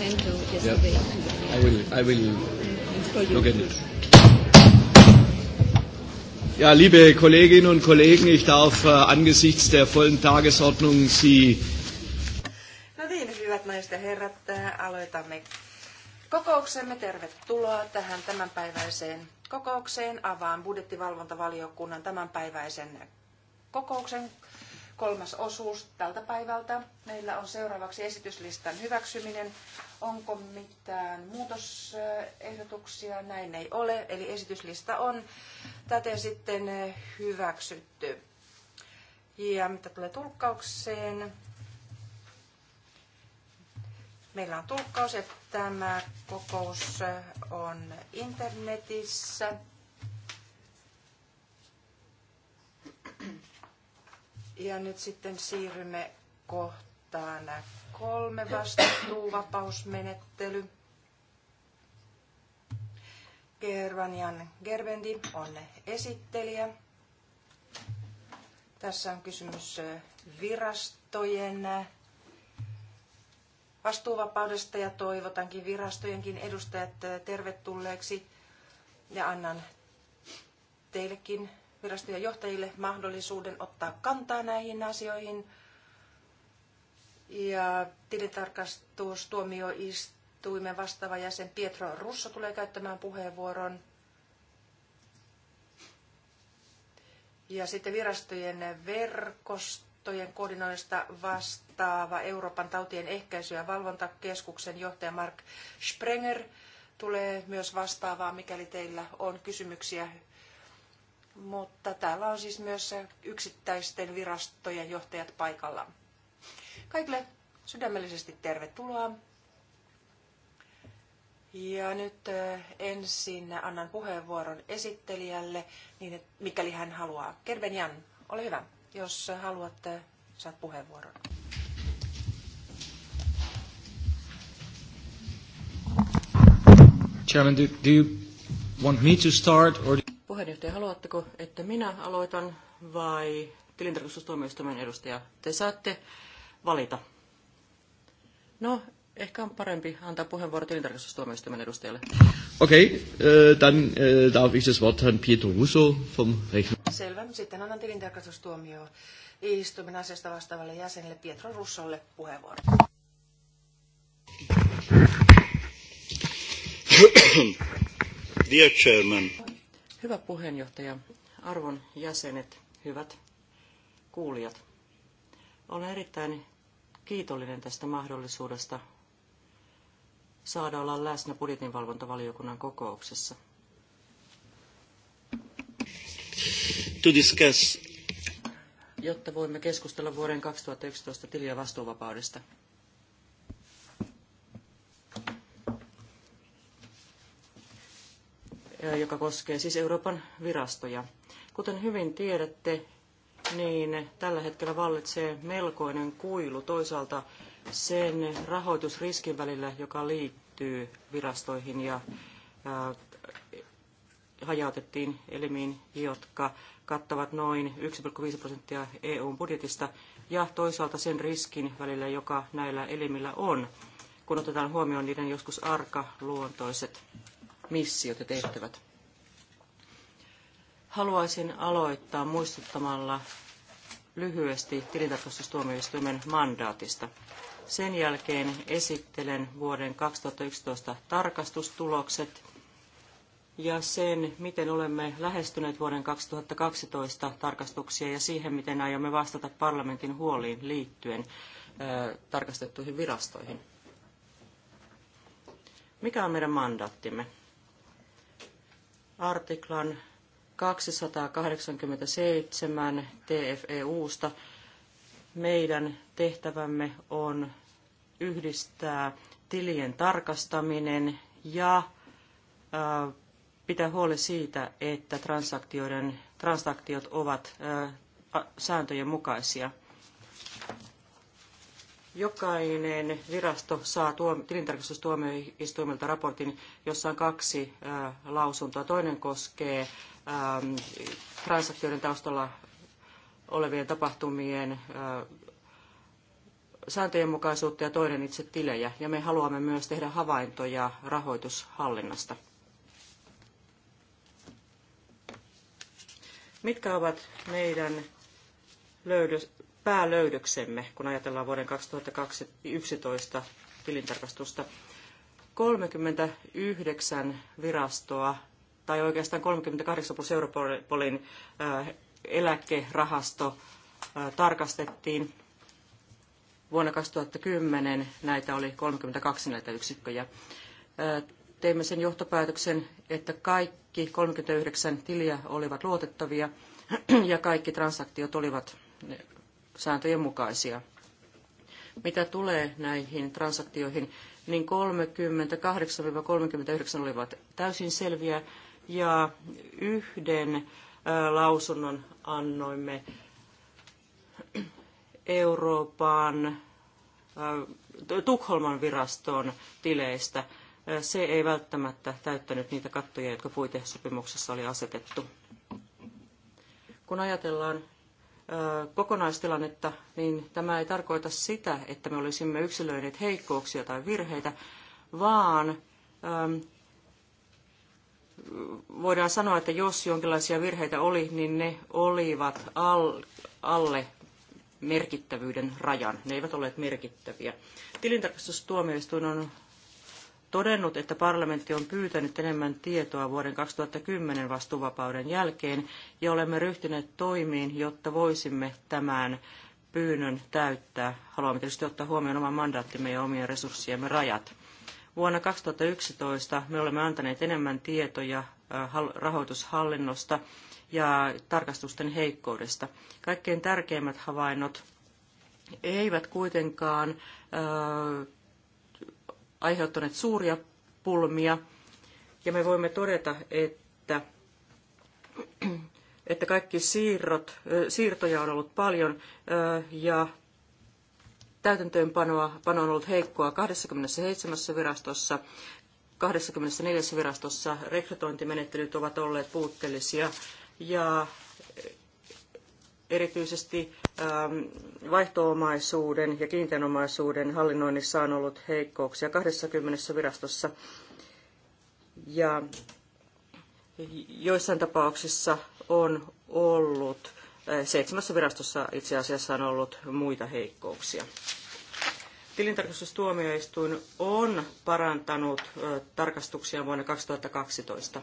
sent yesterday. I will, I will look at it. Ja, liebe Kolleginnen und Kollegen, ich darf äh, angesichts der vollen Tagesordnung Sie. No niin, hyvät naiset ja herrat, äh, aloitamme kokouksemme. Tervetuloa tähän tämänpäiväiseen kokoukseen. Avaan budjettivalvontavaliokunnan tämänpäiväisen kokouksen kolmas osuus tältä päivältä. Meillä on seuraavaksi esityslistan hyväksyminen. Onko mitään muutosehdotuksia? Näin ei ole. Eli esityslista on täten sitten hyväksytty. Ja mitä tulee tulkkaukseen? Meillä on tulkkaus että tämä kokous on internetissä. Ja nyt sitten siirrymme kohtaan kolme vastuuvapausmenettely. Gervanian Gerbendi on esittelijä. Tässä on kysymys virastojen vastuuvapaudesta ja toivotankin virastojenkin edustajat tervetulleeksi ja annan teillekin virastojen johtajille mahdollisuuden ottaa kantaa näihin asioihin. Ja tilintarkastustuomioistuimen vastaava jäsen Pietro Russo tulee käyttämään puheenvuoron. Ja sitten virastojen verkostojen koordinoinnista vastaava Euroopan tautien ehkäisy- ja valvontakeskuksen johtaja Mark Sprenger tulee myös vastaavaa, mikäli teillä on kysymyksiä mutta täällä on siis myös yksittäisten virastojen johtajat paikalla. Kaikille sydämellisesti tervetuloa. Ja nyt eh, ensin annan puheenvuoron esittelijälle, niin että mikäli hän haluaa. Kerven Jan, ole hyvä. Jos haluat, eh, saat puheenvuoron. Chairman, do, do you want me to start or puheenjohtaja, haluatteko, että minä aloitan vai tilintarkastustuomioistuimen edustaja? Te saatte valita. No, ehkä on parempi antaa puheenvuoro tilintarkastustuomioistuimen edustajalle. Okei, okay, uh, eh, dann uh, darf ich das Wort Herrn Pietro Russo vom Rechn... Selvä. Sitten annan tilintarkastustuomioistuimen asiasta vastaavalle jäsenelle Pietro Russolle puheenvuoro. Dear Chairman. Hyvä puheenjohtaja, arvon jäsenet, hyvät kuulijat. Olen erittäin kiitollinen tästä mahdollisuudesta saada olla läsnä budjetinvalvontavaliokunnan kokouksessa. To discuss. Jotta voimme keskustella vuoden 2011 tili- ja vastuuvapaudesta. Eh, joka koskee siis Euroopan virastoja. Kuten hyvin tiedätte, niin tällä hetkellä vallitsee melkoinen kuilu toisaalta sen rahoitusriskin välillä, joka liittyy virastoihin ja eh, hajautettiin elimiin, jotka kattavat noin 1,5 prosenttia EUn budjetista, ja toisaalta sen riskin välillä, joka näillä elimillä on, kun otetaan huomioon niiden joskus arkaluontoiset missiot ja tehtävät. Haluaisin aloittaa muistuttamalla lyhyesti tilintarkastustuomioistuimen mandaatista. Sen jälkeen esittelen vuoden 2011 tarkastustulokset ja sen, miten olemme lähestyneet vuoden 2012 tarkastuksia ja siihen, miten aiomme vastata parlamentin huoliin liittyen tarkastettuihin virastoihin. Mikä on meidän mandaattimme? artiklan 287 TFEUsta meidän tehtävämme on yhdistää tilien tarkastaminen ja pitää huoli siitä, että transaktioiden, transaktiot ovat sääntöjen mukaisia. Jokainen virasto saa tuom- tilintarkastustuomioistuimelta raportin, jossa on kaksi lausuntoa. Toinen koskee transaktioiden taustalla olevien tapahtumien ä, sääntöjen mukaisuutta ja toinen itse tilejä. Ja me haluamme myös tehdä havaintoja rahoitushallinnasta. Mitkä ovat meidän löydös, päälöydöksemme, kun ajatellaan vuoden 2011 tilintarkastusta. 39 virastoa, tai oikeastaan 38 plus Europolin eläkerahasto tarkastettiin. Vuonna 2010 näitä oli 32 näitä yksikköjä. Teimme sen johtopäätöksen, että kaikki 39 tiliä olivat luotettavia ja kaikki transaktiot olivat sääntöjen mukaisia. Mitä tulee näihin transaktioihin, niin 38-39 olivat täysin selviä ja yhden lausunnon annoimme Euroopan Tukholman viraston tileistä. Se ei välttämättä täyttänyt niitä kattoja, jotka puitesopimuksessa oli asetettu. Kun ajatellaan kokonaistilannetta, niin tämä ei tarkoita sitä, että me olisimme yksilöineet heikkouksia tai virheitä, vaan ähm, voidaan sanoa, että jos jonkinlaisia virheitä oli, niin ne olivat alle merkittävyyden rajan. Ne eivät olleet merkittäviä. Tilintarkastustuomioistuin on todennut, että parlamentti on pyytänyt enemmän tietoa vuoden 2010 vastuuvapauden jälkeen ja olemme ryhtyneet toimiin, jotta voisimme tämän pyynnön täyttää. Haluamme tietysti ottaa huomioon oman mandaattimme ja omien resurssiemme rajat. Vuonna 2011 me olemme antaneet enemmän tietoja äh, rahoitushallinnosta ja tarkastusten heikkoudesta. Kaikkein tärkeimmät havainnot eivät kuitenkaan äh, aiheuttaneet suuria pulmia. Ja me voimme todeta, että, että kaikki siirrot, siirtoja on ollut paljon ja täytäntöönpano on ollut heikkoa 27 virastossa. 24 virastossa rekrytointimenettelyt ovat olleet puutteellisia ja erityisesti ähm, vaihtoomaisuuden ja kiinteänomaisuuden hallinnoinnissa on ollut heikkouksia 20 virastossa. Ja joissain tapauksissa on ollut, äh, seitsemässä virastossa itse asiassa on ollut muita heikkouksia. Tilintarkastustuomioistuin on parantanut äh, tarkastuksia vuonna 2012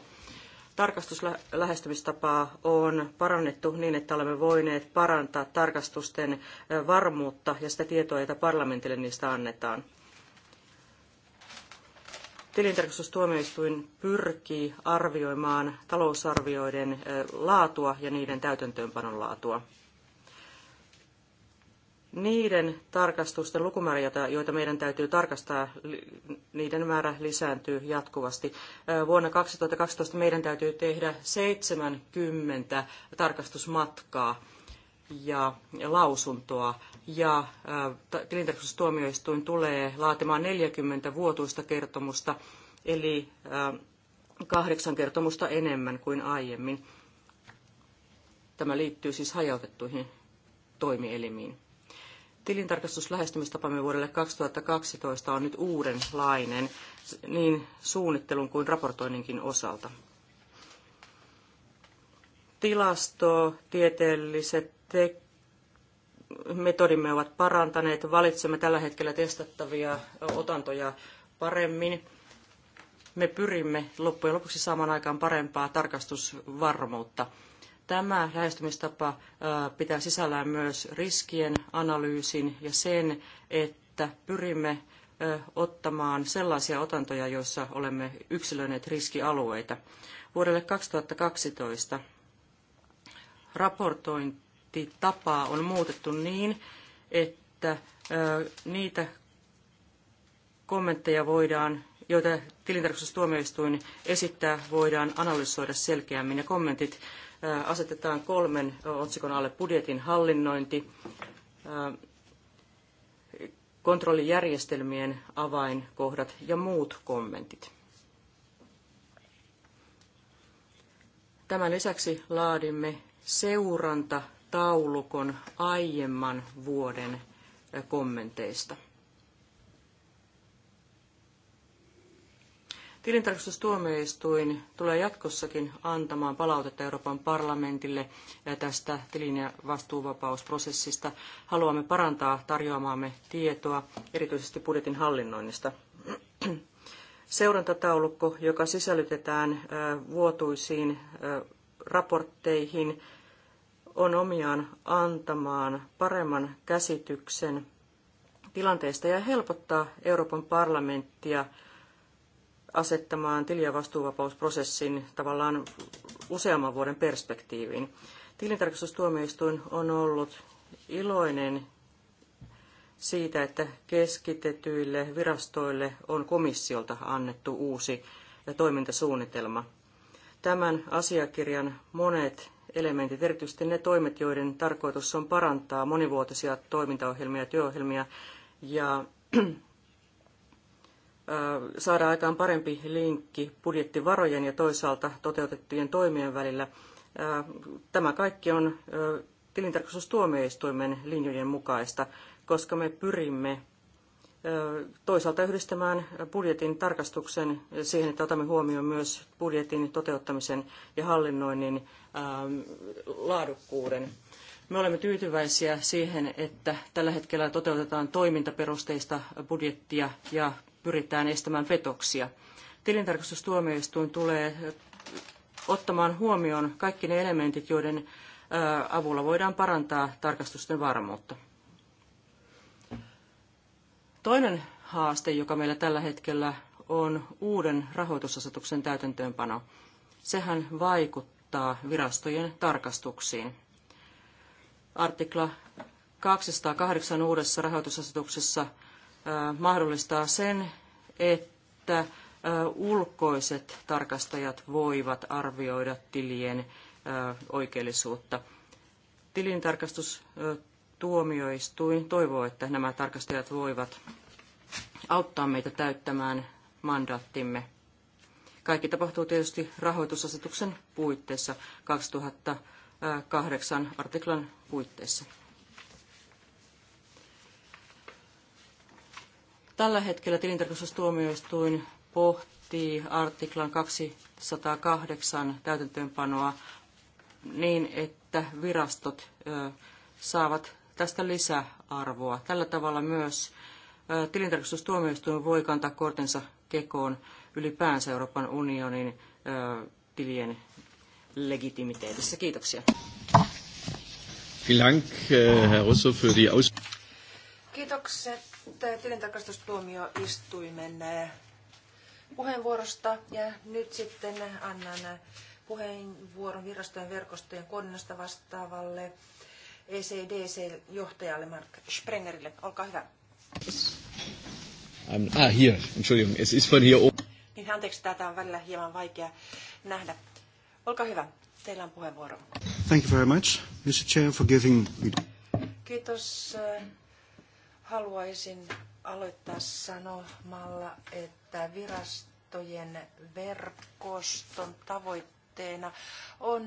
tarkastuslähestymistapaa on parannettu niin, että olemme voineet parantaa tarkastusten varmuutta ja sitä tietoa, jota parlamentille niistä annetaan. Tilintarkastustuomioistuin pyrkii arvioimaan talousarvioiden laatua ja niiden täytäntöönpanon laatua niiden tarkastusten lukumäärä, joita meidän täytyy tarkastaa, niiden määrä lisääntyy jatkuvasti. Vuonna 2012 meidän täytyy tehdä 70 tarkastusmatkaa ja lausuntoa. Ja tilintarkastustuomioistuin tulee laatimaan 40 vuotuista kertomusta, eli kahdeksan kertomusta enemmän kuin aiemmin. Tämä liittyy siis hajautettuihin toimielimiin. Tilintarkastuslähestymistapamme vuodelle 2012 on nyt uudenlainen niin suunnittelun kuin raportoinninkin osalta. Tilasto, tieteelliset tekijät, metodimme ovat parantaneet. Valitsemme tällä hetkellä testattavia otantoja paremmin. Me pyrimme loppujen lopuksi saamaan aikaan parempaa tarkastusvarmuutta. Tämä lähestymistapa pitää sisällään myös riskien analyysin ja sen, että pyrimme ottamaan sellaisia otantoja, joissa olemme yksilöineet riskialueita. Vuodelle 2012 raportointitapaa on muutettu niin, että niitä kommentteja voidaan, joita tilintarkastustuomioistuin esittää, voidaan analysoida selkeämmin ja kommentit Äh, asetetaan kolmen otsikon alle budjetin hallinnointi, äh, kontrollijärjestelmien avainkohdat ja muut kommentit. Tämän lisäksi laadimme seurantataulukon aiemman vuoden kommenteista. Tilintarkastustuomioistuin tulee jatkossakin antamaan palautetta Euroopan parlamentille eh, tästä tilin- ja vastuuvapausprosessista. Haluamme parantaa tarjoamaamme tietoa, erityisesti budjetin hallinnoinnista. Seurantataulukko, joka sisällytetään eh, vuotuisiin eh, raportteihin, on omiaan antamaan paremman käsityksen tilanteesta ja helpottaa Euroopan parlamenttia – asettamaan tili- ja vastuuvapausprosessin tavallaan useamman vuoden perspektiiviin. Tilintarkastustuomioistuin on ollut iloinen siitä, että keskitetyille virastoille on komissiolta annettu uusi toimintasuunnitelma. Tämän asiakirjan monet elementit, erityisesti ne toimet, joiden tarkoitus on parantaa monivuotisia toimintaohjelmia ja työohjelmia ja saada aikaan parempi linkki budjettivarojen ja toisaalta toteutettujen toimien välillä. Tämä kaikki on tilintarkastustuomioistuimen linjojen mukaista, koska me pyrimme toisaalta yhdistämään budjetin tarkastuksen siihen, että otamme huomioon myös budjetin toteuttamisen ja hallinnoinnin laadukkuuden. Me olemme tyytyväisiä siihen, että tällä hetkellä toteutetaan toimintaperusteista budjettia ja pyritään estämään petoksia. Tilintarkastustuomioistuin tulee ottamaan huomioon kaikki ne elementit, joiden avulla voidaan parantaa tarkastusten varmuutta. Toinen haaste, joka meillä tällä hetkellä on uuden rahoitusasetuksen täytäntöönpano. Sehän vaikuttaa virastojen tarkastuksiin. Artikla 208 uudessa rahoitusasetuksessa mahdollistaa sen, että ulkoiset tarkastajat voivat arvioida tilien oikeellisuutta. Tilintarkastustuomioistuin toivoo, että nämä tarkastajat voivat auttaa meitä täyttämään mandaattimme. Kaikki tapahtuu tietysti rahoitusasetuksen puitteissa 2008 artiklan puitteissa. Tällä hetkellä tilintarkastustuomioistuin pohtii artiklan 208 täytäntöönpanoa niin, että virastot saavat tästä lisäarvoa. Tällä tavalla myös tilintarkastustuomioistuin voi kantaa kortensa kekoon ylipäänsä Euroopan unionin tilien legitimiteetissä. Kiitoksia. Äh, Herr Russo, für die Aus Kiitokset tilintarkastustuomioistuimen eh, puheenvuorosta ja nyt sitten annan eh, puheenvuoron virastojen verkostojen koordinasta vastaavalle ECDC-johtajalle Mark Sprengerille. Olkaa hyvä. I'm, ah, here. Entschuldigung, it's ist von Niin, anteeksi, tätä on välillä hieman vaikea nähdä. Olkaa hyvä, teillä on puheenvuoro. Thank you very much, Mr. Chair, for giving me... Kiitos eh, Haluaisin aloittaa sanomalla, että virastojen verkoston tavoitteena on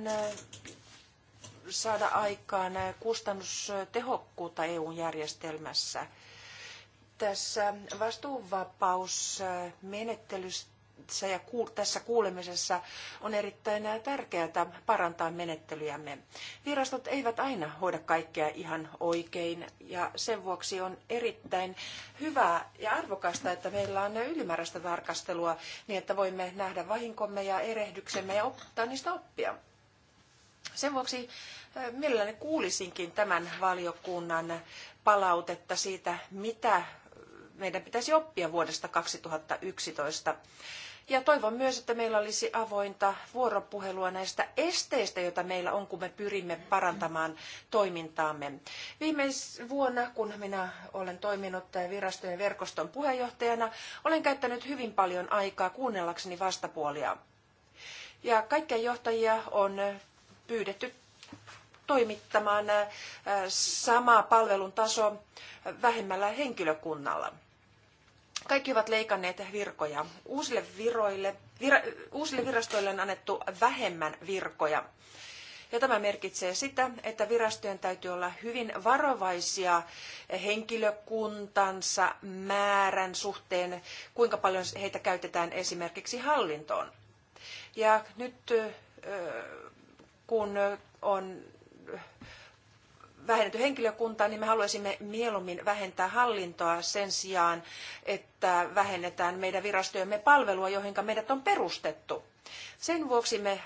saada aikaan kustannustehokkuutta EU-järjestelmässä. Tässä vastuunvapausmenettelystä tässä, ja tässä kuulemisessa on erittäin tärkeää parantaa menettelyjämme. Virastot eivät aina hoida kaikkea ihan oikein ja sen vuoksi on erittäin hyvää ja arvokasta, että meillä on ylimääräistä tarkastelua niin, että voimme nähdä vahinkomme ja erehdyksemme ja ottaa niistä oppia. Sen vuoksi eh, mielelläni kuulisinkin tämän valiokunnan palautetta siitä, mitä meidän pitäisi oppia vuodesta 2011. Ja toivon myös, että meillä olisi avointa vuoropuhelua näistä esteistä, joita meillä on, kun me pyrimme parantamaan toimintaamme. Viimeis vuonna, kun minä olen toiminut virastojen verkoston puheenjohtajana, olen käyttänyt hyvin paljon aikaa kuunnellakseni vastapuolia. Ja kaikkia johtajia on pyydetty toimittamaan sama palvelun taso vähemmällä henkilökunnalla. Kaikki ovat leikanneet virkoja. Uusille, viroille, vira, uusille virastoille on annettu vähemmän virkoja. Ja tämä merkitsee sitä, että virastojen täytyy olla hyvin varovaisia henkilökuntansa määrän suhteen, kuinka paljon heitä käytetään esimerkiksi hallintoon. Ja nyt kun on vähennetty henkilökuntaa, niin me haluaisimme mieluummin vähentää hallintoa sen sijaan, että vähennetään meidän virastojemme palvelua, joihin meidät on perustettu. Sen vuoksi me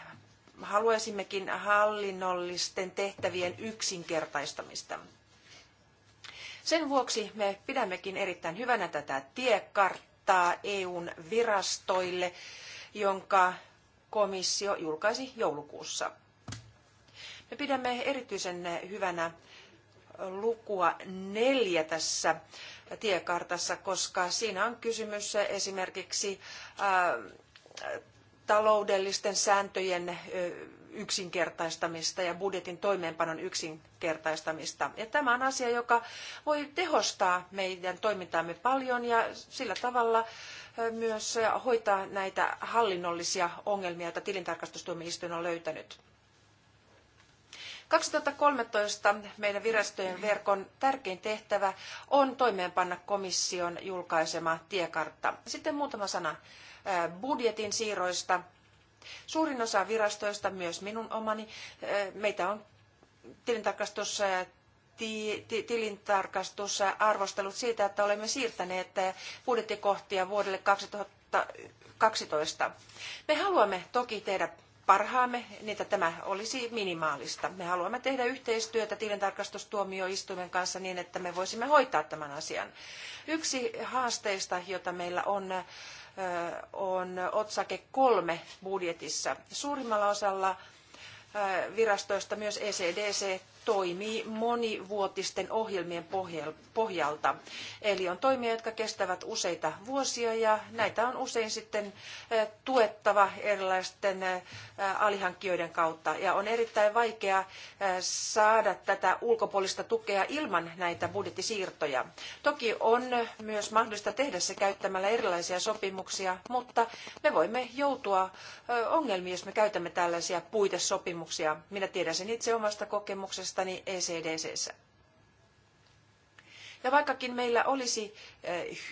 haluaisimmekin hallinnollisten tehtävien yksinkertaistamista. Sen vuoksi me pidämmekin erittäin hyvänä tätä tiekarttaa EUn virastoille, jonka komissio julkaisi joulukuussa. Me pidämme erityisen hyvänä lukua neljä tässä tiekartassa, koska siinä on kysymys esimerkiksi taloudellisten sääntöjen yksinkertaistamista ja budjetin toimeenpanon yksinkertaistamista. Ja tämä on asia, joka voi tehostaa meidän toimintaamme paljon ja sillä tavalla myös hoitaa näitä hallinnollisia ongelmia, joita tilintarkastustuomioistuin on löytänyt. 2013 meidän virastojen verkon tärkein tehtävä on toimeenpanna komission julkaisema tiekartta. Sitten muutama sana äh, budjetin siirroista. Suurin osa virastoista, myös minun omani, äh, meitä on tilintarkastus äh, tilintarkastus arvostellut siitä, että olemme siirtäneet budjettikohtia vuodelle 2012. Me haluamme toki tehdä parhaamme, niin että tämä olisi minimaalista. Me haluamme tehdä yhteistyötä tilintarkastustuomioistuimen kanssa niin, että me voisimme hoitaa tämän asian. Yksi haasteista, jota meillä on, on otsake kolme budjetissa. Suurimmalla osalla virastoista myös ECDC toimii monivuotisten ohjelmien pohjalta. Eli on toimia, jotka kestävät useita vuosia ja näitä on usein sitten eh, tuettava erilaisten eh, alihankkijoiden kautta. Ja on erittäin vaikea eh, saada tätä ulkopuolista tukea ilman näitä budjettisiirtoja. Toki on myös mahdollista tehdä se käyttämällä erilaisia sopimuksia, mutta me voimme joutua ongelmiin, jos me käytämme tällaisia puitesopimuksia. Minä tiedän sen itse omasta kokemuksesta puolestani ECDCssä. Ja vaikkakin meillä olisi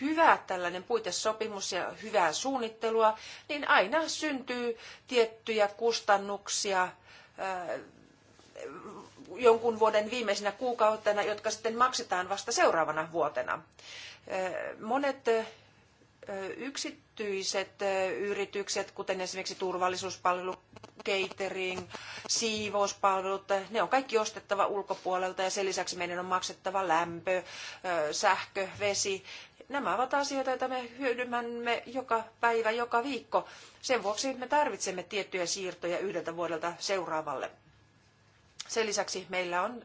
hyvä tällainen puitesopimus ja hyvää suunnittelua, niin aina syntyy tiettyjä kustannuksia jonkun vuoden viimeisinä kuukautena, jotka sitten maksetaan vasta seuraavana vuotena. Monet yksityiset yritykset, kuten esimerkiksi turvallisuuspalvelu, catering, siivouspalvelut, ne on kaikki ostettava ulkopuolelta ja sen lisäksi meidän on maksettava lämpö, sähkö, vesi. Nämä ovat asioita, joita me hyödymämme joka päivä, joka viikko. Sen vuoksi me tarvitsemme tiettyjä siirtoja yhdeltä vuodelta seuraavalle. Sen lisäksi meillä on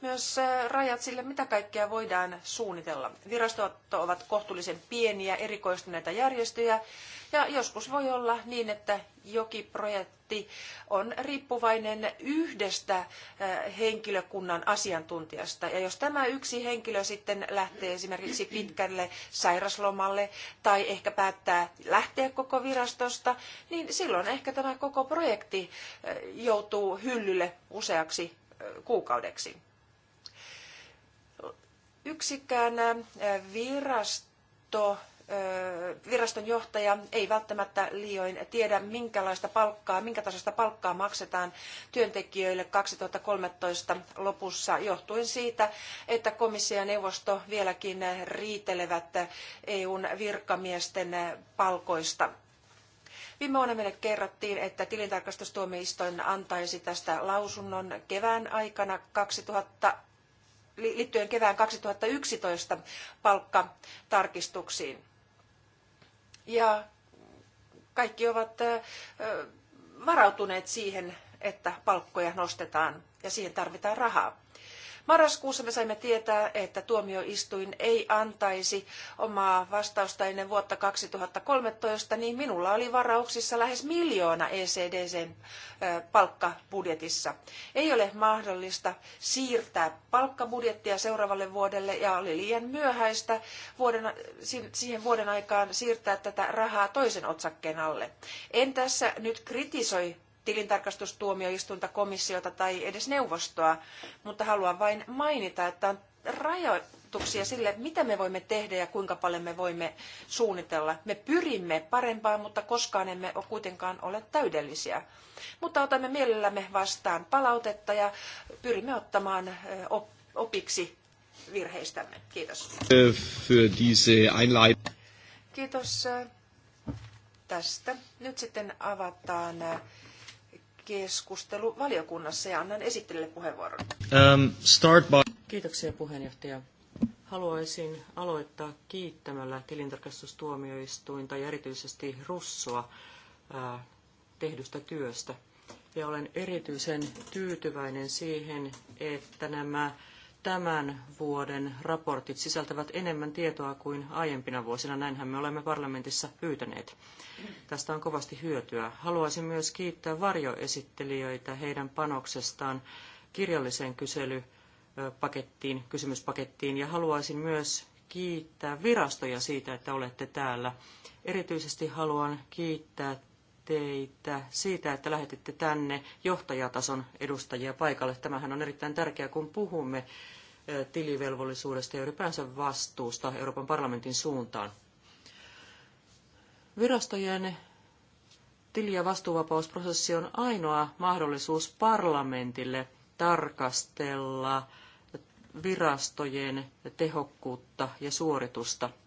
myös äh, rajat sille, mitä kaikkea voidaan suunnitella. Virastot ovat kohtuullisen pieniä, erikoistuneita järjestöjä, ja joskus voi olla niin, että jokin projekti on riippuvainen yhdestä äh, henkilökunnan asiantuntijasta. Ja jos tämä yksi henkilö sitten lähtee esimerkiksi pitkälle sairaslomalle tai ehkä päättää lähteä koko virastosta, niin silloin ehkä tämä koko projekti äh, joutuu hyllylle useaksi äh, kuukaudeksi. Yksikään virasto viraston johtaja ei välttämättä liioin tiedä, minkälaista palkkaa, minkä tasosta palkkaa maksetaan työntekijöille 2013 lopussa, johtuen siitä, että komissio ja neuvosto vieläkin riitelevät EUn virkamiesten palkoista. Viime vuonna meille kerrottiin, että tilintarkastustuomioistuin antaisi tästä lausunnon kevään aikana 2000, liittyen kevään 2011 palkkatarkistuksiin ja kaikki ovat varautuneet siihen, että palkkoja nostetaan ja siihen tarvitaan rahaa. Marraskuussa me saimme tietää, että tuomioistuin ei antaisi omaa vastausta ennen vuotta 2013, niin minulla oli varauksissa lähes miljoona ECDCn palkkabudjetissa. Ei ole mahdollista siirtää palkkabudjettia seuraavalle vuodelle ja oli liian myöhäistä vuoden, siihen vuoden aikaan siirtää tätä rahaa toisen otsakkeen alle. En tässä nyt kritisoi tilintarkastustuomioistuinta, komissiota tai edes neuvostoa, mutta haluan vain mainita, että on rajoituksia sille, mitä me voimme tehdä ja kuinka paljon me voimme suunnitella. Me pyrimme parempaan, mutta koskaan emme ole kuitenkaan ole täydellisiä. Mutta otamme mielellämme vastaan palautetta ja pyrimme ottamaan opiksi virheistämme. Kiitos. Kiitos tästä. Nyt sitten avataan keskustelu valiokunnassa ja annan esittelylle puheenvuoron. Um, start by... Kiitoksia puheenjohtaja. Haluaisin aloittaa kiittämällä tilintarkastustuomioistuinta ja erityisesti Russoa tehdystä työstä. Ja olen erityisen tyytyväinen siihen, että nämä tämän vuoden raportit sisältävät enemmän tietoa kuin aiempina vuosina. Näinhän me olemme parlamentissa pyytäneet. Tästä on kovasti hyötyä. Haluaisin myös kiittää varjoesittelijöitä heidän panoksestaan kirjalliseen kyselypakettiin, kysymyspakettiin ja haluaisin myös kiittää virastoja siitä, että olette täällä. Erityisesti haluan kiittää teitä siitä, että lähetitte tänne johtajatason edustajia paikalle. Tämähän on erittäin tärkeää, kun puhumme tilivelvollisuudesta ja ylipäänsä vastuusta Euroopan parlamentin suuntaan. Virastojen tili- ja vastuuvapausprosessi on ainoa mahdollisuus parlamentille tarkastella virastojen tehokkuutta ja suoritusta –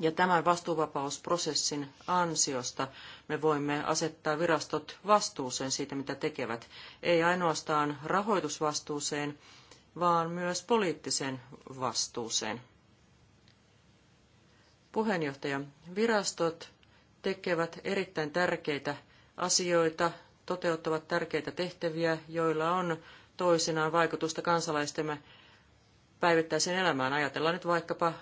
ja tämän vastuuvapausprosessin ansiosta me voimme asettaa virastot vastuuseen siitä, mitä tekevät. Ei ainoastaan rahoitusvastuuseen, vaan myös poliittiseen vastuuseen. Puheenjohtaja, virastot tekevät erittäin tärkeitä asioita, toteuttavat tärkeitä tehtäviä, joilla on toisinaan vaikutusta kansalaistemme päivittäiseen elämään. Ajatellaan nyt vaikkapa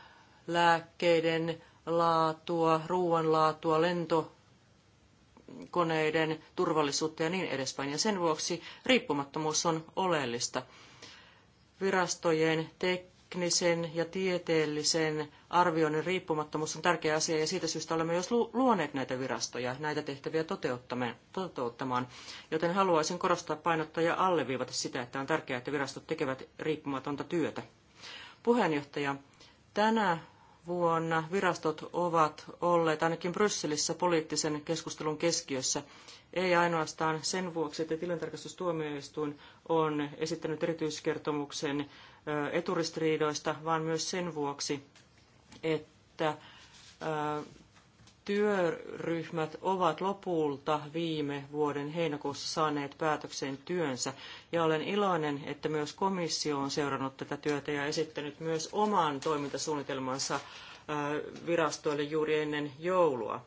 lääkkeiden laatua, ruoan laatua, lentokoneiden turvallisuutta ja niin edespäin. Ja sen vuoksi riippumattomuus on oleellista. Virastojen teknisen ja tieteellisen arvioinnin riippumattomuus on tärkeä asia ja siitä syystä olemme myös luoneet näitä virastoja, näitä tehtäviä toteuttamaan. Joten haluaisin korostaa, painottaa ja alleviivata sitä, että on tärkeää, että virastot tekevät riippumatonta työtä. Puheenjohtaja, tänä vuonna virastot ovat olleet ainakin Brysselissä poliittisen keskustelun keskiössä. Ei ainoastaan sen vuoksi, että tilintarkastustuomioistuin on esittänyt erityiskertomuksen eturistiriidoista, vaan myös sen vuoksi, että työryhmät ovat lopulta viime vuoden heinäkuussa saaneet päätökseen työnsä, ja olen iloinen, että myös komissio on seurannut tätä työtä ja esittänyt myös oman toimintasuunnitelmansa virastoille juuri ennen joulua.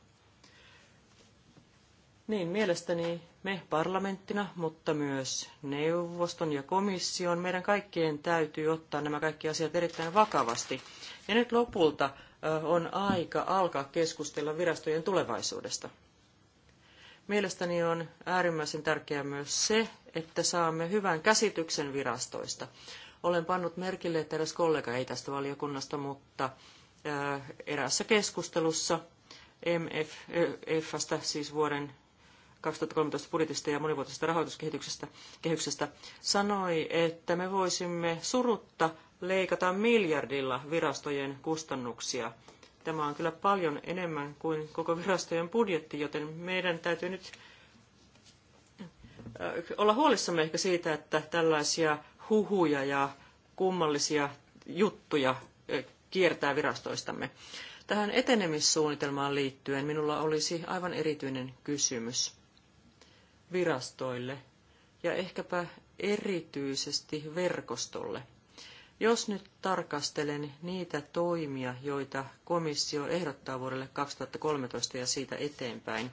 Niin, mielestäni me parlamenttina, mutta myös neuvoston ja komission, meidän kaikkien täytyy ottaa nämä kaikki asiat erittäin vakavasti. Ja nyt lopulta on aika alkaa keskustella virastojen tulevaisuudesta. Mielestäni on äärimmäisen tärkeää myös se, että saamme hyvän käsityksen virastoista. Olen pannut merkille, että eräs kollega ei tästä valiokunnasta, mutta eräässä keskustelussa MFFstä, siis vuoden 2013 budjetista ja monivuotisesta rahoituskehityksestä sanoi, että me voisimme surutta leikataan miljardilla virastojen kustannuksia. Tämä on kyllä paljon enemmän kuin koko virastojen budjetti, joten meidän täytyy nyt äh, olla huolissamme ehkä siitä, että tällaisia huhuja ja kummallisia juttuja äh, kiertää virastoistamme. Tähän etenemissuunnitelmaan liittyen minulla olisi aivan erityinen kysymys virastoille ja ehkäpä erityisesti verkostolle. Jos nyt tarkastelen niitä toimia, joita komissio ehdottaa vuodelle 2013 ja siitä eteenpäin,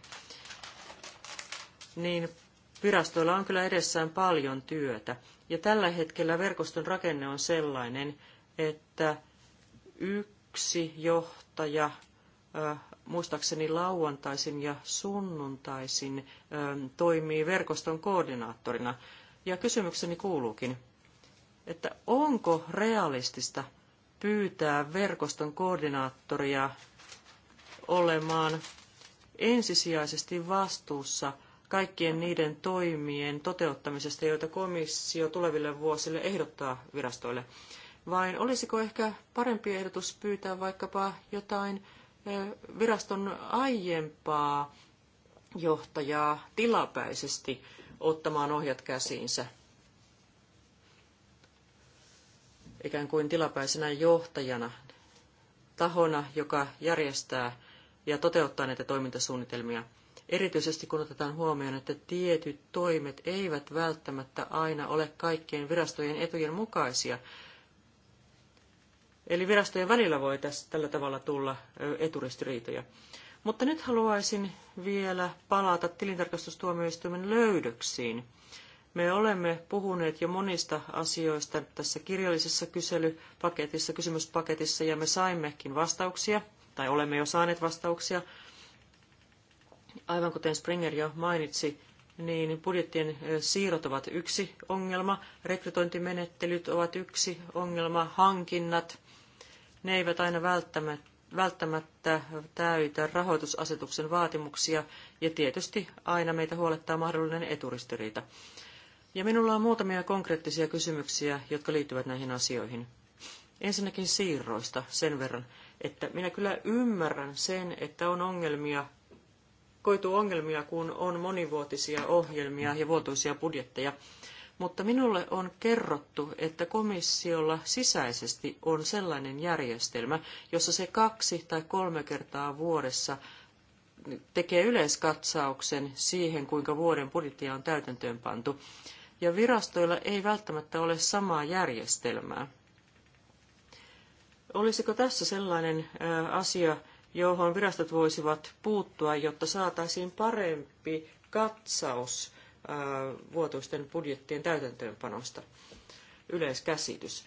niin virastoilla on kyllä edessään paljon työtä. Ja tällä hetkellä verkoston rakenne on sellainen, että yksi johtaja, muistaakseni lauantaisin ja sunnuntaisin, toimii verkoston koordinaattorina. Ja kysymykseni kuuluukin, että onko realistista pyytää verkoston koordinaattoria olemaan ensisijaisesti vastuussa kaikkien niiden toimien toteuttamisesta, joita komissio tuleville vuosille ehdottaa virastoille. Vain olisiko ehkä parempi ehdotus pyytää vaikkapa jotain viraston aiempaa johtajaa tilapäisesti ottamaan ohjat käsiinsä? ikään kuin tilapäisenä johtajana, tahona, joka järjestää ja toteuttaa näitä toimintasuunnitelmia. Erityisesti kun otetaan huomioon, että tietyt toimet eivät välttämättä aina ole kaikkien virastojen etujen mukaisia. Eli virastojen välillä voi tässä, tällä tavalla tulla eturistiriitoja. Mutta nyt haluaisin vielä palata tilintarkastustuomioistuimen löydöksiin. Me olemme puhuneet jo monista asioista tässä kirjallisessa kyselypaketissa, kysymyspaketissa, ja me saimmekin vastauksia, tai olemme jo saaneet vastauksia. Aivan kuten Springer jo mainitsi, niin budjettien siirrot ovat yksi ongelma, rekrytointimenettelyt ovat yksi ongelma, hankinnat, ne eivät aina välttämättä välttämättä täytä rahoitusasetuksen vaatimuksia ja tietysti aina meitä huolettaa mahdollinen eturistiriita. Ja minulla on muutamia konkreettisia kysymyksiä, jotka liittyvät näihin asioihin. Ensinnäkin siirroista sen verran, että minä kyllä ymmärrän sen, että on ongelmia, koituu ongelmia, kun on monivuotisia ohjelmia ja vuotuisia budjetteja. Mutta minulle on kerrottu, että komissiolla sisäisesti on sellainen järjestelmä, jossa se kaksi tai kolme kertaa vuodessa tekee yleiskatsauksen siihen, kuinka vuoden budjettia on täytäntöönpantu ja virastoilla ei välttämättä ole samaa järjestelmää. Olisiko tässä sellainen asia, johon virastot voisivat puuttua, jotta saataisiin parempi katsaus vuotuisten budjettien täytäntöönpanosta, yleiskäsitys.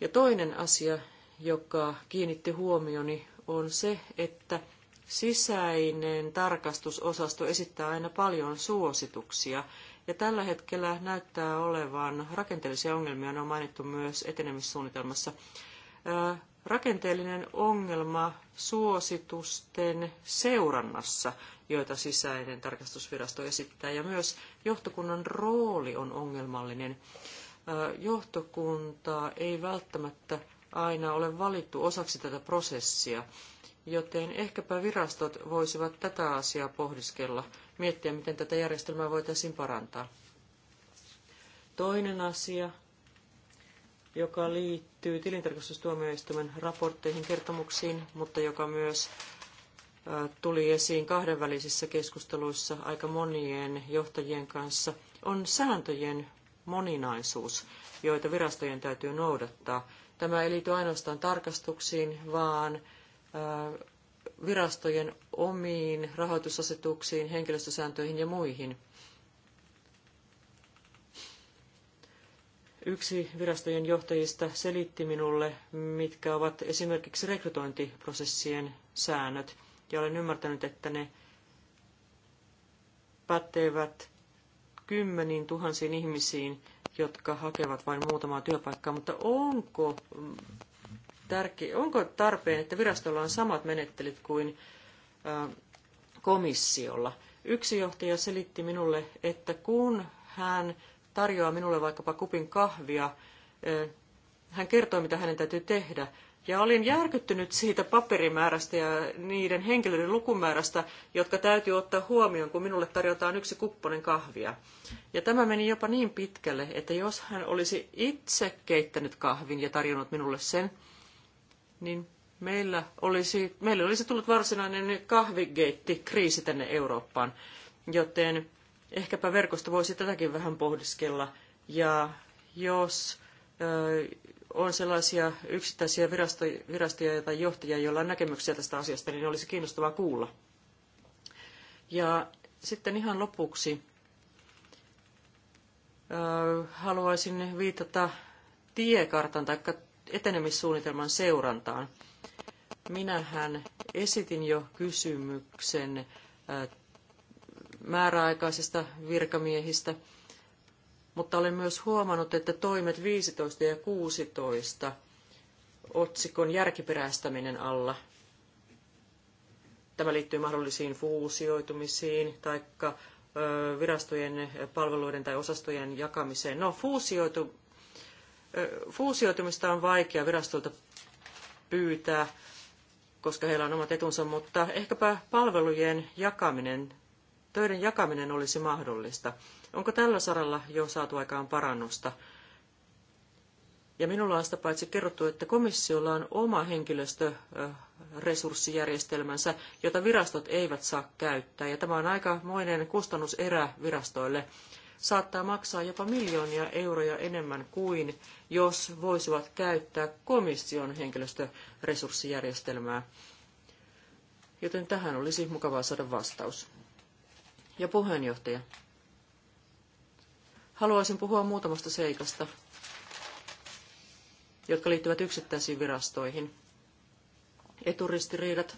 Ja toinen asia, joka kiinnitti huomioni, on se, että sisäinen tarkastusosasto esittää aina paljon suosituksia ja tällä hetkellä näyttää olevan rakenteellisia ongelmia, ne on mainittu myös etenemissuunnitelmassa. Rakenteellinen ongelma suositusten seurannassa, joita sisäinen tarkastusvirasto esittää, ja myös johtokunnan rooli on ongelmallinen. Johtokuntaa ei välttämättä aina ole valittu osaksi tätä prosessia, joten ehkäpä virastot voisivat tätä asiaa pohdiskella miettiä, miten tätä järjestelmää voitaisiin parantaa. Toinen asia, joka liittyy tilintarkastustuomioistuimen raportteihin, kertomuksiin, mutta joka myös tuli esiin kahdenvälisissä keskusteluissa aika monien johtajien kanssa, on sääntöjen moninaisuus, joita virastojen täytyy noudattaa. Tämä ei liity ainoastaan tarkastuksiin, vaan virastojen omiin rahoitusasetuksiin, henkilöstösääntöihin ja muihin. Yksi virastojen johtajista selitti minulle, mitkä ovat esimerkiksi rekrytointiprosessien säännöt, ja olen ymmärtänyt, että ne pätevät kymmeniin tuhansiin ihmisiin, jotka hakevat vain muutamaa työpaikkaa, mutta onko tärkeä, onko tarpeen, että virastolla on samat menettelyt kuin komissiolla? Yksi johtaja selitti minulle, että kun hän tarjoaa minulle vaikkapa kupin kahvia, hän kertoo, mitä hänen täytyy tehdä. Ja olin järkyttynyt siitä paperimäärästä ja niiden henkilöiden lukumäärästä, jotka täytyy ottaa huomioon, kun minulle tarjotaan yksi kupponen kahvia. Ja tämä meni jopa niin pitkälle, että jos hän olisi itse keittänyt kahvin ja tarjonnut minulle sen, niin meillä olisi, meillä olisi tullut varsinainen kahvigeitti-kriisi tänne Eurooppaan. Joten ehkäpä verkosto voisi tätäkin vähän pohdiskella. Ja jos on sellaisia yksittäisiä virasto, virastoja tai johtajia, joilla on näkemyksiä tästä asiasta, niin olisi kiinnostavaa kuulla. Ja sitten ihan lopuksi haluaisin viitata tiekartan tai etenemissuunnitelman seurantaan. Minähän esitin jo kysymyksen äh, määräaikaisista virkamiehistä, mutta olen myös huomannut, että toimet 15 ja 16 otsikon järkiperäistäminen alla. Tämä liittyy mahdollisiin fuusioitumisiin tai virastojen palveluiden tai osastojen jakamiseen. No, fuusioitu, Fuusioitumista on vaikea virastolta pyytää, koska heillä on omat etunsa, mutta ehkäpä palvelujen jakaminen, töiden jakaminen olisi mahdollista. Onko tällä saralla jo saatu aikaan parannusta? Ja minulla on sitä paitsi kerrottu, että komissiolla on oma henkilöstöresurssijärjestelmänsä, jota virastot eivät saa käyttää. Ja tämä on aikamoinen kustannuserä virastoille saattaa maksaa jopa miljoonia euroja enemmän kuin jos voisivat käyttää komission henkilöstöresurssijärjestelmää. Joten tähän olisi mukavaa saada vastaus. Ja puheenjohtaja. Haluaisin puhua muutamasta seikasta, jotka liittyvät yksittäisiin virastoihin. Eturistiriidat.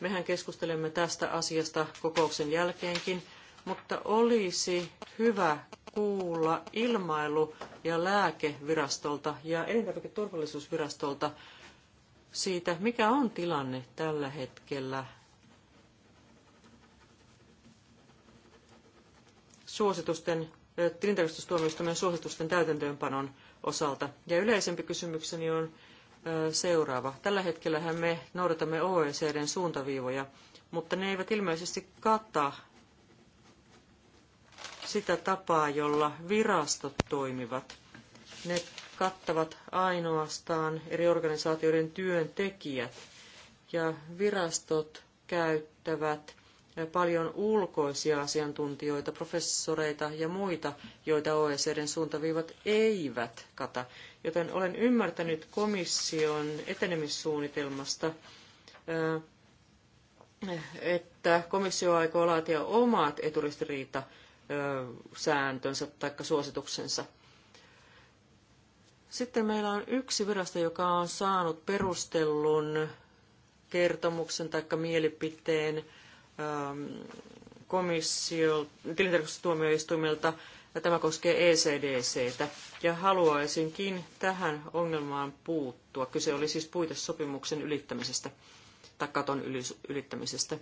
Mehän keskustelemme tästä asiasta kokouksen jälkeenkin mutta olisi hyvä kuulla ilmailu- ja lääkevirastolta ja elintarviketurvallisuusvirastolta siitä, mikä on tilanne tällä hetkellä suositusten, tilintarkastustuomioistuimen suositusten täytäntöönpanon osalta. Ja yleisempi kysymykseni on seuraava. Tällä hetkellä me noudatamme OECDn suuntaviivoja, mutta ne eivät ilmeisesti kata sitä tapaa, jolla virastot toimivat. Ne kattavat ainoastaan eri organisaatioiden työntekijät ja virastot käyttävät paljon ulkoisia asiantuntijoita, professoreita ja muita, joita OECDn suuntaviivat eivät kata. Joten olen ymmärtänyt komission etenemissuunnitelmasta, äh, että komissio aikoo laatia omat eturistiriita sääntönsä tai suosituksensa. Sitten meillä on yksi virasto, joka on saanut perustellun kertomuksen tai mielipiteen ähm, tilintarkastustuomioistuimelta, ja tämä koskee ECDCtä, ja haluaisinkin tähän ongelmaan puuttua. Kyse oli siis puitesopimuksen ylittämisestä tai katon ylittämisestä.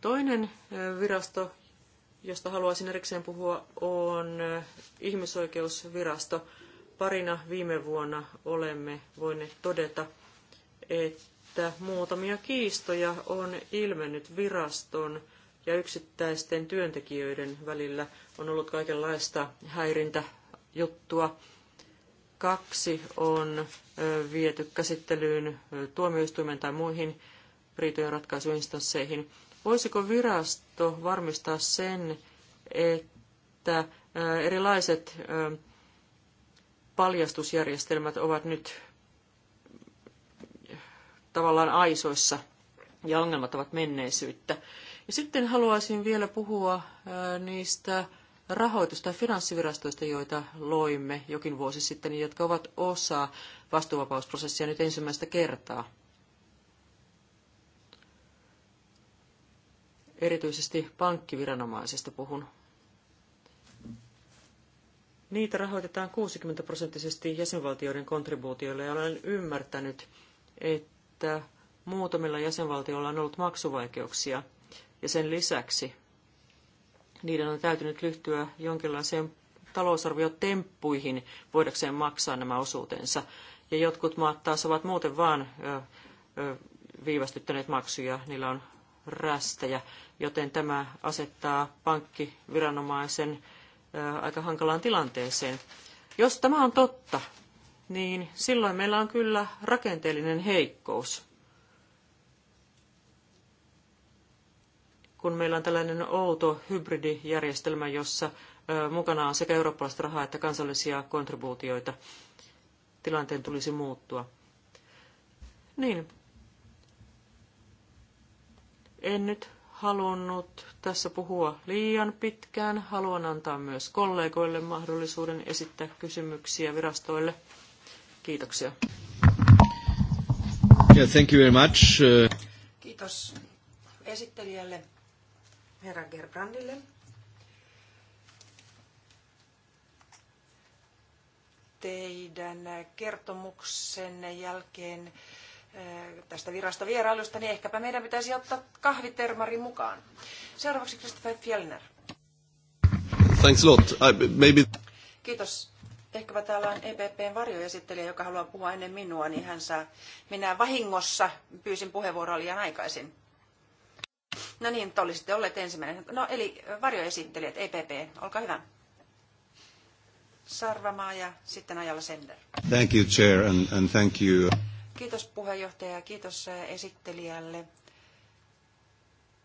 Toinen virasto, josta haluaisin erikseen puhua, on ihmisoikeusvirasto. Parina viime vuonna olemme voineet todeta, että muutamia kiistoja on ilmennyt viraston ja yksittäisten työntekijöiden välillä. On ollut kaikenlaista häirintäjuttua. Kaksi on viety käsittelyyn tuomioistuimen tai muihin riitojen ratkaisuinstansseihin. Voisiko virasto varmistaa sen, että erilaiset paljastusjärjestelmät ovat nyt tavallaan aisoissa ja ongelmat ovat menneisyyttä. Ja sitten haluaisin vielä puhua niistä rahoitusta finanssivirastoista, joita loimme jokin vuosi sitten, jotka ovat osa vastuuvapausprosessia nyt ensimmäistä kertaa. erityisesti pankkiviranomaisista puhun. Niitä rahoitetaan 60 prosenttisesti jäsenvaltioiden kontribuutioilla ja olen ymmärtänyt, että muutamilla jäsenvaltioilla on ollut maksuvaikeuksia ja sen lisäksi niiden on täytynyt lyhtyä jonkinlaiseen talousarviotemppuihin voidakseen maksaa nämä osuutensa. Ja jotkut maat taas ovat muuten vaan viivästyttäneet maksuja, niillä on rästejä, joten tämä asettaa pankkiviranomaisen aika hankalaan tilanteeseen. Jos tämä on totta, niin silloin meillä on kyllä rakenteellinen heikkous. Kun meillä on tällainen outo hybridijärjestelmä, jossa mukana on sekä eurooppalaista rahaa että kansallisia kontribuutioita, tilanteen tulisi muuttua. Niin, en nyt halunnut tässä puhua liian pitkään. Haluan antaa myös kollegoille mahdollisuuden esittää kysymyksiä virastoille. Kiitoksia. Yeah, thank you very much. Uh, Kiitos esittelijälle, herra Gerbrandille. Teidän kertomuksenne jälkeen Eh, tästä virastovierailusta, niin ehkäpä meidän pitäisi ottaa kahvitermari mukaan. Seuraavaksi Christopher Fjellner. Thanks a lot. I, maybe... Kiitos. Ehkäpä täällä on EPPn varjoesittelijä, joka haluaa puhua ennen minua, niin hän saa. Minä vahingossa pyysin puheenvuoroa liian aikaisin. No niin, te olisitte olleet ensimmäinen. No eli varjoesittelijät, EPP, olkaa hyvä. Sarvamaa ja sitten ajalla Sender. Thank you, Chair, and, and thank you. Kiitos puheenjohtaja ja kiitos esittelijälle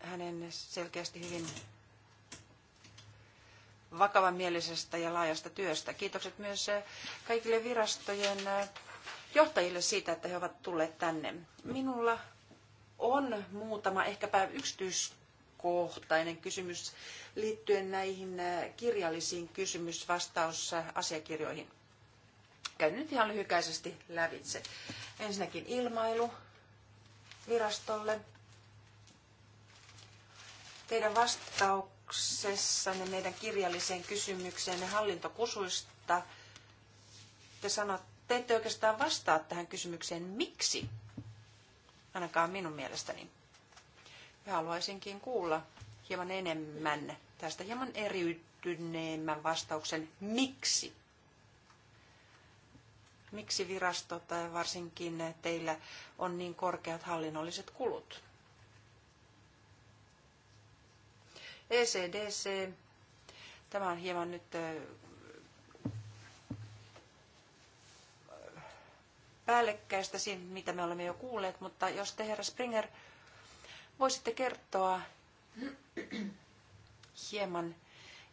hänen selkeästi hyvin vakavamielisestä ja laajasta työstä. Kiitokset myös kaikille virastojen johtajille siitä, että he ovat tulleet tänne. Minulla on muutama ehkäpä yksityiskohtainen kysymys liittyen näihin kirjallisiin kysymysvastausasiakirjoihin. Käyn nyt ihan lyhykäisesti lävitse. Ensinnäkin ilmailu virastolle. Teidän vastauksessanne meidän kirjalliseen kysymykseenne hallintokusuista te sanotte, te ette oikeastaan vastaa tähän kysymykseen, miksi, ainakaan minun mielestäni. Ja haluaisinkin kuulla hieman enemmän tästä hieman eriytyneemmän vastauksen, miksi Miksi virasto tai varsinkin teillä on niin korkeat hallinnolliset kulut? ECDC, tämä on hieman nyt päällekkäistä siinä, mitä me olemme jo kuulleet, mutta jos te, herra Springer, voisitte kertoa hieman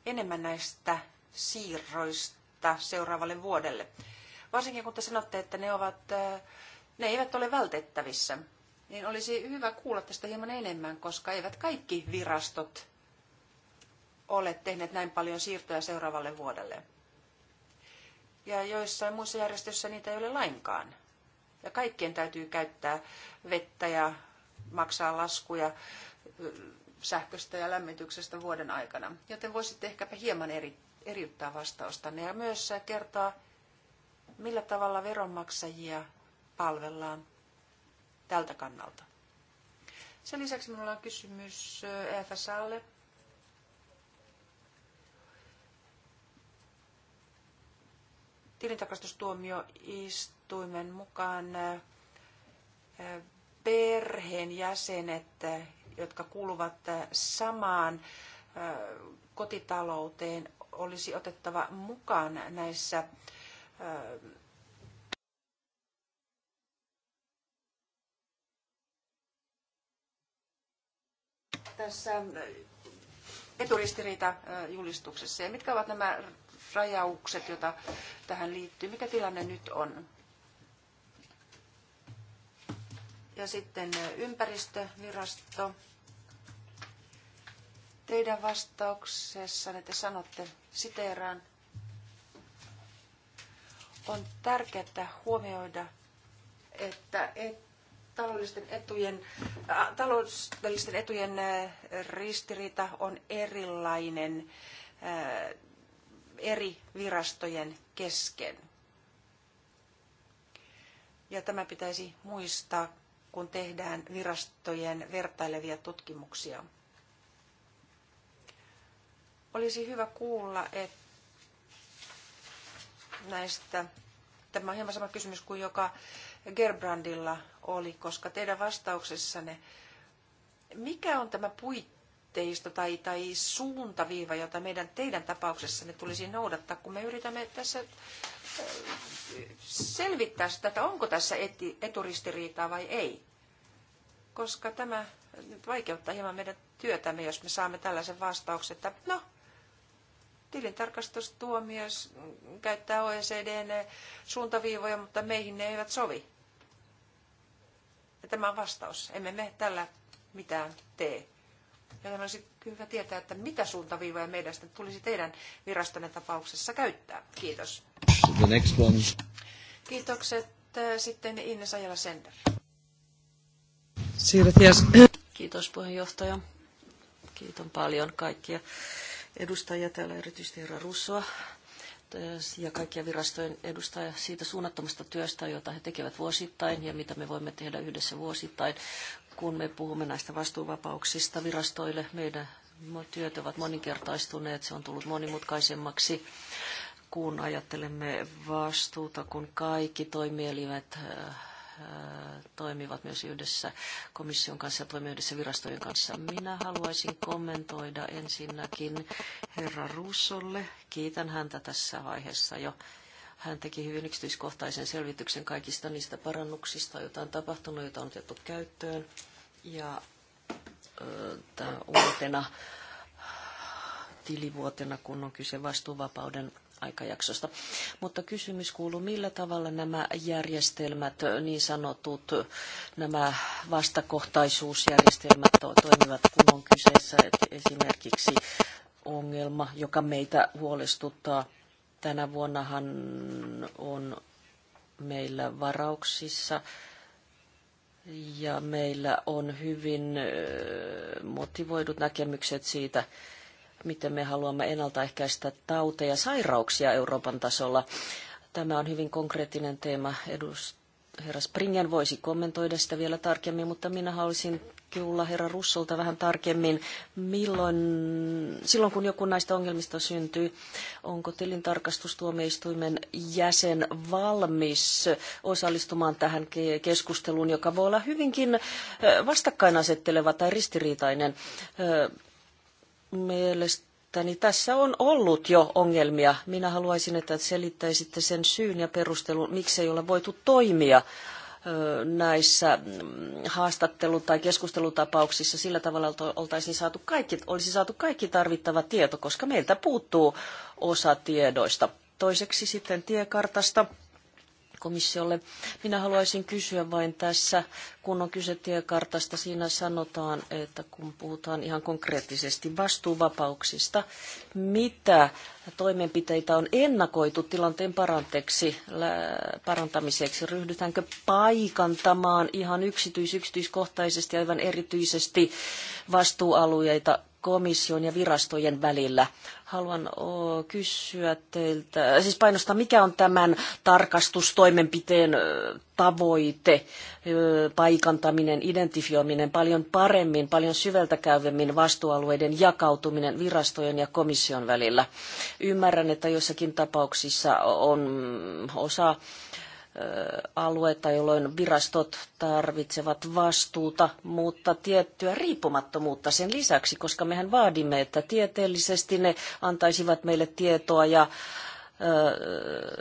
enemmän näistä siirroista seuraavalle vuodelle. Varsinkin kun te sanotte, että ne, ovat, ne eivät ole vältettävissä, niin olisi hyvä kuulla tästä hieman enemmän, koska eivät kaikki virastot ole tehneet näin paljon siirtoja seuraavalle vuodelle. Ja joissain muissa järjestöissä niitä ei ole lainkaan. Ja kaikkien täytyy käyttää vettä ja maksaa laskuja sähköstä ja lämmityksestä vuoden aikana. Joten voisitte ehkäpä hieman eri, eriyttää vastaustanne ja myös kertoa, millä tavalla veronmaksajia palvellaan tältä kannalta. Sen lisäksi minulla on kysymys EFSAlle. Tilintarkastustuomioistuimen mukaan perheenjäsenet, jotka kuuluvat samaan kotitalouteen, olisi otettava mukaan näissä Ähm, tässä äh, eturistiriita-julistuksessa äh, ja mitkä ovat nämä rajaukset, joita tähän liittyy? Mikä tilanne nyt on? Ja sitten äh, ympäristövirasto. Teidän vastauksessanne te sanotte, siteeraan, on tärkeää huomioida, että et, taloudellisten etujen, ä, taloudellisten etujen ä, ristiriita on erilainen ä, eri virastojen kesken. Ja tämä pitäisi muistaa, kun tehdään virastojen vertailevia tutkimuksia. Olisi hyvä kuulla, että näistä. Tämä on hieman sama kysymys kuin joka Gerbrandilla oli, koska teidän vastauksessanne, mikä on tämä puitteisto tai, tai suuntaviiva, jota meidän teidän tapauksessanne tulisi noudattaa, kun me yritämme tässä äh, selvittää sitä, että onko tässä eturistiriitaa vai ei. Koska tämä vaikeuttaa hieman meidän työtämme, jos me saamme tällaisen vastauksen, että no, Tilintarkastustuomios käyttää OECDn suuntaviivoja, mutta meihin ne eivät sovi. Ja tämä on vastaus. Emme me tällä mitään tee. Ja tämä olisi hyvä tietää, että mitä suuntaviivoja meidän sitten tulisi teidän virastonne tapauksessa käyttää. Kiitos. The next one. Kiitokset. Äh, sitten Ines Ajala-Sender. Kiitos puheenjohtaja. Kiitos paljon kaikkia edustajia, täällä erityisesti herra Russoa ja kaikkia virastojen edustajia siitä suunnattomasta työstä, jota he tekevät vuosittain ja mitä me voimme tehdä yhdessä vuosittain, kun me puhumme näistä vastuuvapauksista virastoille. Meidän työt ovat moninkertaistuneet, se on tullut monimutkaisemmaksi kun ajattelemme vastuuta, kun kaikki toimielimet Äh, toimivat myös yhdessä komission kanssa ja toimivat yhdessä virastojen kanssa. Minä haluaisin kommentoida ensinnäkin herra Russolle. Kiitän häntä tässä vaiheessa jo. Hän teki hyvin yksityiskohtaisen selvityksen kaikista niistä parannuksista, joita on tapahtunut, joita on otettu käyttöön. Ja tämä uutena tilivuotena, kun on kyse vastuuvapauden aikajaksosta. Mutta kysymys kuuluu, millä tavalla nämä järjestelmät, niin sanotut nämä vastakohtaisuusjärjestelmät toimivat, kun on kyseessä esimerkiksi ongelma, joka meitä huolestuttaa. Tänä vuonnahan on meillä varauksissa ja meillä on hyvin motivoidut näkemykset siitä, miten me haluamme ennaltaehkäistä tauteja ja sairauksia Euroopan tasolla. Tämä on hyvin konkreettinen teema. herra Springen voisi kommentoida sitä vielä tarkemmin, mutta minä haluaisin kuulla herra Russolta vähän tarkemmin, milloin, silloin kun joku näistä ongelmista syntyy, onko tilintarkastustuomioistuimen jäsen valmis osallistumaan tähän keskusteluun, joka voi olla hyvinkin vastakkainasetteleva tai ristiriitainen Mielestäni tässä on ollut jo ongelmia. Minä haluaisin, että selittäisitte sen syyn ja perustelun, ei ole voitu toimia näissä mm, haastattelu- tai keskustelutapauksissa sillä tavalla, että oltaisiin saatu kaikki, olisi saatu kaikki tarvittava tieto, koska meiltä puuttuu osa tiedoista. Toiseksi sitten tiekartasta komissiolle. Minä haluaisin kysyä vain tässä, kun on kyse tiekartasta, siinä sanotaan, että kun puhutaan ihan konkreettisesti vastuuvapauksista, mitä toimenpiteitä on ennakoitu tilanteen parantamiseksi? Ryhdytäänkö paikantamaan ihan yksityis, yksityiskohtaisesti, aivan erityisesti vastuualueita komission ja virastojen välillä? Haluan kysyä teiltä, siis painostaa, mikä on tämän tarkastustoimenpiteen tavoite, paikantaminen, identifioiminen paljon paremmin, paljon syvältä käyvemmin vastuualueiden jakautuminen virastojen ja komission välillä. Ymmärrän, että joissakin tapauksissa on osa aluetta, jolloin virastot tarvitsevat vastuuta, mutta tiettyä riippumattomuutta sen lisäksi, koska mehän vaadimme, että tieteellisesti ne antaisivat meille tietoa ja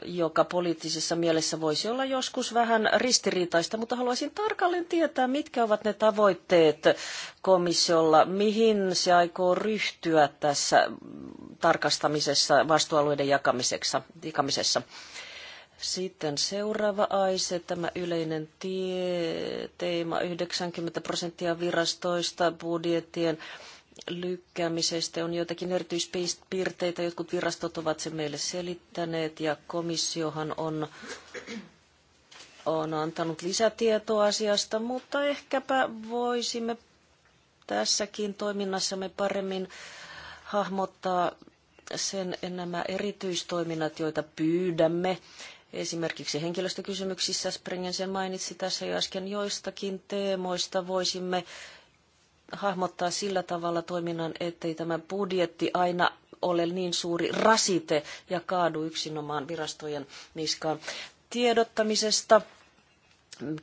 joka poliittisessa mielessä voisi olla joskus vähän ristiriitaista, mutta haluaisin tarkalleen tietää, mitkä ovat ne tavoitteet komissiolla, mihin se aikoo ryhtyä tässä tarkastamisessa vastuualueiden jakamisessa. Sitten seuraava aise, tämä yleinen tie, teema 90 prosenttia virastoista budjettien lykkäämisestä on joitakin erityispiirteitä. Jotkut virastot ovat se meille selittäneet ja komissiohan on, on antanut lisätietoa asiasta, mutta ehkäpä voisimme tässäkin toiminnassamme paremmin hahmottaa sen nämä erityistoiminnat, joita pyydämme Esimerkiksi henkilöstökysymyksissä Springen sen mainitsi tässä jo äsken joistakin teemoista voisimme hahmottaa sillä tavalla toiminnan, ettei tämä budjetti aina ole niin suuri rasite ja kaadu yksinomaan virastojen niskaan. Tiedottamisesta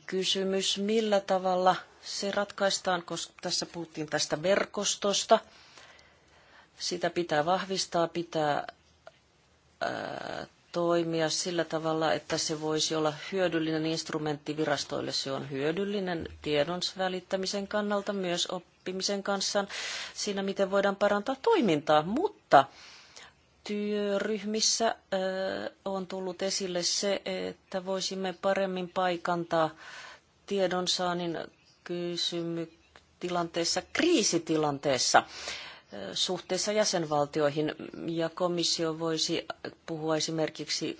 kysymys, millä tavalla se ratkaistaan, koska tässä puhuttiin tästä verkostosta. Sitä pitää vahvistaa, pitää toimia sillä tavalla, että se voisi olla hyödyllinen instrumentti virastoille. Se on hyödyllinen tiedon välittämisen kannalta, myös oppimisen kanssa siinä, miten voidaan parantaa toimintaa, mutta työryhmissä on tullut esille se, että voisimme paremmin paikantaa tiedonsaannin kysymyksiä tilanteessa, kriisitilanteessa suhteessa jäsenvaltioihin. Ja komissio voisi puhua esimerkiksi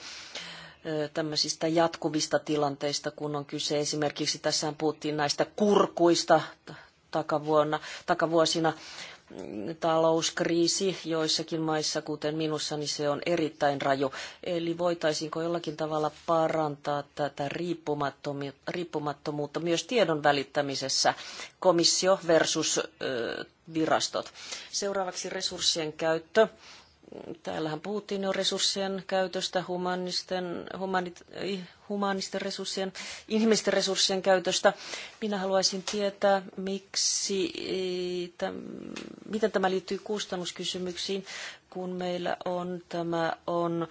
tämmöisistä jatkuvista tilanteista, kun on kyse esimerkiksi, tässä puhuttiin näistä kurkuista takavuonna, takavuosina, talouskriisi joissakin maissa, kuten minussa, niin se on erittäin raju. Eli voitaisiinko jollakin tavalla parantaa tätä riippumattomuutta myös tiedon välittämisessä komissio versus virastot. Seuraavaksi resurssien käyttö täällähän puhuttiin jo resurssien käytöstä, humanisten, humanit, humanisten resurssien, ihmisten resurssien käytöstä. Minä haluaisin tietää, miksi, täm, miten tämä liittyy kustannuskysymyksiin, kun meillä on tämä on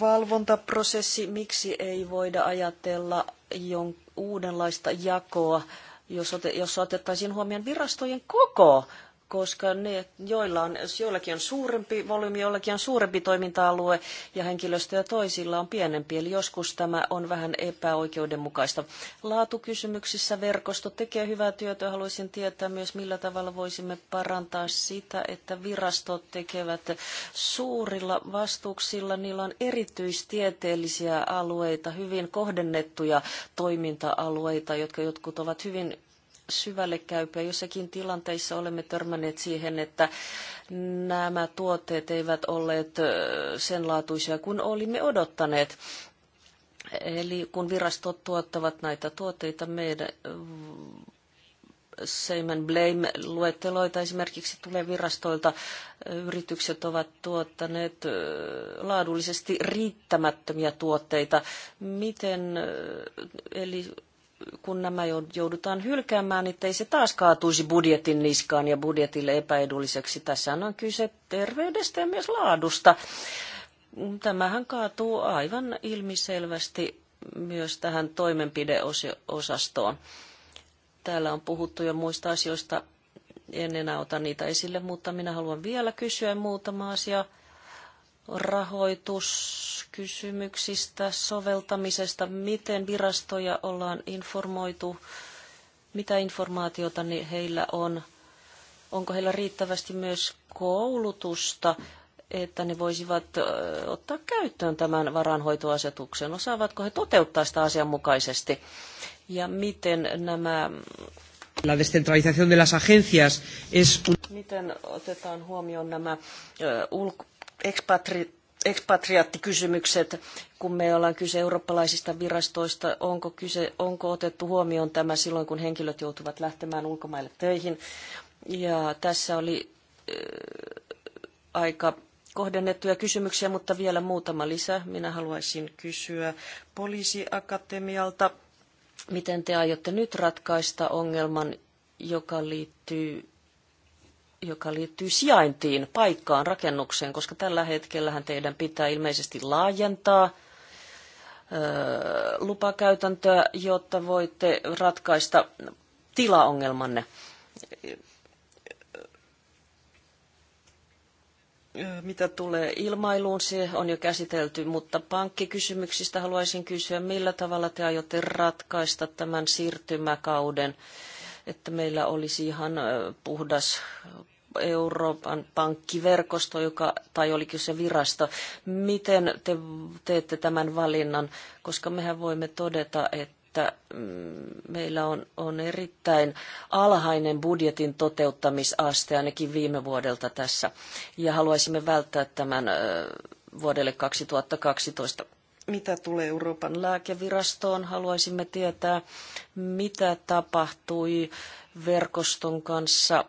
valvontaprosessi, miksi ei voida ajatella jon, uudenlaista jakoa, jos, ote, jos otettaisiin huomioon virastojen koko koska ne, joilla on, joillakin on suurempi volyymi, joillakin on suurempi toiminta-alue ja henkilöstöä toisilla on pienempi. Eli joskus tämä on vähän epäoikeudenmukaista. Laatukysymyksissä verkosto tekee hyvää työtä. Haluaisin tietää myös, millä tavalla voisimme parantaa sitä, että virastot tekevät suurilla vastuuksilla. Niillä on erityistieteellisiä alueita, hyvin kohdennettuja toiminta-alueita, jotka jotkut ovat hyvin syvälle käypää. Jossakin tilanteissa olemme törmänneet siihen, että nämä tuotteet eivät olleet sen laatuisia kuin olimme odottaneet. Eli kun virastot tuottavat näitä tuotteita, meidän Same and Blame-luetteloita esimerkiksi tulee virastoilta. Yritykset ovat tuottaneet laadullisesti riittämättömiä tuotteita. Miten, eli kun nämä joudutaan hylkäämään, niin ei se taas kaatuisi budjetin niskaan ja budjetille epäedulliseksi. Tässä on kyse terveydestä ja myös laadusta. Tämähän kaatuu aivan ilmiselvästi myös tähän toimenpideosastoon. Täällä on puhuttu jo muista asioista, en enää ota niitä esille, mutta minä haluan vielä kysyä muutama asia rahoituskysymyksistä, soveltamisesta, miten virastoja ollaan informoitu, mitä informaatiota niin heillä on, onko heillä riittävästi myös koulutusta, että ne voisivat ottaa käyttöön tämän varanhoitoasetuksen, osaavatko he toteuttaa sitä asianmukaisesti ja miten nämä La descentralización de las agencias es... Miten otetaan huomioon nämä ulko ekspatri, ekspatriaattikysymykset, kun me ollaan kyse eurooppalaisista virastoista, onko, kyse, onko otettu huomioon tämä silloin, kun henkilöt joutuvat lähtemään ulkomaille töihin. Ja tässä oli äh, aika kohdennettuja kysymyksiä, mutta vielä muutama lisä. Minä haluaisin kysyä poliisiakatemialta, miten te aiotte nyt ratkaista ongelman, joka liittyy joka liittyy sijaintiin, paikkaan, rakennukseen, koska tällä hetkellähän teidän pitää ilmeisesti laajentaa lupakäytäntöä, jotta voitte ratkaista tilaongelmanne. Mitä tulee ilmailuun, se on jo käsitelty, mutta pankkikysymyksistä haluaisin kysyä, millä tavalla te aiotte ratkaista tämän siirtymäkauden että meillä olisi ihan puhdas Euroopan pankkiverkosto, joka, tai olikin se virasto. Miten te teette tämän valinnan? Koska mehän voimme todeta, että mm, meillä on, on erittäin alhainen budjetin toteuttamisaste ainakin viime vuodelta tässä. Ja haluaisimme välttää tämän vuodelle 2012 mitä tulee Euroopan lääkevirastoon, haluaisimme tietää, mitä tapahtui verkoston kanssa,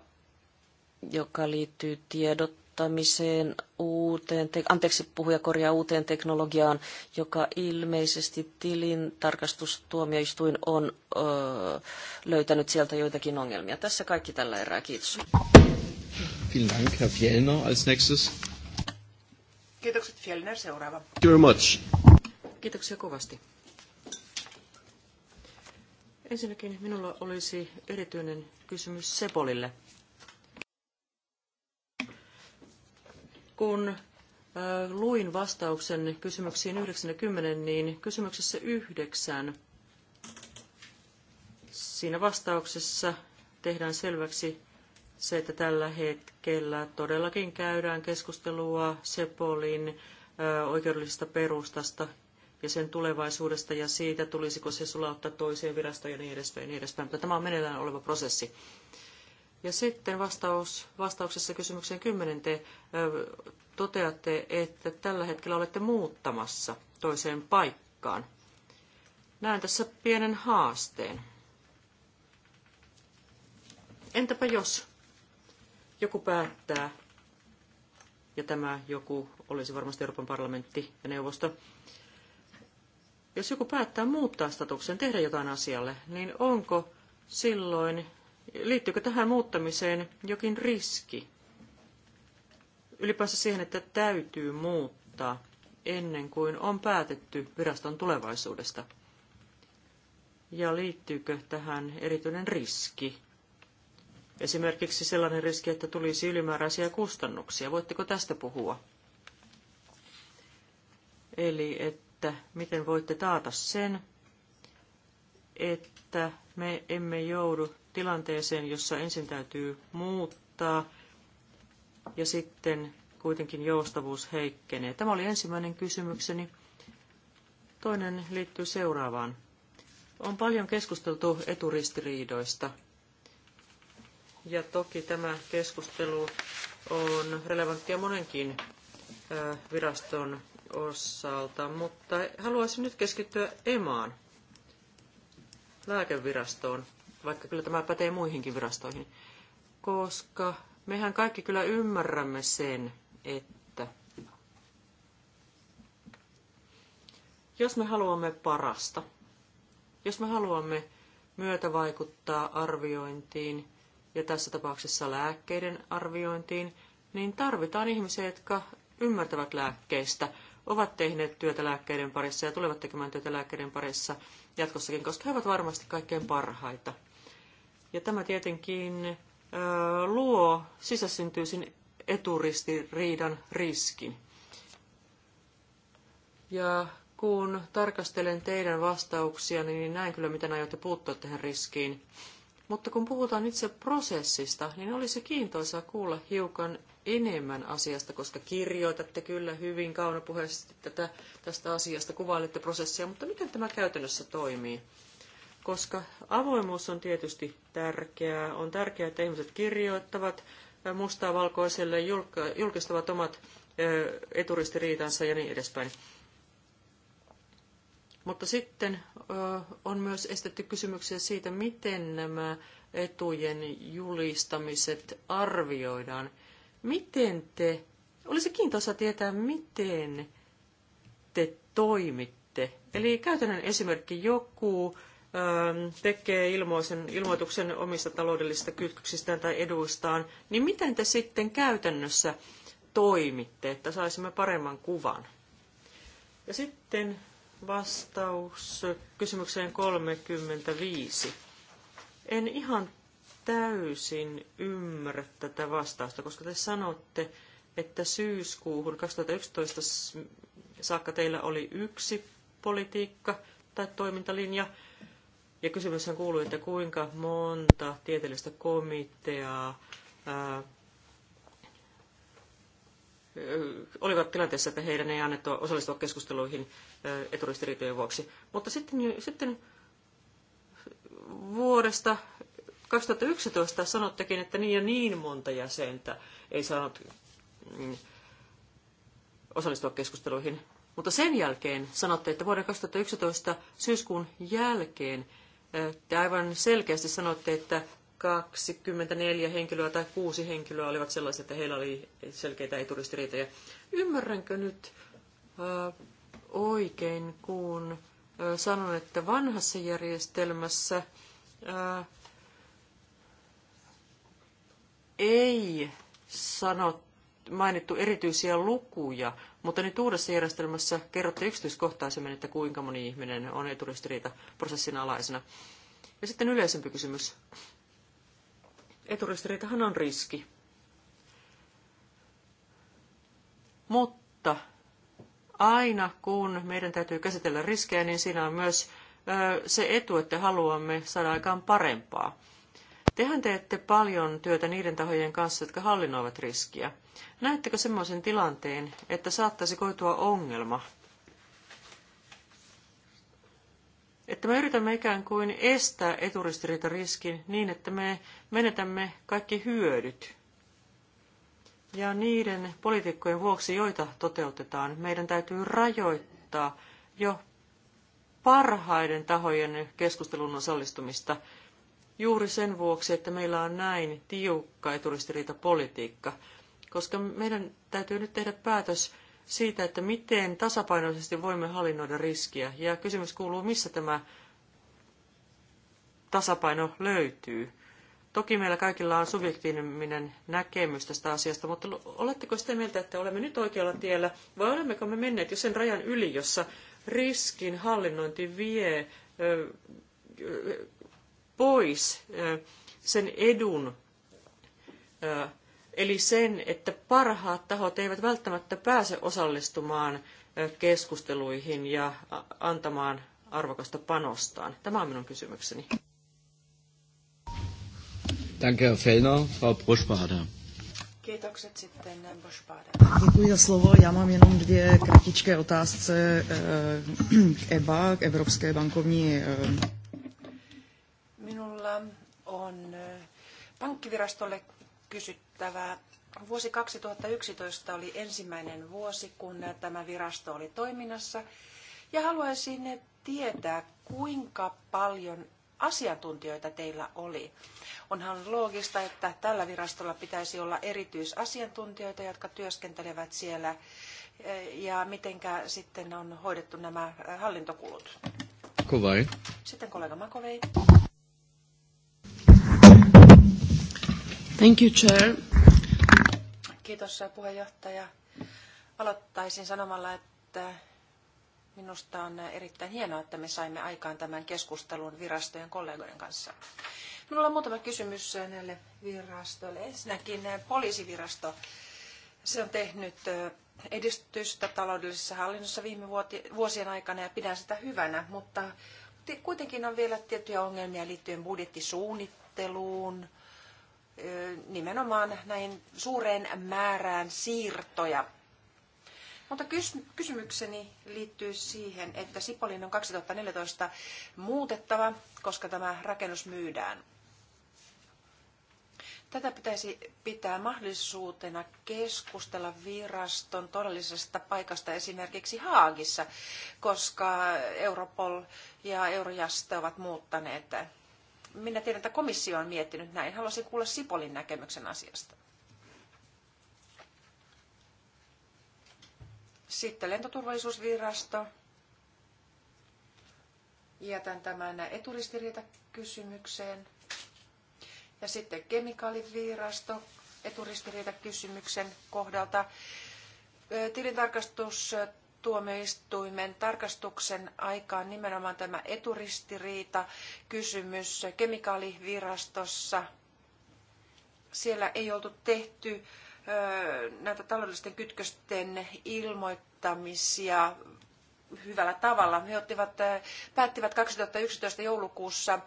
joka liittyy tiedottamiseen, uuteen, te- anteeksi puhuja korjaa uuteen teknologiaan, joka ilmeisesti tilintarkastustuomioistuin on öö, löytänyt sieltä joitakin ongelmia. Tässä kaikki tällä erää. Kiitos. Dank, Herr Fjellner. Als nächstes. Kiitokset Fjellner. Seuraava. Thank you very much. Kiitoksia kovasti. Ensinnäkin minulla olisi erityinen kysymys Sepolille. Kun luin vastauksen kysymyksiin 90, niin kysymyksessä 9 siinä vastauksessa tehdään selväksi se, että tällä hetkellä todellakin käydään keskustelua Sepolin oikeudellisesta perustasta ja sen tulevaisuudesta ja siitä, tulisiko se sulauttaa toiseen virastoon ja niin edespäin. Niin edespäin. Mutta tämä on meneillään oleva prosessi. Ja sitten vastaus, vastauksessa kysymykseen 10 te ö, toteatte, että tällä hetkellä olette muuttamassa toiseen paikkaan. Näen tässä pienen haasteen. Entäpä jos joku päättää, ja tämä joku olisi varmasti Euroopan parlamentti ja neuvosto, jos joku päättää muuttaa statuksen, tehdä jotain asialle, niin onko silloin, liittyykö tähän muuttamiseen jokin riski? Ylipäänsä siihen, että täytyy muuttaa ennen kuin on päätetty viraston tulevaisuudesta. Ja liittyykö tähän erityinen riski? Esimerkiksi sellainen riski, että tulisi ylimääräisiä kustannuksia. Voitteko tästä puhua? Eli että että miten voitte taata sen, että me emme joudu tilanteeseen, jossa ensin täytyy muuttaa ja sitten kuitenkin joustavuus heikkenee. Tämä oli ensimmäinen kysymykseni. Toinen liittyy seuraavaan. On paljon keskusteltu eturistiriidoista. Ja toki tämä keskustelu on relevanttia monenkin viraston osalta, mutta haluaisin nyt keskittyä EMAan, lääkevirastoon, vaikka kyllä tämä pätee muihinkin virastoihin, koska mehän kaikki kyllä ymmärrämme sen, että jos me haluamme parasta, jos me haluamme vaikuttaa arviointiin ja tässä tapauksessa lääkkeiden arviointiin, niin tarvitaan ihmisiä, jotka ymmärtävät lääkkeistä, ovat tehneet työtä lääkkeiden parissa ja tulevat tekemään työtä lääkkeiden parissa jatkossakin, koska he ovat varmasti kaikkein parhaita. Ja tämä tietenkin luo sisäsyntyisin eturistiriidan riskin. Ja kun tarkastelen teidän vastauksia, niin näen kyllä, miten aiotte puuttua tähän riskiin. Mutta kun puhutaan itse prosessista, niin olisi kiintoisaa kuulla hiukan enemmän asiasta, koska kirjoitatte kyllä hyvin kaunopuheisesti tätä, tästä asiasta, kuvailette prosessia, mutta miten tämä käytännössä toimii? Koska avoimuus on tietysti tärkeää. On tärkeää, että ihmiset kirjoittavat äh, mustaa valkoiselle, julkistavat omat äh, eturistiriitansa ja niin edespäin. Mutta sitten äh, on myös estetty kysymyksiä siitä, miten nämä etujen julistamiset arvioidaan. Miten te, olisi kiintoisa tietää, miten te toimitte. Eli käytännön esimerkki, joku ähm, tekee ilmoisen, ilmoituksen omista taloudellisista kytköksistään tai eduistaan, niin miten te sitten käytännössä toimitte, että saisimme paremman kuvan? Ja sitten vastaus kysymykseen 35. En ihan täysin ymmärrä tätä vastausta, koska te sanotte, että syyskuuhun 2011 saakka teillä oli yksi politiikka tai toimintalinja. Ja kysymyshän kuului, että kuinka monta tieteellistä komiteaa ää, olivat tilanteessa, että heidän ei annettu osallistua keskusteluihin eturistiriitojen vuoksi. Mutta sitten, sitten vuodesta 2011 sanottekin, että niin ja niin monta jäsentä ei saanut mm, osallistua keskusteluihin. Mutta sen jälkeen sanotte, että vuoden 2011 syyskuun jälkeen te aivan selkeästi sanotte, että 24 henkilöä tai 6 henkilöä olivat sellaisia, että heillä oli selkeitä eturistiriitoja. Ymmärränkö nyt äh, oikein, kun äh, sanon, että vanhassa järjestelmässä äh, ei sanottu mainittu erityisiä lukuja, mutta nyt uudessa järjestelmässä kerrotte yksityiskohtaisemmin, että kuinka moni ihminen on eturistiriita prosessin alaisena. Ja sitten yleisempi kysymys. Eturistiriitahan on riski. Mutta aina kun meidän täytyy käsitellä riskejä, niin siinä on myös se etu, että haluamme saada aikaan parempaa. Tehän teette paljon työtä niiden tahojen kanssa, jotka hallinnoivat riskiä. Näettekö semmoisen tilanteen, että saattaisi koitua ongelma? Että me yritämme ikään kuin estää eturistiriitariskin niin, että me menetämme kaikki hyödyt. Ja niiden poliitikkojen vuoksi, joita toteutetaan, meidän täytyy rajoittaa jo parhaiden tahojen keskustelun osallistumista – juuri sen vuoksi, että meillä on näin tiukka eturistiriitapolitiikka, koska meidän täytyy nyt tehdä päätös siitä, että miten tasapainoisesti voimme hallinnoida riskiä. Ja kysymys kuuluu, missä tämä tasapaino löytyy. Toki meillä kaikilla on subjektiivinen näkemys tästä asiasta, mutta oletteko sitä mieltä, että olemme nyt oikealla tiellä, vai olemmeko me menneet jo sen rajan yli, jossa riskin hallinnointi vie pois sen edun, eli sen, että parhaat tahot eivät välttämättä pääse osallistumaan keskusteluihin ja antamaan arvokasta panostaan. Tämä on minun kysymykseni. Danke, Herr Frau Broschbader. Kiitokset sitten Boschbader. Děkuji za slovo. Já mám jenom dvě kratičké otázce k EBA, k Evropské bankovní Minulla on pankkivirastolle kysyttävää. Vuosi 2011 oli ensimmäinen vuosi, kun tämä virasto oli toiminnassa. Ja haluaisin tietää, kuinka paljon asiantuntijoita teillä oli. Onhan loogista, että tällä virastolla pitäisi olla erityisasiantuntijoita, jotka työskentelevät siellä, ja mitenkä sitten on hoidettu nämä hallintokulut. Kovai. Sitten kollega Makovei. Thank you, Chair. Kiitos äh, puheenjohtaja. Aloittaisin sanomalla, että minusta on äh, erittäin hienoa, että me saimme aikaan tämän keskustelun virastojen kollegoiden kanssa. Minulla on muutama kysymys äh, näille virastoille. Ensinnäkin poliisivirasto. Se on tehnyt edistystä taloudellisessa hallinnossa viime vuosien aikana ja pidän sitä hyvänä, mutta kuitenkin on vielä tiettyjä ongelmia liittyen budjettisuunnitteluun, nimenomaan näihin suureen määrään siirtoja. Mutta kysymykseni liittyy siihen, että Sipolin on 2014 muutettava, koska tämä rakennus myydään. Tätä pitäisi pitää mahdollisuutena keskustella viraston todellisesta paikasta esimerkiksi Haagissa, koska Europol ja Eurojust ovat muuttaneet minä tiedän, että komissio on miettinyt näin. Haluaisin kuulla Sipolin näkemyksen asiasta. Sitten lentoturvallisuusvirasto. Jätän tämän eturistiriitakysymykseen. Ja sitten kemikaalivirasto eturistiriitakysymyksen kohdalta. Tilintarkastus tuomioistuimen tarkastuksen aikaan nimenomaan tämä eturistiriita kysymys kemikaalivirastossa. Siellä ei oltu tehty näitä taloudellisten kytkösten ilmoittamisia hyvällä tavalla. He ottivat, päättivät 2011 joulukuussa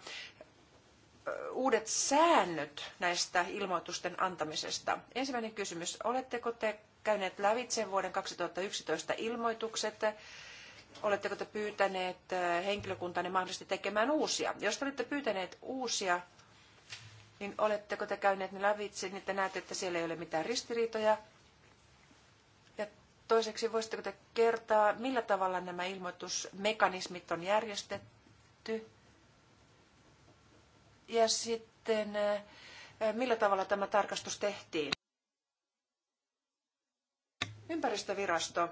uudet säännöt näistä ilmoitusten antamisesta. Ensimmäinen kysymys. Oletteko te käyneet lävitse vuoden 2011 ilmoitukset? Oletteko te pyytäneet äh, henkilökuntanne mahdollisesti tekemään uusia? Jos te olette pyytäneet uusia, niin oletteko te käyneet ne lävitse, niin te näette, että siellä ei ole mitään ristiriitoja? Ja toiseksi, voisitteko te kertoa, millä tavalla nämä ilmoitusmekanismit on järjestetty? Ja sitten, äh, millä tavalla tämä tarkastus tehtiin? Ympäristövirasto.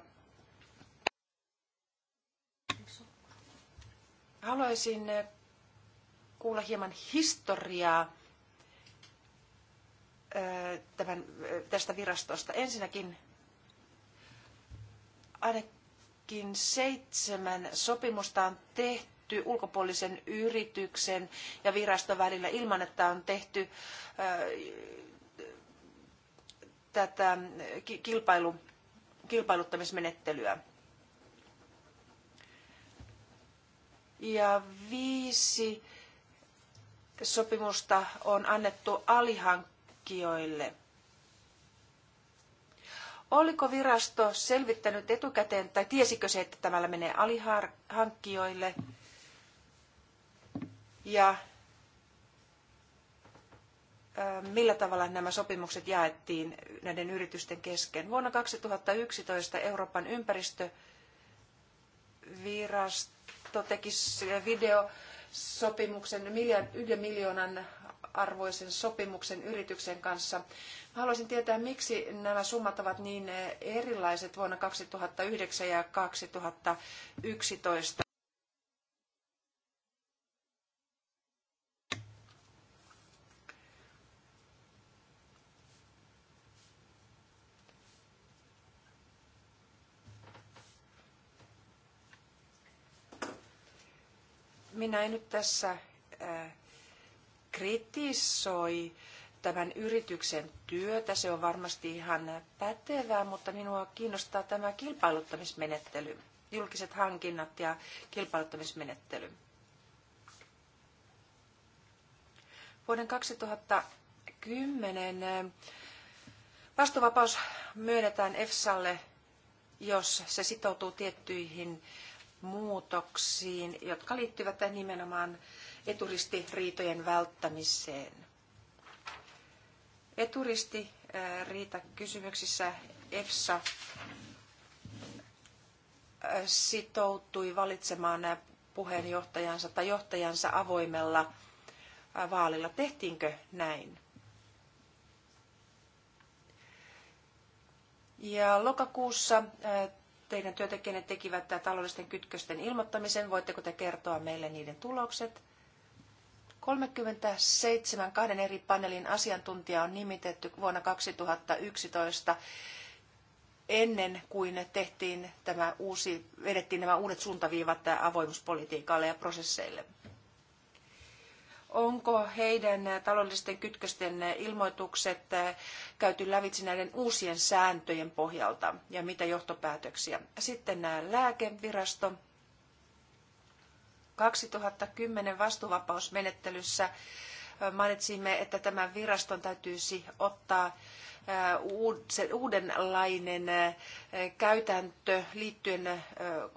Haluaisin eh, kuulla hieman historiaa eh, tämän, eh, tästä virastosta. Ensinnäkin ainakin seitsemän sopimusta on tehty ulkopuolisen yrityksen ja viraston välillä ilman, että on tehty tätä kilpailu kilpailuttamismenettelyä. Ja viisi sopimusta on annettu alihankkijoille. Oliko virasto selvittänyt etukäteen, tai tiesikö se, että tämällä menee alihankkijoille? Ja millä tavalla nämä sopimukset jaettiin näiden yritysten kesken. Vuonna 2011 Euroopan ympäristövirasto teki videosopimuksen, yhden miljoonan arvoisen sopimuksen yrityksen kanssa. Haluaisin tietää, miksi nämä summat ovat niin erilaiset vuonna 2009 ja 2011. minä en nyt tässä äh, kritisoi tämän yrityksen työtä, se on varmasti ihan pätevää, mutta minua kiinnostaa tämä kilpailuttamismenettely, julkiset hankinnat ja kilpailuttamismenettely. Vuoden 2010 äh, vastuvapaus myönnetään EFSAlle, jos se sitoutuu tiettyihin muutoksiin, jotka liittyvät nimenomaan eturistiriitojen välttämiseen. Eturistiriitakysymyksissä äh, kysymyksissä EFSA äh, sitoutui valitsemaan puheenjohtajansa tai johtajansa avoimella äh, vaalilla. Tehtiinkö näin? Ja lokakuussa teidän työntekijänne tekivät taloudellisten kytkösten ilmoittamisen. Voitteko te kertoa meille niiden tulokset? 37 kahden eri paneelin asiantuntijaa on nimitetty vuonna 2011 ennen kuin tehtiin tämä uusi, vedettiin nämä uudet suuntaviivat avoimuuspolitiikalle ja prosesseille onko heidän taloudellisten kytkösten ilmoitukset eh, käyty lävitse näiden uusien sääntöjen pohjalta ja mitä johtopäätöksiä. Sitten nämä eh, lääkevirasto. 2010 vastuuvapausmenettelyssä eh, mainitsimme, että tämän viraston täytyisi ottaa uudenlainen käytäntö liittyen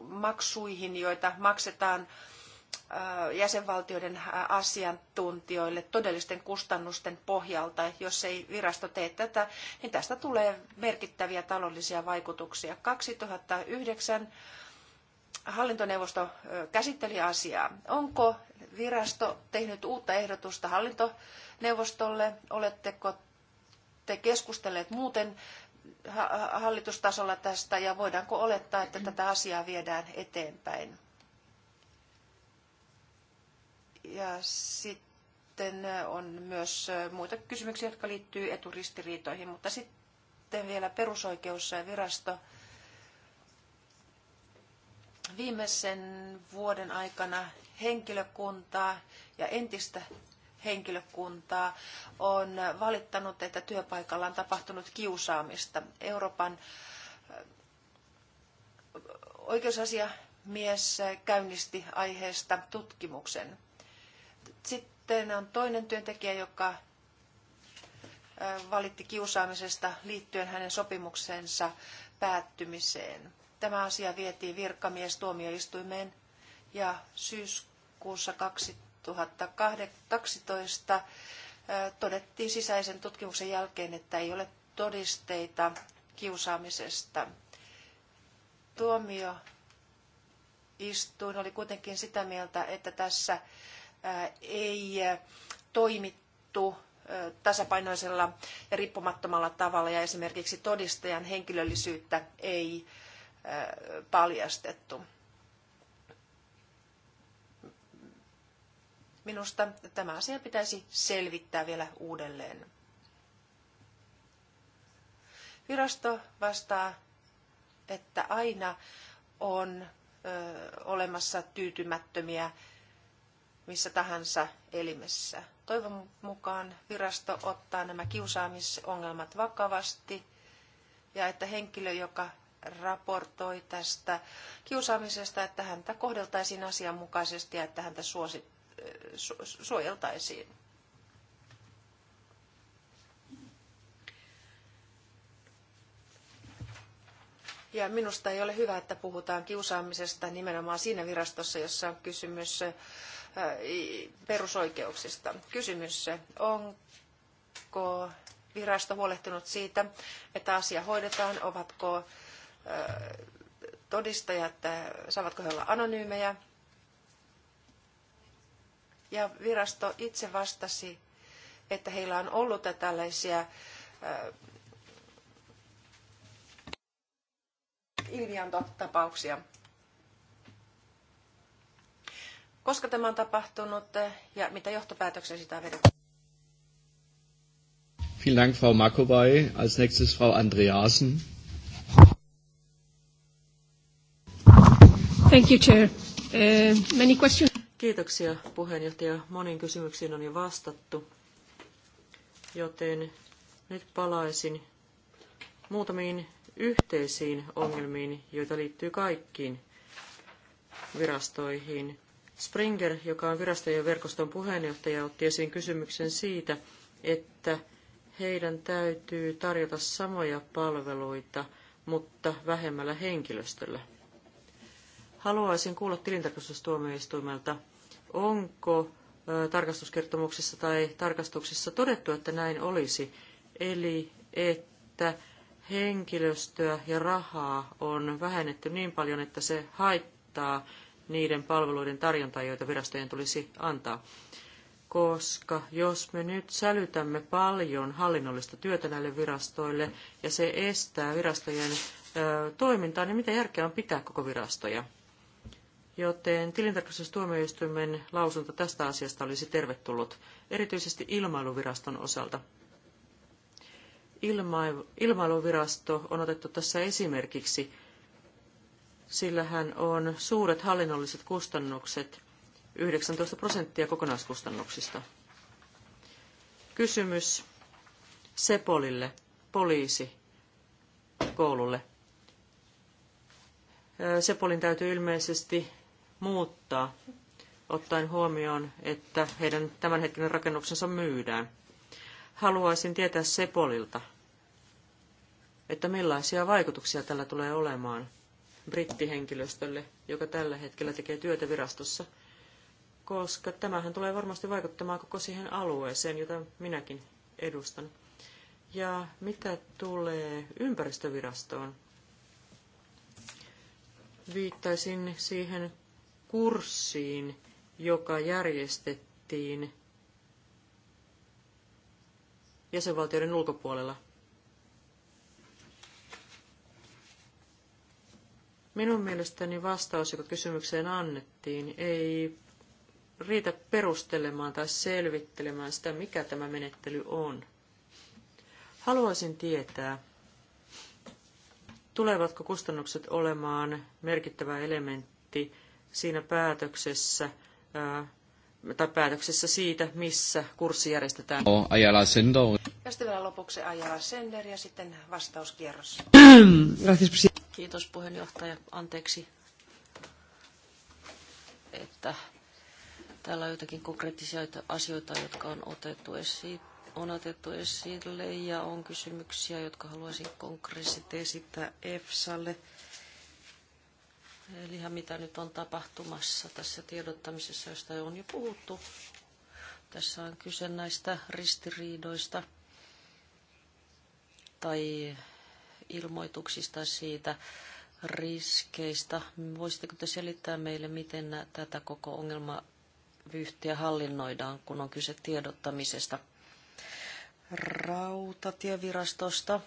maksuihin, joita maksetaan jäsenvaltioiden asiantuntijoille todellisten kustannusten pohjalta. Jos ei virasto tee tätä, niin tästä tulee merkittäviä taloudellisia vaikutuksia. 2009 hallintoneuvosto käsitteli asiaa. Onko virasto tehnyt uutta ehdotusta hallintoneuvostolle? Oletteko te keskustelleet muuten hallitustasolla tästä ja voidaanko olettaa, että tätä asiaa viedään eteenpäin? Ja sitten on myös muita kysymyksiä, jotka liittyy eturistiriitoihin, mutta sitten vielä virasto. viimeisen vuoden aikana henkilökuntaa ja entistä henkilökuntaa on valittanut, että työpaikalla on tapahtunut kiusaamista. Euroopan äh, oikeusasiamies käynnisti aiheesta tutkimuksen. Sitten on toinen työntekijä, joka valitti kiusaamisesta liittyen hänen sopimuksensa päättymiseen. Tämä asia vietiin virkamies tuomioistuimeen ja syyskuussa 2012 todettiin sisäisen tutkimuksen jälkeen, että ei ole todisteita kiusaamisesta. Tuomioistuin oli kuitenkin sitä mieltä, että tässä ei toimittu tasapainoisella ja riippumattomalla tavalla ja esimerkiksi todistajan henkilöllisyyttä ei paljastettu. Minusta tämä asia pitäisi selvittää vielä uudelleen. Virasto vastaa, että aina on olemassa tyytymättömiä missä tahansa elimessä. Toivon mukaan virasto ottaa nämä kiusaamisongelmat vakavasti ja että henkilö, joka raportoi tästä kiusaamisesta, että häntä kohdeltaisiin asianmukaisesti ja että häntä suosi, su, suojeltaisiin. Ja minusta ei ole hyvä, että puhutaan kiusaamisesta nimenomaan siinä virastossa, jossa on kysymys perusoikeuksista. Kysymys, onko virasto huolehtinut siitä, että asia hoidetaan, ovatko todistajat, saavatko he olla anonyymejä. Ja virasto itse vastasi, että heillä on ollut tällaisia ilmiantotapauksia koska tämä on tapahtunut ja mitä johtopäätöksiä sitä on vedetty. Vielen Dank, Frau Makovai. Als nächstes Frau Andreasen. Thank you, Chair. Uh, many questions. Kiitoksia puheenjohtaja. Moniin kysymyksiin on jo vastattu, joten nyt palaisin muutamiin yhteisiin ongelmiin, joita liittyy kaikkiin virastoihin. Springer, joka on virastojen verkoston puheenjohtaja, otti esiin kysymyksen siitä, että heidän täytyy tarjota samoja palveluita, mutta vähemmällä henkilöstöllä. Haluaisin kuulla tilintarkastustuomioistuimelta, onko tarkastuskertomuksessa tai tarkastuksessa todettu, että näin olisi, eli että henkilöstöä ja rahaa on vähennetty niin paljon, että se haittaa niiden palveluiden tarjontaa, joita virastojen tulisi antaa. Koska jos me nyt sälytämme paljon hallinnollista työtä näille virastoille ja se estää virastojen ö, toimintaa, niin mitä järkeä on pitää koko virastoja? Joten tilintarkastustuomioistuimen lausunto tästä asiasta olisi tervetullut, erityisesti ilmailuviraston osalta ilmailuvirasto on otettu tässä esimerkiksi sillä hän on suuret hallinnolliset kustannukset, 19 prosenttia kokonaiskustannuksista. Kysymys Sepolille, poliisi, koululle. Sepolin täytyy ilmeisesti muuttaa, ottaen huomioon, että heidän tämänhetkinen rakennuksensa myydään. Haluaisin tietää Sepolilta, että millaisia vaikutuksia tällä tulee olemaan – brittihenkilöstölle, joka tällä hetkellä tekee työtä virastossa, koska tämähän tulee varmasti vaikuttamaan koko siihen alueeseen, jota minäkin edustan. Ja mitä tulee ympäristövirastoon? Viittaisin siihen kurssiin, joka järjestettiin jäsenvaltioiden ulkopuolella Minun mielestäni vastaus, joka kysymykseen annettiin, ei riitä perustelemaan tai selvittelemään sitä, mikä tämä menettely on. Haluaisin tietää, tulevatko kustannukset olemaan merkittävä elementti siinä päätöksessä tai päätöksessä siitä, missä kurssi järjestetään. Oh, Ajala Sender. Ja sitten vielä lopuksi Ajala Sender ja sitten vastauskierros. Kiitos puheenjohtaja. Anteeksi, että täällä on jotakin konkreettisia asioita, jotka on otettu esiin on otettu esille ja on kysymyksiä, jotka haluaisin konkreettisesti esittää EFSAlle. Eli ihan mitä nyt on tapahtumassa tässä tiedottamisessa, josta on jo puhuttu. Tässä on kyse näistä ristiriidoista tai ilmoituksista siitä riskeistä. Voisitteko te selittää meille, miten tätä koko ongelmavyyhtiä hallinnoidaan, kun on kyse tiedottamisesta? Rautatievirastosta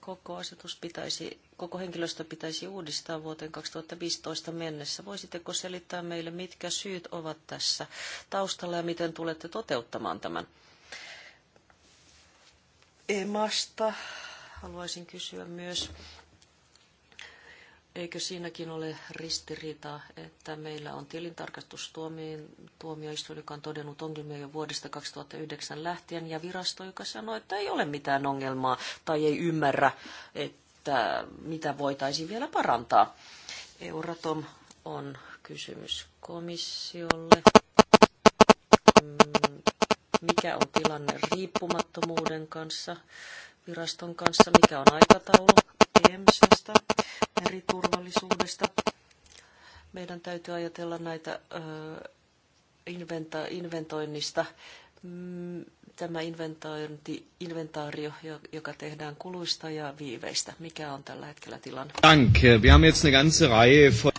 koko asetus pitäisi, koko henkilöstö pitäisi uudistaa vuoteen 2015 mennessä. Voisitteko selittää meille, mitkä syyt ovat tässä taustalla ja miten tulette toteuttamaan tämän? Emasta Haluaisin kysyä myös, eikö siinäkin ole ristiriita, että meillä on tilintarkastustuomioistuin, joka on todennut ongelmia jo vuodesta 2009 lähtien, ja virasto, joka sanoo, että ei ole mitään ongelmaa tai ei ymmärrä, että mitä voitaisiin vielä parantaa. Euratom on kysymys komissiolle. Mm, mikä on tilanne riippumattomuuden kanssa? viraston kanssa, mikä on aikataulu EMSasta, meriturvallisuudesta. Meidän täytyy ajatella näitä inventoinnista. Mm, tämä inventointi, inventaario, joka tehdään kuluista ja viiveistä. Mikä on tällä hetkellä tilanne? Danke. Wir haben jetzt eine ganze Reihe von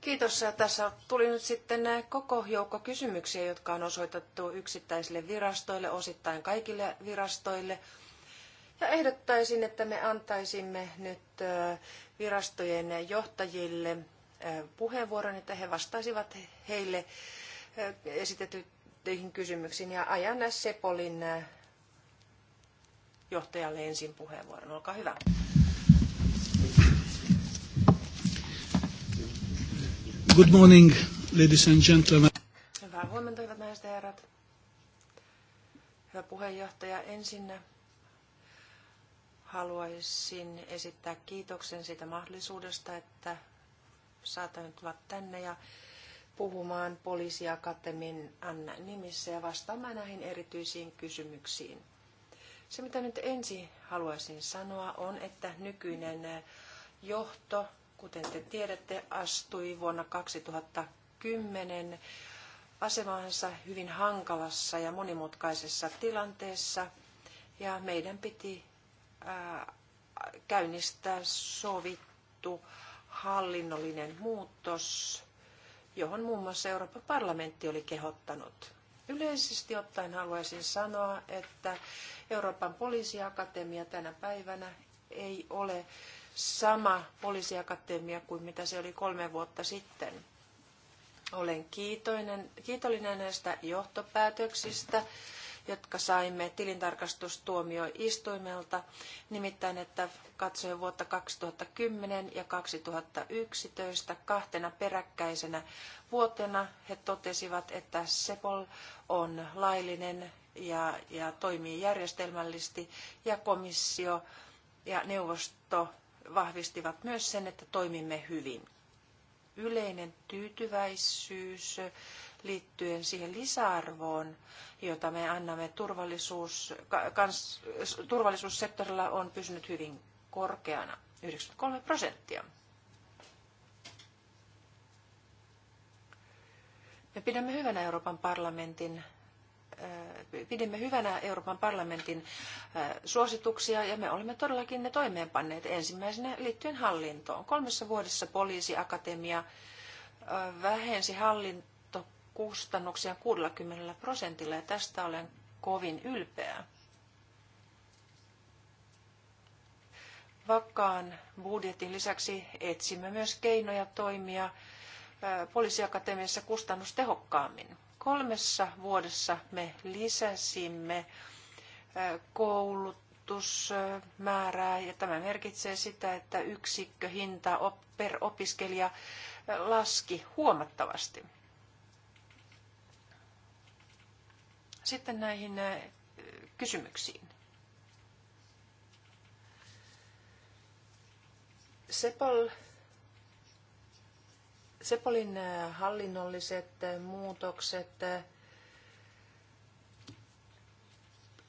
Kiitos. Tässä tuli nyt sitten koko joukko kysymyksiä, jotka on osoitettu yksittäisille virastoille, osittain kaikille virastoille. Ja ehdottaisin, että me antaisimme nyt virastojen johtajille puheenvuoron, että he vastaisivat heille esitettyihin kysymyksiin. Ja ajan Sepolin johtajalle ensin puheenvuoron. Olkaa hyvä. Good morning, ladies and gentlemen. Hyvää huomenta, hyvät naiset ja herrat. Hyvä puheenjohtaja, ensinnä Haluaisin esittää kiitoksen siitä mahdollisuudesta, että saatan tulla tänne ja puhumaan poliisiakatemin Anna nimissä ja vastaamaan näihin erityisiin kysymyksiin. Se, mitä nyt ensin haluaisin sanoa, on, että nykyinen johto, kuten te tiedätte, astui vuonna 2010 asemaansa hyvin hankalassa ja monimutkaisessa tilanteessa, ja meidän piti käynnistää sovittu hallinnollinen muutos, johon muun muassa Euroopan parlamentti oli kehottanut. Yleisesti ottaen haluaisin sanoa, että Euroopan poliisiakatemia tänä päivänä ei ole sama poliisiakatemia kuin mitä se oli kolme vuotta sitten. Olen kiitollinen näistä johtopäätöksistä jotka saimme tilintarkastustuomioistuimelta, nimittäin että katsoen vuotta 2010 ja 2011 kahtena peräkkäisenä vuotena he totesivat, että Sepol on laillinen ja, ja toimii järjestelmällisesti ja komissio ja neuvosto vahvistivat myös sen, että toimimme hyvin. Yleinen tyytyväisyys liittyen siihen lisäarvoon, jota me annamme turvallisuus, kans, turvallisuussektorilla, on pysynyt hyvin korkeana, 93 prosenttia. Me pidämme hyvänä Euroopan parlamentin äh, pidimme hyvänä Euroopan parlamentin äh, suosituksia ja me olemme todellakin ne toimeenpanneet ensimmäisenä liittyen hallintoon. Kolmessa vuodessa poliisiakatemia äh, vähensi hallin, kustannuksia 60 prosentilla ja tästä olen kovin ylpeä. Vakkaan budjetin lisäksi etsimme myös keinoja toimia poliisiakatemiassa kustannustehokkaammin. Kolmessa vuodessa me lisäsimme koulutusmäärää ja tämä merkitsee sitä, että yksikköhinta per opiskelija laski huomattavasti. Sitten näihin äh, kysymyksiin. Sepol, Sepolin äh, hallinnolliset äh, muutokset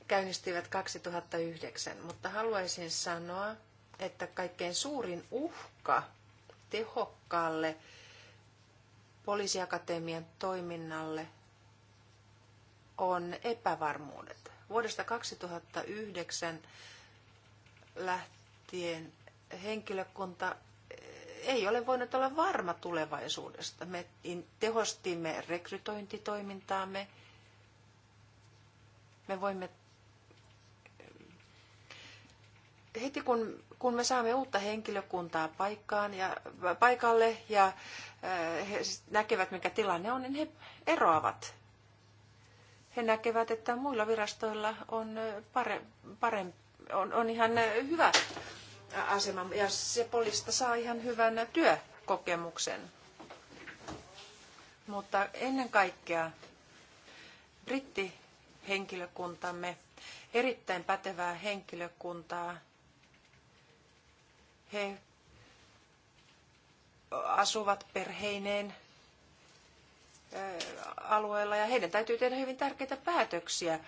käynnistivät 2009, mutta haluaisin sanoa, että kaikkein suurin uhka tehokkaalle poliisiakatemian toiminnalle on epävarmuudet. Vuodesta 2009 lähtien henkilökunta eh, ei ole voinut olla varma tulevaisuudesta. Me tehostimme rekrytointitoimintaamme. Me voimme eh, heti kun, kun me saamme uutta henkilökuntaa paikkaan ja, paikalle ja eh, he näkevät, mikä tilanne on, niin he eroavat he näkevät, että muilla virastoilla on, pare, parempi, on, on ihan hyvä asema ja se polista saa ihan hyvän työkokemuksen. Mutta ennen kaikkea brittihenkilökuntamme, erittäin pätevää henkilökuntaa, he asuvat perheineen alueella ja heidän täytyy tehdä hyvin tärkeitä päätöksiä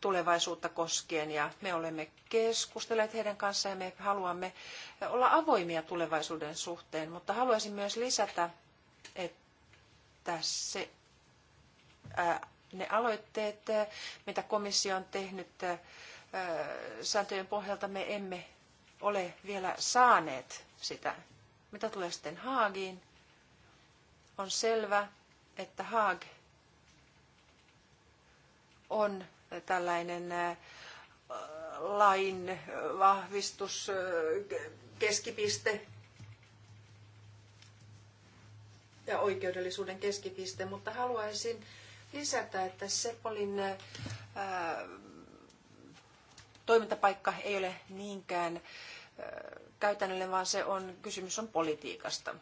tulevaisuutta koskien ja me olemme keskustelleet heidän kanssaan ja me haluamme olla avoimia tulevaisuuden suhteen, mutta haluaisin myös lisätä, että se, ää, ne aloitteet, mitä komissio on tehnyt ää, sääntöjen pohjalta, me emme ole vielä saaneet sitä. Mitä tulee sitten Haagiin, on selvä, että Haag on tällainen äh, lain vahvistus, äh, keskipiste ja oikeudellisuuden keskipiste, mutta haluaisin lisätä, että Sepolin ää, äh, toimintapaikka ei ole niinkään ää, käytännöllinen, vaan se on, kysymys on politiikasta.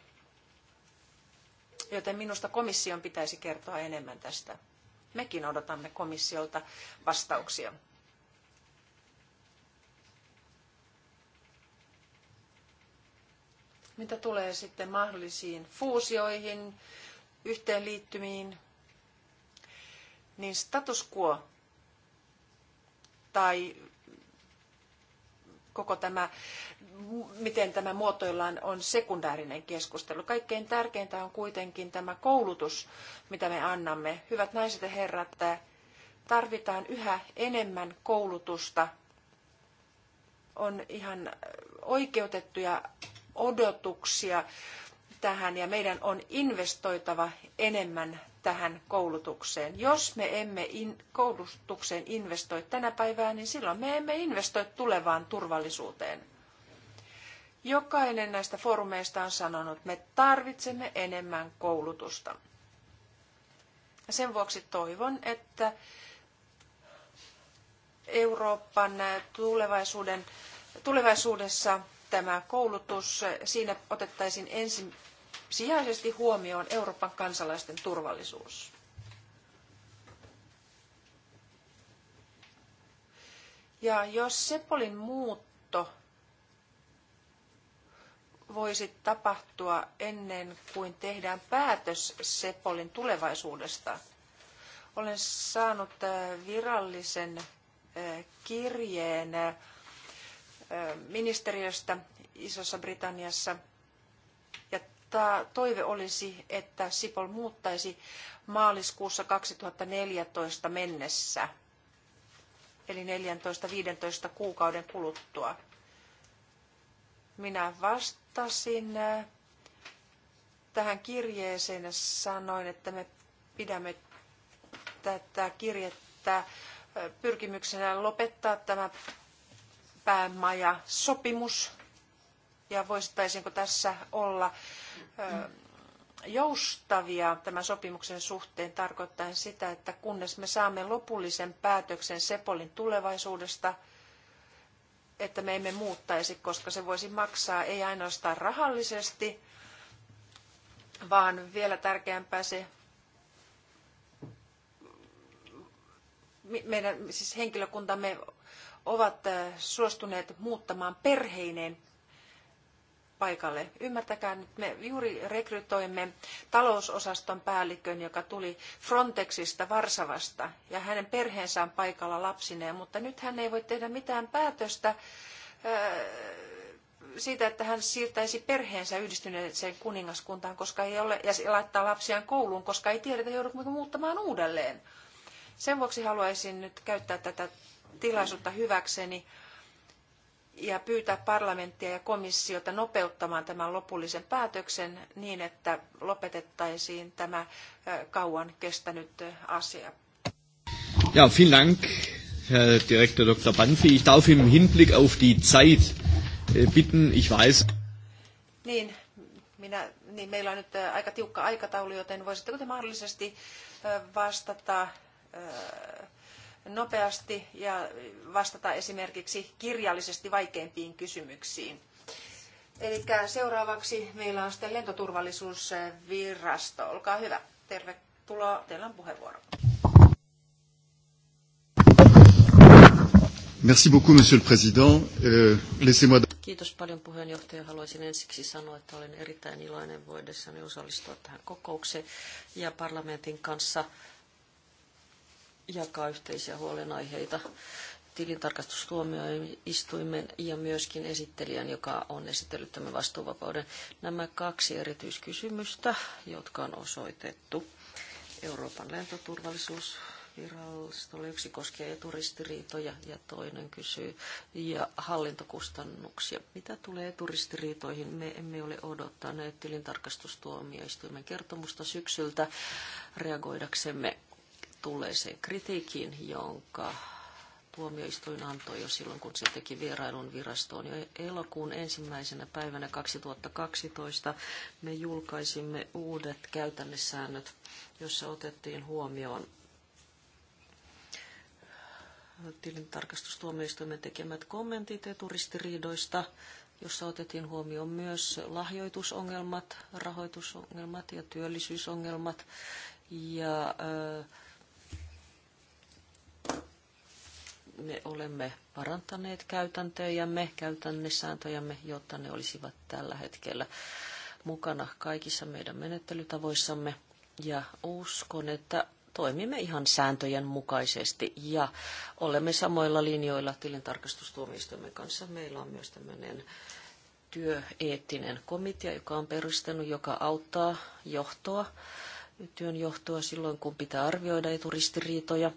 Joten minusta komission pitäisi kertoa enemmän tästä. Mekin odotamme komissiolta vastauksia. Mitä tulee sitten mahdollisiin fuusioihin, yhteenliittymiin, niin status quo tai koko tämä, miten tämä muotoillaan, on sekundäärinen keskustelu. Kaikkein tärkeintä on kuitenkin tämä koulutus, mitä me annamme. Hyvät naiset ja herrat, tarvitaan yhä enemmän koulutusta. On ihan oikeutettuja odotuksia tähän ja meidän on investoitava enemmän tähän koulutukseen. Jos me emme in, koulutukseen investoi tänä päivänä, niin silloin me emme investoi tulevaan turvallisuuteen. Jokainen näistä foorumeista on sanonut, että me tarvitsemme enemmän koulutusta. Sen vuoksi toivon, että Euroopan tulevaisuuden, tulevaisuudessa tämä koulutus, siinä otettaisiin ensin sijaisesti huomioon Euroopan kansalaisten turvallisuus. Ja jos Sepolin muutto voisi tapahtua ennen kuin tehdään päätös Sepolin tulevaisuudesta, olen saanut äh, virallisen äh, kirjeen äh, ministeriöstä Isossa Britanniassa ja mutta toive olisi, että Sipol muuttaisi maaliskuussa 2014 mennessä, eli 14-15 kuukauden kuluttua. Minä vastasin äh, tähän kirjeeseen ja sanoin, että me pidämme tätä kirjettä äh, pyrkimyksenä lopettaa tämä päämaja sopimus ja voisittaisiinko tässä olla joustavia tämän sopimuksen suhteen tarkoittaen sitä, että kunnes me saamme lopullisen päätöksen Sepolin tulevaisuudesta, että me emme muuttaisi, koska se voisi maksaa ei ainoastaan rahallisesti, vaan vielä tärkeämpää se meidän siis henkilökuntamme ovat suostuneet muuttamaan perheineen paikalle. Ymmärtäkää nyt, me juuri rekrytoimme talousosaston päällikön, joka tuli Frontexista Varsavasta, ja hänen perheensä on paikalla lapsineen, mutta nyt hän ei voi tehdä mitään päätöstä äh, siitä, että hän siirtäisi perheensä yhdistyneeseen kuningaskuntaan, koska ei ole, ja laittaa lapsiaan kouluun, koska ei tiedetä, joudutko muuttamaan uudelleen. Sen vuoksi haluaisin nyt käyttää tätä tilaisuutta hyväkseni ja pyytää parlamenttia ja komissiota nopeuttamaan tämän lopullisen päätöksen niin, että lopetettaisiin tämä kauan kestänyt asia. Ja, vielen Dank, Herr Direktor Dr. Banfi. Ich darf im Hinblick auf die Zeit äh, bitten, ich weiß... Niin, minä, niin meillä on nyt aika tiukka aikataulu, joten voisitteko te mahdollisesti vastata nopeasti ja vastata esimerkiksi kirjallisesti vaikeimpiin kysymyksiin. Eli seuraavaksi meillä on sitten lentoturvallisuusvirasto. Olkaa hyvä. Tervetuloa. Teillä on puheenvuoro. Merci beaucoup, monsieur le président. Euh, Kiitos paljon puheenjohtaja. Haluaisin ensiksi sanoa, että olen erittäin iloinen voidessani osallistua tähän kokoukseen ja parlamentin kanssa jakaa yhteisiä huolenaiheita tilintarkastustuomioistuimen ja myöskin esittelijän, joka on esitellyt tämän vastuuvapauden. Nämä kaksi erityiskysymystä, jotka on osoitettu Euroopan lentoturvallisuusvirastolle. Yksi koskee eturistiriitoja ja toinen kysyy ja hallintokustannuksia. Mitä tulee eturistiriitoihin? Me emme ole odottaneet tilintarkastustuomioistuimen kertomusta syksyltä reagoidaksemme tulleeseen kritiikkiin, jonka tuomioistuin antoi jo silloin, kun se teki vierailun virastoon. Jo elokuun ensimmäisenä päivänä 2012 me julkaisimme uudet käytännössäännöt, jossa otettiin huomioon tilintarkastustuomioistuimen tekemät kommentit eturistiriidoista, jossa otettiin huomioon myös lahjoitusongelmat, rahoitusongelmat ja työllisyysongelmat ja äh, me olemme parantaneet käytäntöjämme, käytännesääntöjämme, jotta ne olisivat tällä hetkellä mukana kaikissa meidän menettelytavoissamme. Ja uskon, että toimimme ihan sääntöjen mukaisesti ja olemme samoilla linjoilla tilintarkastustuomioistuimen kanssa. Meillä on myös tämmöinen työeettinen komitea, joka on perustanut, joka auttaa johtoa, työnjohtoa silloin, kun pitää arvioida eturistiriitoja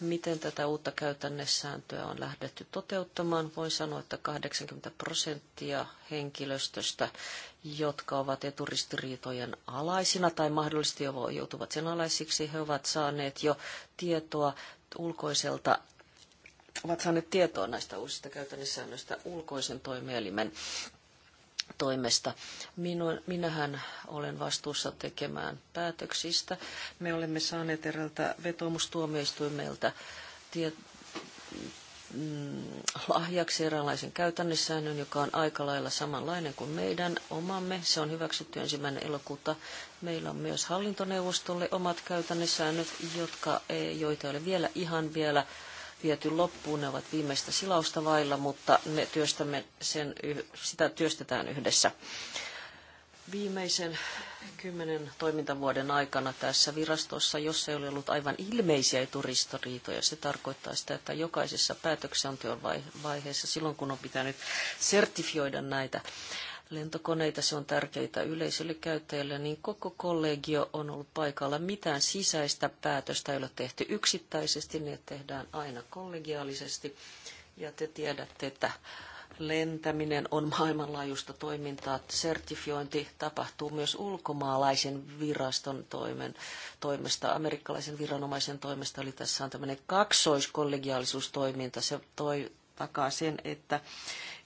miten tätä uutta käytännessääntöä on lähdetty toteuttamaan. Voin sanoa, että 80 prosenttia henkilöstöstä, jotka ovat eturistiriitojen alaisina tai mahdollisesti jo joutuvat sen alaisiksi, he ovat saaneet jo tietoa ulkoiselta ovat saaneet tietoa näistä uusista käytännössäännöistä ulkoisen toimielimen toimesta. Minun, minähän olen vastuussa tekemään päätöksistä. Me olemme saaneet eräältä vetomustuomioistuimelta mm, lahjaksi eräänlaisen käytännössäännön, joka on aika lailla samanlainen kuin meidän omamme. Se on hyväksytty ensimmäinen elokuuta. Meillä on myös hallintoneuvostolle omat käytännössäännöt, jotka, joita ei ole vielä ihan vielä viety loppuun. Ne ovat viimeistä silausta vailla, mutta me työstämme sen, sitä työstetään yhdessä. Viimeisen kymmenen toimintavuoden aikana tässä virastossa, jossa ei ole ollut aivan ilmeisiä eturistoriitoja, se tarkoittaa sitä, että jokaisessa päätöksenteon vaiheessa, silloin kun on pitänyt sertifioida näitä lentokoneita. Se on tärkeitä yleisölle käyttäjille, niin koko kollegio on ollut paikalla. Mitään sisäistä päätöstä ei ole tehty yksittäisesti, ne tehdään aina kollegiaalisesti. Ja te tiedätte, että lentäminen on maailmanlaajuista toimintaa. Sertifiointi tapahtuu myös ulkomaalaisen viraston toimen, toimesta, amerikkalaisen viranomaisen toimesta. Eli tässä on tämmöinen kaksoiskollegiaalisuustoiminta. Se toi, takaa sen, että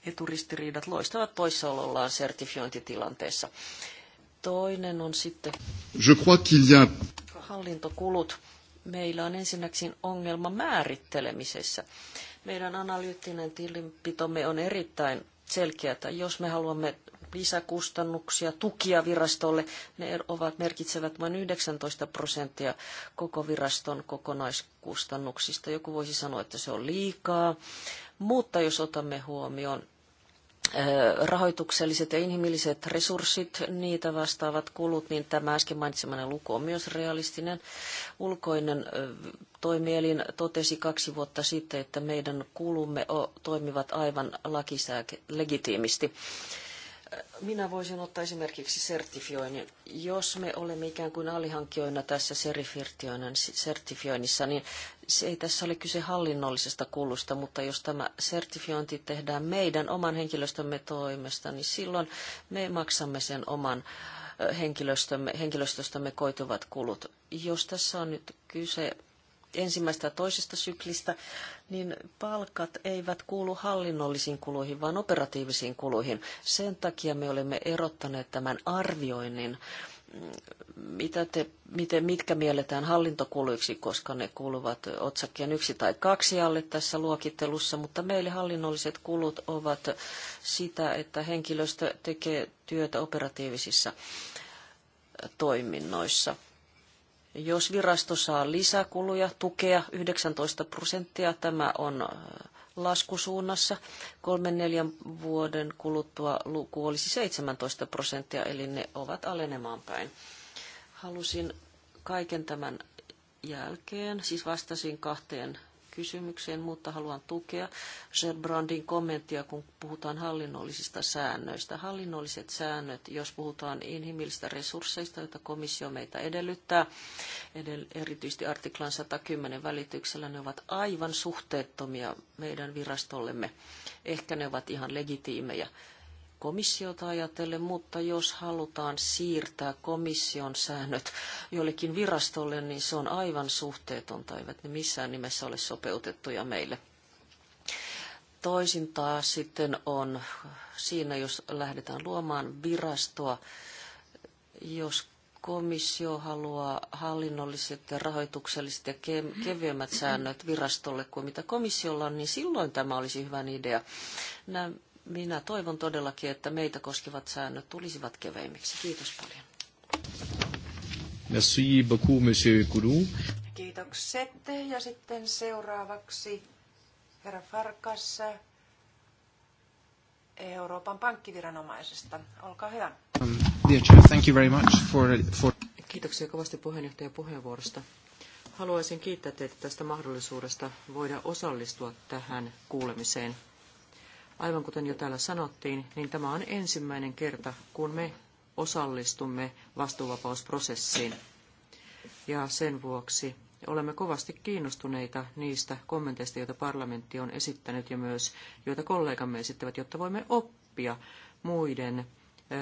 eturistiriidat loistavat poissaolollaan sertifiointitilanteessa. Toinen on sitten Je crois y a... hallintokulut. Meillä on ensinnäkin ongelma määrittelemisessä. Meidän analyyttinen tilinpitomme on erittäin selkeätä. Jos me haluamme lisäkustannuksia, tukia virastolle. Ne ovat, merkitsevät vain 19 prosenttia koko viraston kokonaiskustannuksista. Joku voisi sanoa, että se on liikaa, mutta jos otamme huomioon rahoitukselliset ja inhimilliset resurssit, niitä vastaavat kulut, niin tämä äsken mainitsemani luku on myös realistinen. Ulkoinen toimielin totesi kaksi vuotta sitten, että meidän kulumme toimivat aivan lakisääke legitiimisti minä voisin ottaa esimerkiksi sertifioinnin. Jos me olemme ikään kuin alihankkijoina tässä sertifioinnissa, niin se ei tässä ole kyse hallinnollisesta kulusta, mutta jos tämä sertifiointi tehdään meidän oman henkilöstömme toimesta, niin silloin me maksamme sen oman henkilöstömme, henkilöstöstämme koituvat kulut. Jos tässä on nyt kyse ensimmäistä ja toisesta syklistä, niin palkat eivät kuulu hallinnollisiin kuluihin, vaan operatiivisiin kuluihin. Sen takia me olemme erottaneet tämän arvioinnin mm, mitä te, miten, mitkä mielletään hallintokuluiksi, koska ne kuuluvat otsakkeen yksi tai kaksi alle tässä luokittelussa, mutta meille hallinnolliset kulut ovat sitä, että henkilöstö tekee työtä operatiivisissa toiminnoissa. Jos virasto saa lisäkuluja, tukea 19 prosenttia, tämä on äh, laskusuunnassa. Kolmen neljän vuoden kuluttua luku olisi 17 prosenttia, eli ne ovat alenemaan päin. Halusin kaiken tämän jälkeen, siis vastasin kahteen kysymykseen, mutta haluan tukea Gerbrandin kommenttia, kun puhutaan hallinnollisista säännöistä. Hallinnolliset säännöt, jos puhutaan inhimillisistä resursseista, joita komissio meitä edellyttää, erityisesti artiklan 110 välityksellä, ne ovat aivan suhteettomia meidän virastollemme. Ehkä ne ovat ihan legitiimejä komissiota ajatellen, mutta jos halutaan siirtää komission säännöt jollekin virastolle, niin se on aivan suhteetonta, eivät ne missään nimessä ole sopeutettuja meille. Toisin taas sitten on siinä, jos lähdetään luomaan virastoa, jos komissio haluaa hallinnolliset ja rahoitukselliset ja kevyemmät säännöt virastolle kuin mitä komissiolla on, niin silloin tämä olisi hyvä idea. Nämä minä toivon todellakin, että meitä koskevat säännöt tulisivat keveimmiksi. Kiitos paljon. Merci beaucoup, monsieur Kourou. Kiitokset. Ja sitten seuraavaksi herra Farkas Euroopan pankkiviranomaisesta. Olkaa hyvä. Um, thank you very much for, for... Kiitoksia kovasti puheenjohtajan puheenvuorosta. Haluaisin kiittää teitä tästä mahdollisuudesta voida osallistua tähän kuulemiseen. Aivan kuten jo täällä sanottiin, niin tämä on ensimmäinen kerta, kun me osallistumme vastuuvapausprosessiin. Ja sen vuoksi olemme kovasti kiinnostuneita niistä kommenteista, joita parlamentti on esittänyt ja myös joita kollegamme esittävät, jotta voimme oppia muiden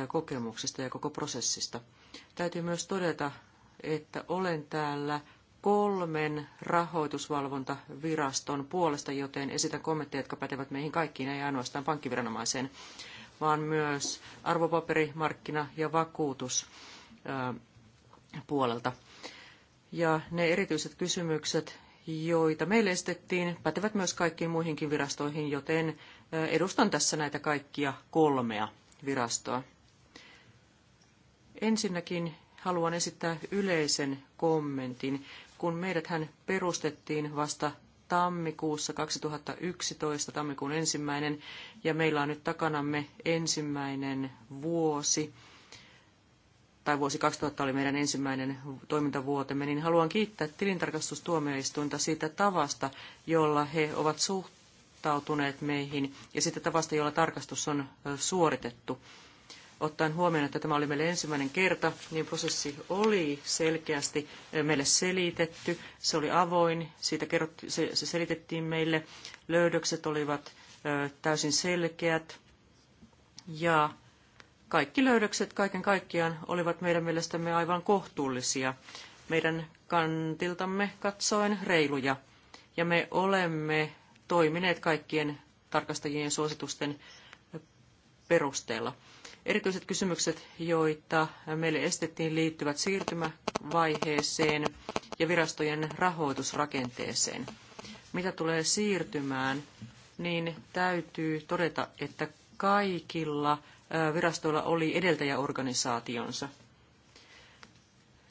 kokemuksista ja koko prosessista. Täytyy myös todeta, että olen täällä kolmen rahoitusvalvontaviraston puolesta, joten esitän kommentteja, jotka pätevät meihin kaikkiin, ei ainoastaan pankkiviranomaiseen, vaan myös arvopaperimarkkina ja vakuutuspuolelta. Ja ne erityiset kysymykset, joita meille esitettiin, pätevät myös kaikkiin muihinkin virastoihin, joten edustan tässä näitä kaikkia kolmea virastoa. Ensinnäkin haluan esittää yleisen kommentin kun meidät hän perustettiin vasta tammikuussa 2011, tammikuun ensimmäinen, ja meillä on nyt takanamme ensimmäinen vuosi, tai vuosi 2000 oli meidän ensimmäinen toimintavuotemme, niin haluan kiittää tilintarkastustuomioistuinta siitä tavasta, jolla he ovat suhtautuneet meihin, ja sitten tavasta, jolla tarkastus on suoritettu ottaen huomioon, että tämä oli meille ensimmäinen kerta, niin prosessi oli selkeästi eh, meille selitetty, se oli avoin, siitä kerrottiin, se, se selitettiin meille, löydökset olivat ö, eh, täysin selkeät ja kaikki löydökset kaiken kaikkiaan olivat meidän mielestämme aivan kohtuullisia, meidän kantiltamme katsoen reiluja. Ja me olemme toimineet kaikkien tarkastajien suositusten eh, perusteella. Erityiset kysymykset, joita meille estettiin, liittyvät siirtymävaiheeseen ja virastojen rahoitusrakenteeseen. Mitä tulee siirtymään, niin täytyy todeta, että kaikilla virastoilla oli edeltäjäorganisaationsa.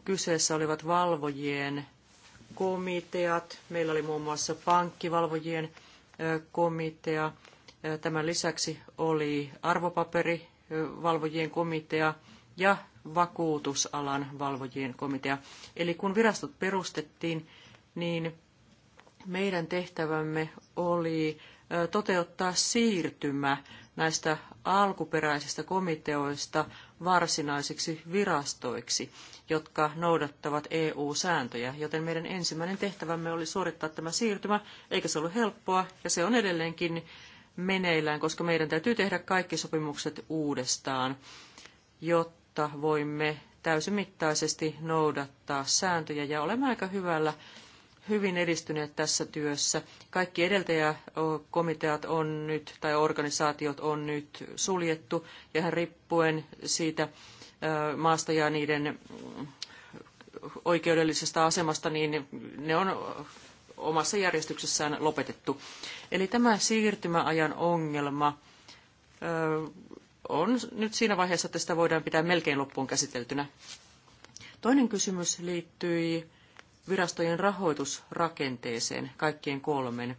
Kyseessä olivat valvojien komiteat. Meillä oli muun muassa pankkivalvojien komitea. Tämän lisäksi oli arvopaperi valvojien komitea ja vakuutusalan valvojien komitea. Eli kun virastot perustettiin, niin meidän tehtävämme oli toteuttaa siirtymä näistä alkuperäisistä komiteoista varsinaisiksi virastoiksi, jotka noudattavat EU-sääntöjä, joten meidän ensimmäinen tehtävämme oli suorittaa tämä siirtymä, eikä se ollut helppoa, ja se on edelleenkin meneillään, koska meidän täytyy tehdä kaikki sopimukset uudestaan, jotta voimme täysimittaisesti noudattaa sääntöjä ja olemme aika hyvällä hyvin edistyneet tässä työssä. Kaikki edeltäjäkomiteat on nyt, tai organisaatiot on nyt suljettu, ja riippuen siitä maasta ja niiden oikeudellisesta asemasta, niin ne on omassa järjestyksessään lopetettu. Eli tämä siirtymäajan ongelma on nyt siinä vaiheessa, että sitä voidaan pitää melkein loppuun käsiteltynä. Toinen kysymys liittyi virastojen rahoitusrakenteeseen, kaikkien kolmen.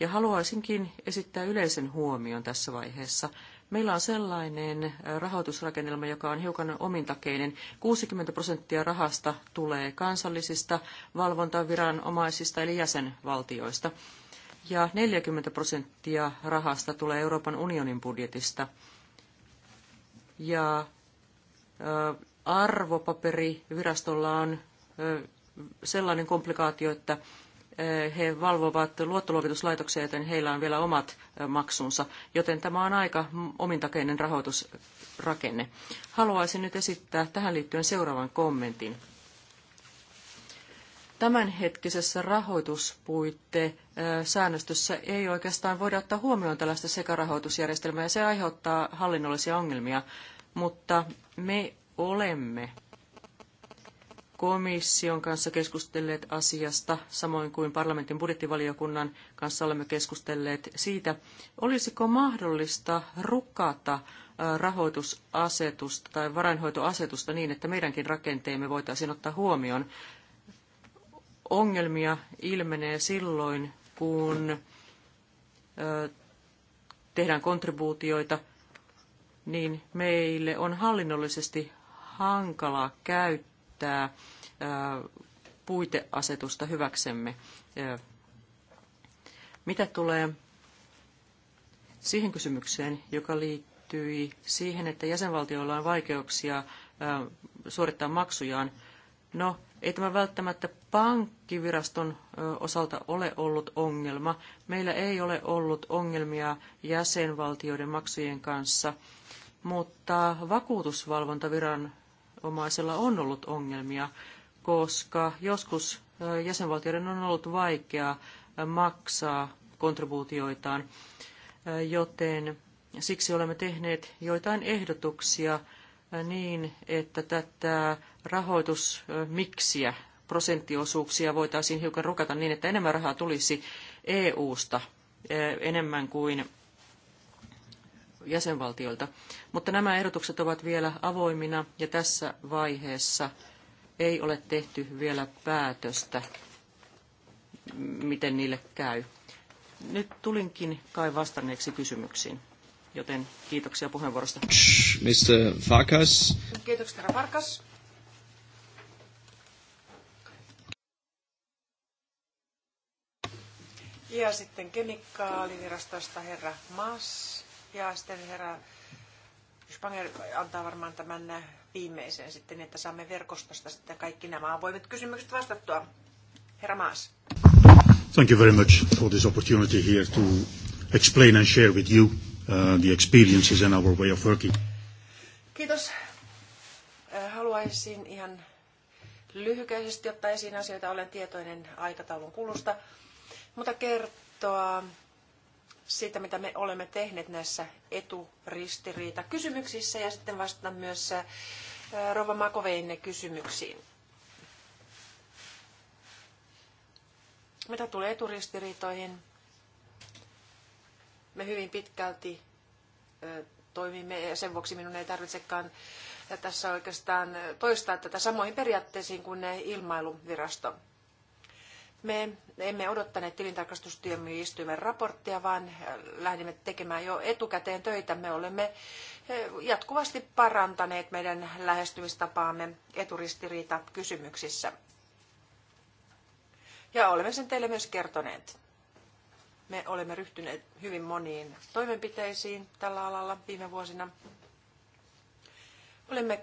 Ja haluaisinkin esittää yleisen huomion tässä vaiheessa. Meillä on sellainen rahoitusrakennelma, joka on hiukan omintakeinen. 60 prosenttia rahasta tulee kansallisista valvontaviranomaisista eli jäsenvaltioista ja 40 prosenttia rahasta tulee Euroopan unionin budjetista. Ja arvopaperivirastolla on sellainen komplikaatio, että Eh, he valvovat luottoluokituslaitoksia, joten heillä on vielä omat eh, maksunsa, joten tämä on aika omintakeinen rahoitusrakenne. Haluaisin nyt esittää tähän liittyen seuraavan kommentin. Tämänhetkisessä rahoituspuitte eh, säännöstössä ei oikeastaan voida ottaa huomioon tällaista sekarahoitusjärjestelmää ja se aiheuttaa hallinnollisia ongelmia, mutta me olemme komission kanssa keskustelleet asiasta, samoin kuin parlamentin budjettivaliokunnan kanssa olemme keskustelleet siitä, olisiko mahdollista rukata rahoitusasetusta tai varainhoitoasetusta niin, että meidänkin rakenteemme voitaisiin ottaa huomioon. Ongelmia ilmenee silloin, kun tehdään kontribuutioita, niin meille on hallinnollisesti hankalaa käyttää käyttää puiteasetusta hyväksemme. Mitä tulee siihen kysymykseen, joka liittyi siihen, että jäsenvaltioilla on vaikeuksia suorittaa maksujaan, no ei tämä välttämättä pankkiviraston osalta ole ollut ongelma. Meillä ei ole ollut ongelmia jäsenvaltioiden maksujen kanssa, mutta vakuutusvalvontaviran viranomaisella on ollut ongelmia, koska joskus jäsenvaltioiden on ollut vaikeaa maksaa kontribuutioitaan, joten siksi olemme tehneet joitain ehdotuksia niin, että tätä rahoitusmiksiä, prosenttiosuuksia voitaisiin hiukan rukata niin, että enemmän rahaa tulisi EU-sta enemmän kuin jäsenvaltioilta. Mutta nämä ehdotukset ovat vielä avoimina ja tässä vaiheessa ei ole tehty vielä päätöstä, miten niille käy. Nyt tulinkin kai vastanneeksi kysymyksiin, joten kiitoksia puheenvuorosta. Mr. Farkas. Kiitoksia, herra Farkas. Ja sitten kemikaalivirastosta herra Mas ja sitten herra Spanger antaa varmaan tämän viimeisen sitten, että saamme verkostosta sitten kaikki nämä avoimet kysymykset vastattua. Herra Maas. Thank you very much for this opportunity here to explain and share with you uh, the experiences and our way of working. Kiitos. Haluaisin ihan lyhykäisesti ottaa esiin asioita. Olen tietoinen aikataulun kulusta, mutta kertoa siitä, mitä me olemme tehneet näissä eturistiriitakysymyksissä ja sitten vastata myös äh, Rova Makovein kysymyksiin. Mitä tulee eturistiriitoihin, me hyvin pitkälti äh, toimimme ja sen vuoksi minun ei tarvitsekaan äh, tässä oikeastaan toistaa tätä samoihin periaatteisiin kuin ilmailuvirasto. Me emme odottaneet tilintarkastustyömyistuimen raporttia, vaan lähdimme tekemään jo etukäteen töitä. Me olemme eh, jatkuvasti parantaneet meidän lähestymistapaamme eturistiriitakysymyksissä. kysymyksissä. Ja olemme sen teille myös kertoneet. Me olemme ryhtyneet hyvin moniin toimenpiteisiin tällä alalla viime vuosina. Olemme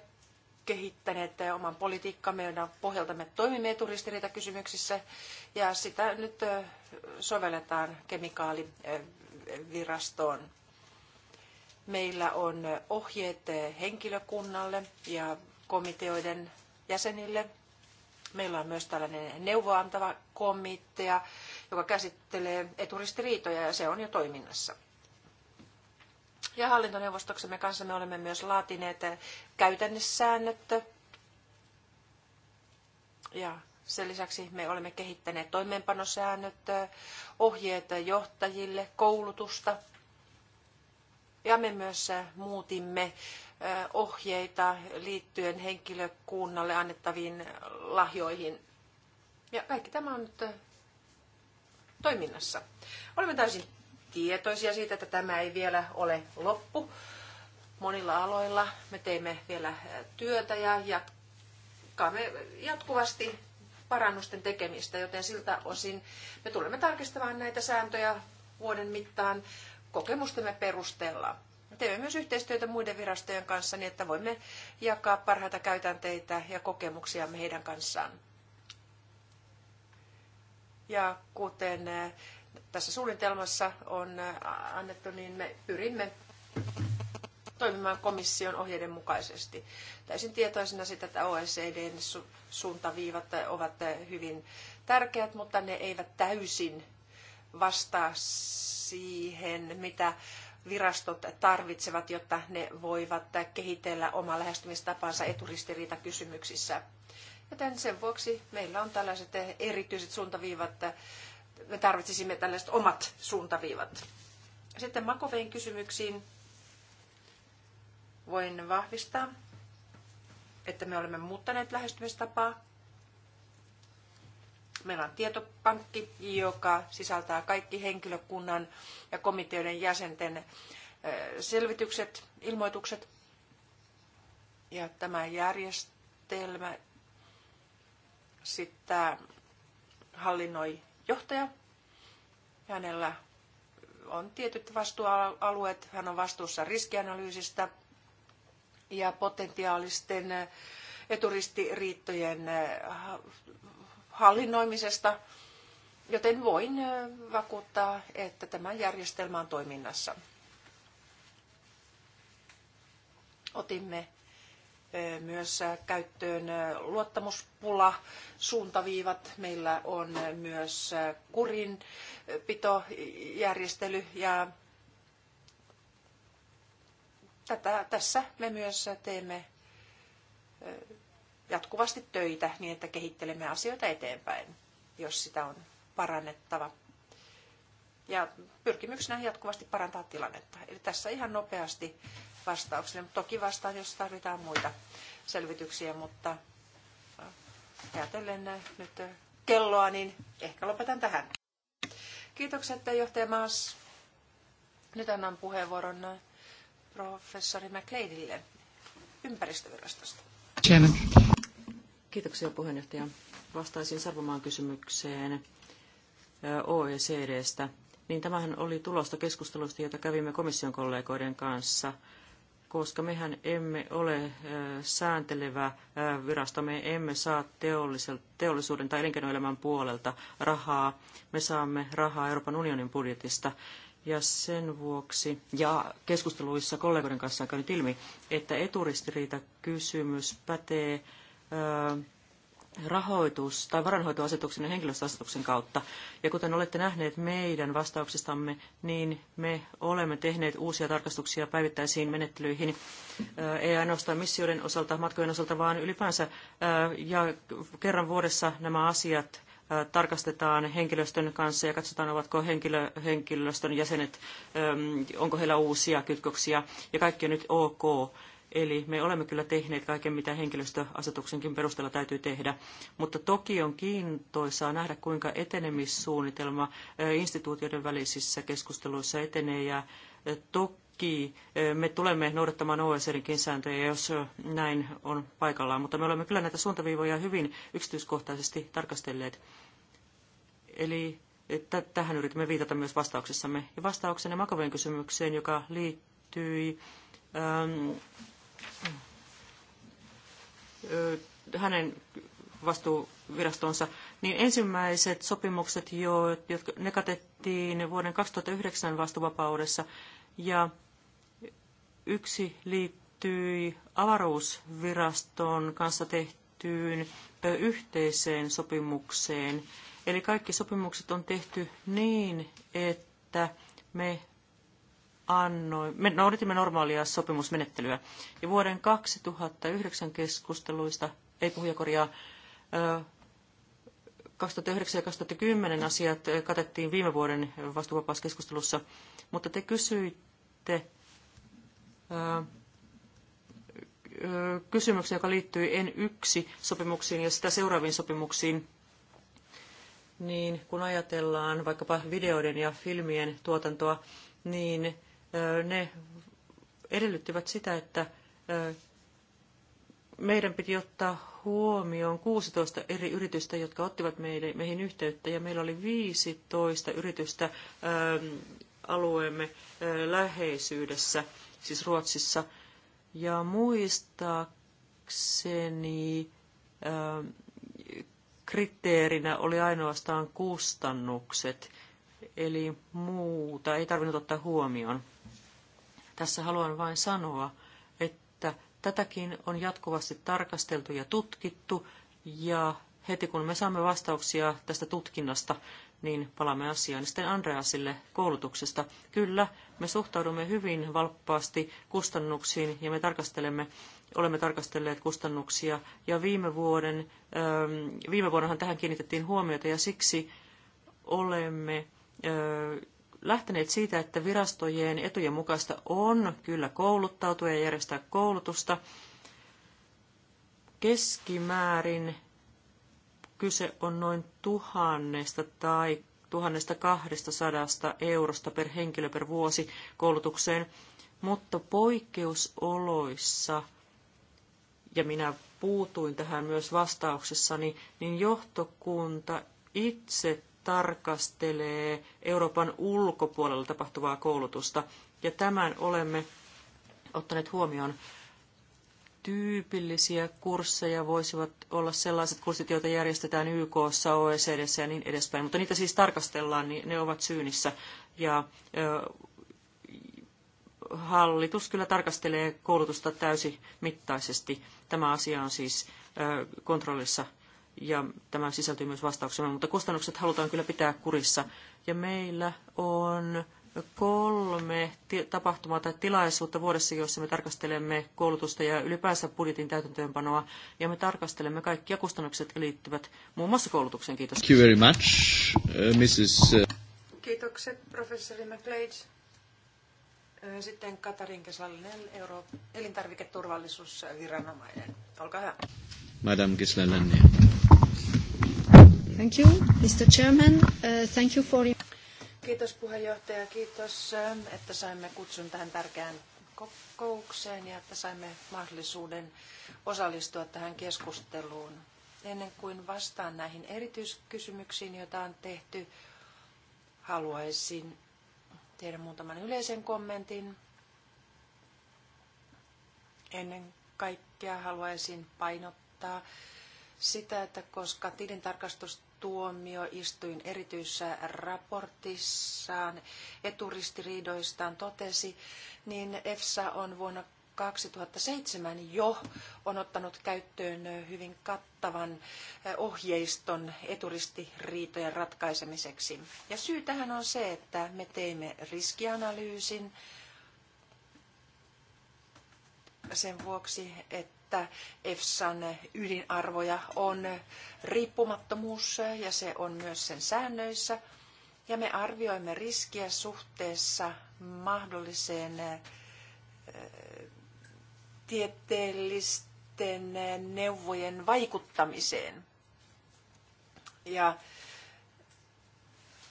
kehittäneet oman politiikkamme, joiden pohjalta me toimimme eturistiriitakysymyksissä, ja sitä nyt sovelletaan kemikaalivirastoon. Meillä on ohjeet henkilökunnalle ja komiteoiden jäsenille. Meillä on myös tällainen neuvoantava komitea, joka käsittelee eturistiriitoja ja se on jo toiminnassa. Ja hallintoneuvostoksemme kanssa me olemme myös laatineet käytännessäännöt. Ja sen lisäksi me olemme kehittäneet toimeenpanosäännöt, ohjeet johtajille, koulutusta. Ja me myös muutimme ohjeita liittyen henkilökunnalle annettaviin lahjoihin. Ja kaikki tämä on nyt toiminnassa. Olemme täysin tietoisia siitä, että tämä ei vielä ole loppu. Monilla aloilla me teemme vielä työtä ja jatkamme jatkuvasti parannusten tekemistä, joten siltä osin me tulemme tarkistamaan näitä sääntöjä vuoden mittaan kokemustemme perusteella. Teemme myös yhteistyötä muiden virastojen kanssa niin, että voimme jakaa parhaita käytänteitä ja kokemuksia heidän kanssaan. Ja kuten tässä suunnitelmassa on annettu, niin me pyrimme toimimaan komission ohjeiden mukaisesti. Täysin tietoisena sitä, että OECDn su- suuntaviivat ovat hyvin tärkeät, mutta ne eivät täysin vastaa siihen, mitä virastot tarvitsevat, jotta ne voivat kehitellä omaa lähestymistapansa eturistiriitakysymyksissä. Joten sen vuoksi meillä on tällaiset erityiset suuntaviivat me tarvitsisimme tällaiset omat suuntaviivat. Sitten Makovein kysymyksiin voin vahvistaa, että me olemme muuttaneet lähestymistapaa. Meillä on tietopankki, joka sisältää kaikki henkilökunnan ja komiteoiden jäsenten selvitykset, ilmoitukset. Ja tämä järjestelmä sitten hallinnoi johtaja. Hänellä on tietyt vastuualueet. Hän on vastuussa riskianalyysistä ja potentiaalisten eturistiriittojen äh, hallinnoimisesta, joten voin äh, vakuuttaa, että tämä järjestelmä on toiminnassa. Otimme myös käyttöön luottamuspula, suuntaviivat. Meillä on myös kurinpitojärjestely ja tätä, tässä me myös teemme jatkuvasti töitä niin, että kehittelemme asioita eteenpäin, jos sitä on parannettava. Ja pyrkimyksenä jatkuvasti parantaa tilannetta. Eli tässä ihan nopeasti vastauksille. Toki vastaan, jos tarvitaan muita selvityksiä, mutta äh, ajatellen äh, nyt äh, kelloa, niin ehkä lopetan tähän. Kiitokset johtaja Maas. Nyt annan puheenvuoron professori McLeanille ympäristövirastosta. Chairman. Kiitoksia puheenjohtaja. Vastaisin Sarvomaan kysymykseen OECDstä. Niin tämähän oli tulosta keskustelusta, jota kävimme komission kollegoiden kanssa – koska mehän emme ole sääntelevä virasto, me emme saa teollisuuden tai elinkeinoelämän puolelta rahaa, me saamme rahaa Euroopan unionin budjetista. Ja sen vuoksi, ja keskusteluissa kollegoiden kanssa on käynyt ilmi, että eturistiriitakysymys pätee rahoitus- tai varanhoitoasetuksen ja henkilöstöasetuksen kautta. Ja kuten olette nähneet meidän vastauksistamme, niin me olemme tehneet uusia tarkastuksia päivittäisiin menettelyihin, ei ainoastaan missioiden osalta, matkojen osalta, vaan ylipäänsä. Ja kerran vuodessa nämä asiat tarkastetaan henkilöstön kanssa ja katsotaan, ovatko henkilö, henkilöstön jäsenet, onko heillä uusia kytköksiä, ja kaikki on nyt ok Eli me olemme kyllä tehneet kaiken, mitä henkilöstöasetuksenkin perusteella täytyy tehdä. Mutta toki on kiintoisaa nähdä, kuinka etenemissuunnitelma instituutioiden välisissä keskusteluissa etenee. Ja toki me tulemme noudattamaan OECDnkin sääntöjä, jos näin on paikallaan. Mutta me olemme kyllä näitä suuntaviivoja hyvin yksityiskohtaisesti tarkastelleet. Eli tähän yritimme viitata myös vastauksessamme. Ja vastauksena Makavien kysymykseen, joka liittyi hänen vastuuvirastonsa, niin ensimmäiset sopimukset, jo, jotka ne katettiin vuoden 2009 vastuvapaudessa, ja yksi liittyi avaruusviraston kanssa tehtyyn yhteiseen sopimukseen. Eli kaikki sopimukset on tehty niin, että me annoi, me noudatimme normaalia sopimusmenettelyä. Ja vuoden 2009 keskusteluista, ei puhuja korjaa, 2009 ja 2010 asiat katettiin viime vuoden vastuuvapauskeskustelussa, mutta te kysyitte kysymyksen, joka liittyy N1-sopimuksiin ja sitä seuraaviin sopimuksiin, niin kun ajatellaan vaikkapa videoiden ja filmien tuotantoa, niin ne edellyttivät sitä, että meidän piti ottaa huomioon 16 eri yritystä, jotka ottivat meihin yhteyttä, ja meillä oli 15 yritystä alueemme läheisyydessä, siis Ruotsissa. Ja muistaakseni kriteerinä oli ainoastaan kustannukset, eli muuta ei tarvinnut ottaa huomioon. Tässä haluan vain sanoa, että tätäkin on jatkuvasti tarkasteltu ja tutkittu, ja heti kun me saamme vastauksia tästä tutkinnasta, niin palaamme asiaan. Sitten Andreasille koulutuksesta. Kyllä, me suhtaudumme hyvin valppaasti kustannuksiin ja me tarkastelemme, olemme tarkastelleet kustannuksia. Ja viime, vuoden, ähm, viime vuonnahan tähän kiinnitettiin huomiota ja siksi olemme äh, lähteneet siitä, että virastojen etujen mukaista on kyllä kouluttautua ja järjestää koulutusta. Keskimäärin kyse on noin tuhannesta tai tuhannesta sadasta eurosta per henkilö per vuosi koulutukseen, mutta poikkeusoloissa, ja minä puutuin tähän myös vastauksessani, niin johtokunta itse tarkastelee Euroopan ulkopuolella tapahtuvaa koulutusta. Ja tämän olemme ottaneet huomioon. Tyypillisiä kursseja voisivat olla sellaiset kurssit, joita järjestetään YK, OECD ja niin edespäin, mutta niitä siis tarkastellaan, niin ne ovat syynissä. Ja hallitus kyllä tarkastelee koulutusta täysimittaisesti. Tämä asia on siis kontrollissa ja tämä sisältyy myös vastauksemme, mutta kustannukset halutaan kyllä pitää kurissa. Ja meillä on kolme tapahtumaa tai tilaisuutta vuodessa, joissa me tarkastelemme koulutusta ja ylipäänsä budjetin täytäntöönpanoa, ja me tarkastelemme kaikkia kustannukset jotka liittyvät muun muassa koulutukseen. Kiitos. Thank you very much, uh, Mrs. Uh, Kiitokset, professori McLeod. Uh, sitten Katarin Kesallinen, Euro- elintarviketurvallisuusviranomainen. Olkaa hyvä. Madame Kesallinen. Thank you, Mr. Chairman. Uh, thank you for... Kiitos puheenjohtaja, kiitos, ähm, että saimme kutsun tähän tärkeään kokoukseen ja että saimme mahdollisuuden osallistua tähän keskusteluun. Ennen kuin vastaan näihin erityiskysymyksiin, joita on tehty, haluaisin tehdä muutaman yleisen kommentin. Ennen kaikkea haluaisin painottaa sitä, että koska tilintarkastustuomioistuin erityisessä raportissaan eturistiriidoistaan totesi, niin EFSA on vuonna 2007 jo on ottanut käyttöön hyvin kattavan eh, ohjeiston eturistiriitojen ratkaisemiseksi. Ja syy tähän on se, että me teimme riskianalyysin sen vuoksi, että EFSAn ydinarvoja on riippumattomuus ja se on myös sen säännöissä. Ja me arvioimme riskiä suhteessa mahdolliseen eh, tieteellisten neuvojen vaikuttamiseen. Ja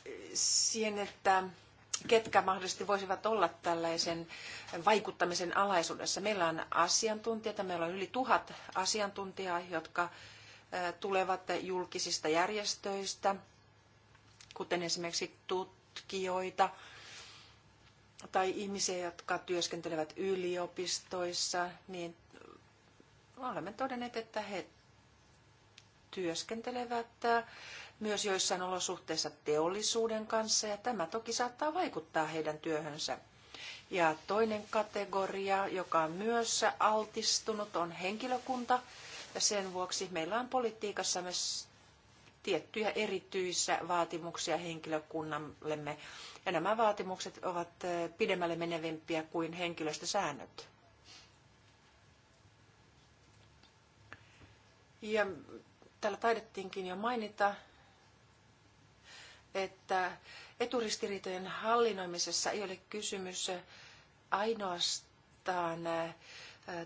eh, siihen, että ketkä mahdollisesti voisivat olla tällaisen vaikuttamisen alaisuudessa. Meillä on asiantuntijoita, meillä on yli tuhat asiantuntijaa, jotka tulevat julkisista järjestöistä, kuten esimerkiksi tutkijoita tai ihmisiä, jotka työskentelevät yliopistoissa, niin olemme todenneet, että he työskentelevät myös joissain olosuhteissa teollisuuden kanssa ja tämä toki saattaa vaikuttaa heidän työhönsä. Ja toinen kategoria, joka on myös altistunut, on henkilökunta ja sen vuoksi meillä on politiikassa myös tiettyjä erityisiä vaatimuksia henkilökunnallemme ja nämä vaatimukset ovat pidemmälle menevimpiä kuin henkilöstösäännöt. Ja täällä taidettiinkin jo mainita, että eturistiriitojen hallinnoimisessa ei ole kysymys ainoastaan äh,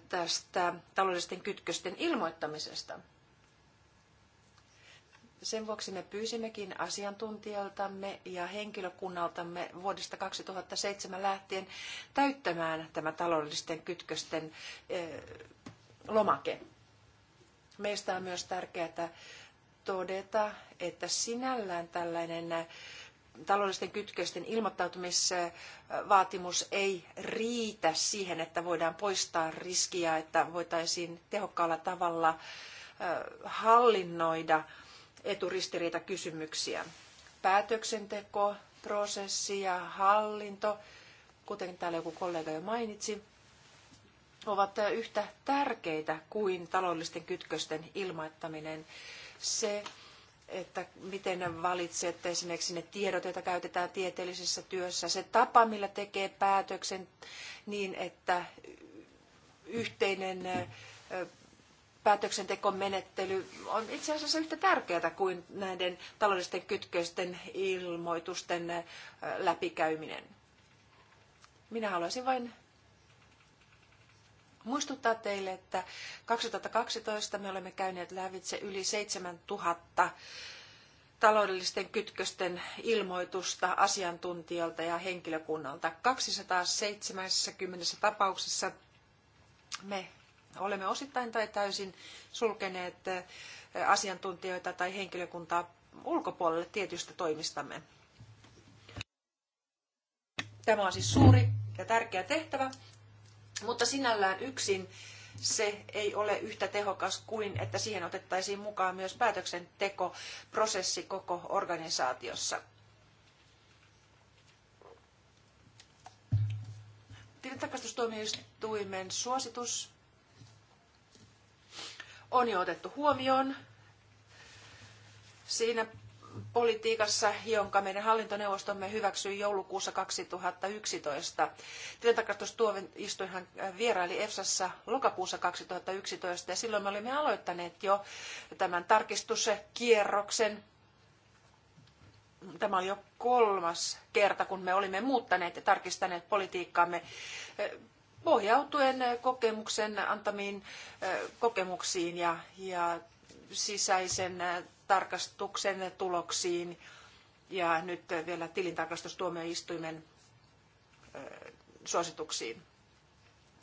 tästä taloudellisten kytkösten ilmoittamisesta. Sen vuoksi me pyysimmekin asiantuntijaltamme ja henkilökunnaltamme vuodesta 2007 lähtien täyttämään tämä taloudellisten kytkösten äh, lomake. Meistä on myös tärkeää todeta, että sinällään tällainen äh, taloudellisten kytkösten ilmoittautumisvaatimus ei riitä siihen, että voidaan poistaa riskiä, että voitaisiin tehokkaalla tavalla äh, hallinnoida eturistiriitakysymyksiä. Päätöksenteko, prosessi ja hallinto, kuten täällä joku kollega jo mainitsi, ovat yhtä tärkeitä kuin taloudellisten kytkösten ilmoittaminen se, että miten valitsette esimerkiksi ne tiedot, joita käytetään tieteellisessä työssä, se tapa, millä tekee päätöksen niin, että yhteinen päätöksentekomenettely on itse asiassa yhtä tärkeää kuin näiden taloudellisten kytkösten ilmoitusten läpikäyminen. Minä haluaisin vain muistuttaa teille, että 2012 me olemme käyneet lävitse yli 7000 taloudellisten kytkösten ilmoitusta asiantuntijalta ja henkilökunnalta. 270 tapauksessa me olemme osittain tai täysin sulkeneet asiantuntijoita tai henkilökuntaa ulkopuolelle tietystä toimistamme. Tämä on siis suuri ja tärkeä tehtävä, mutta sinällään yksin se ei ole yhtä tehokas kuin, että siihen otettaisiin mukaan myös päätöksentekoprosessi koko organisaatiossa. Tilintarkastustuomioistuimen suositus on jo otettu huomioon. Siinä politiikassa, jonka meidän hallintoneuvostomme hyväksyi joulukuussa 2011. Tilintarkastustuomioistuinhan vieraili EFSassa lokakuussa 2011 ja silloin me olimme aloittaneet jo tämän tarkistuskierroksen. Tämä oli jo kolmas kerta, kun me olimme muuttaneet ja tarkistaneet politiikkaamme pohjautuen kokemuksen antamiin kokemuksiin ja, ja sisäisen tarkastuksen tuloksiin ja nyt vielä tilintarkastustuomioistuimen suosituksiin.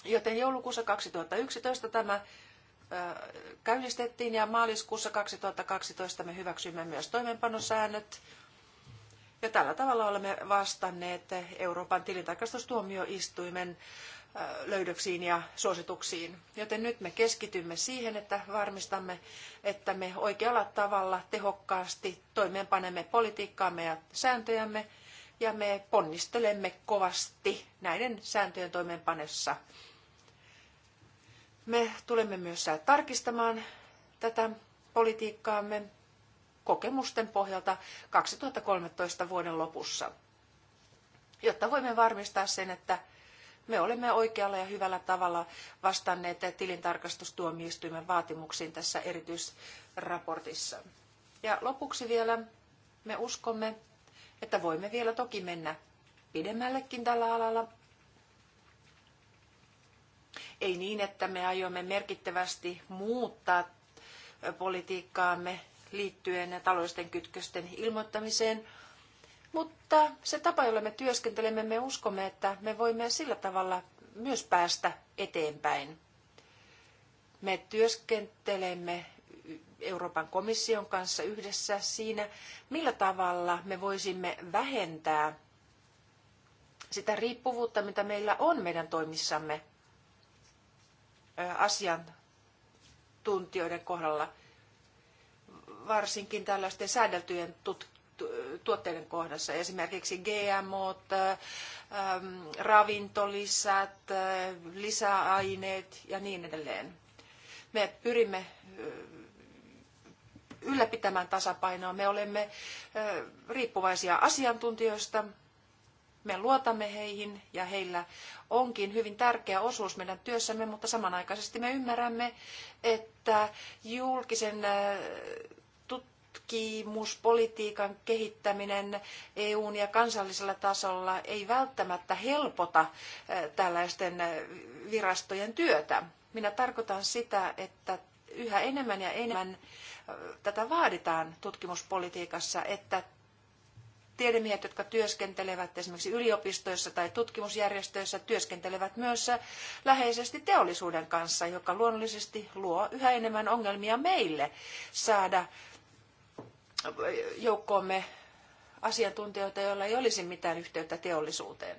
Joten joulukuussa 2011 tämä käynnistettiin ja maaliskuussa 2012 me hyväksymme myös toimeenpanosäännöt. Ja tällä tavalla olemme vastanneet Euroopan tilintarkastustuomioistuimen löydöksiin ja suosituksiin. Joten nyt me keskitymme siihen, että varmistamme, että me oikealla tavalla tehokkaasti toimeenpanemme politiikkaamme ja sääntöjämme ja me ponnistelemme kovasti näiden sääntöjen toimeenpanessa. Me tulemme myös tarkistamaan tätä politiikkaamme kokemusten pohjalta 2013 vuoden lopussa, jotta voimme varmistaa sen, että me olemme oikealla ja hyvällä tavalla vastanneet tilintarkastustuomioistuimen vaatimuksiin tässä erityisraportissa. Ja lopuksi vielä me uskomme, että voimme vielä toki mennä pidemmällekin tällä alalla. Ei niin, että me aiomme merkittävästi muuttaa politiikkaamme liittyen taloudellisten kytkösten ilmoittamiseen – mutta se tapa, jolla me työskentelemme, me uskomme, että me voimme sillä tavalla myös päästä eteenpäin. Me työskentelemme Euroopan komission kanssa yhdessä siinä, millä tavalla me voisimme vähentää sitä riippuvuutta, mitä meillä on meidän toimissamme asiantuntijoiden kohdalla, varsinkin tällaisten säädeltyjen tut- tuotteiden kohdassa. Esimerkiksi GMO, ravintolisät, lisäaineet ja niin edelleen. Me pyrimme ylläpitämään tasapainoa. Me olemme riippuvaisia asiantuntijoista, me luotamme heihin ja heillä onkin hyvin tärkeä osuus meidän työssämme, mutta samanaikaisesti me ymmärrämme, että julkisen tutkimuspolitiikan kehittäminen EUn ja kansallisella tasolla ei välttämättä helpota tällaisten virastojen työtä. Minä tarkoitan sitä, että yhä enemmän ja enemmän tätä vaaditaan tutkimuspolitiikassa, että tiedemiehet, jotka työskentelevät esimerkiksi yliopistoissa tai tutkimusjärjestöissä, työskentelevät myös läheisesti teollisuuden kanssa, joka luonnollisesti luo yhä enemmän ongelmia meille saada joukkoomme asiantuntijoita, joilla ei olisi mitään yhteyttä teollisuuteen.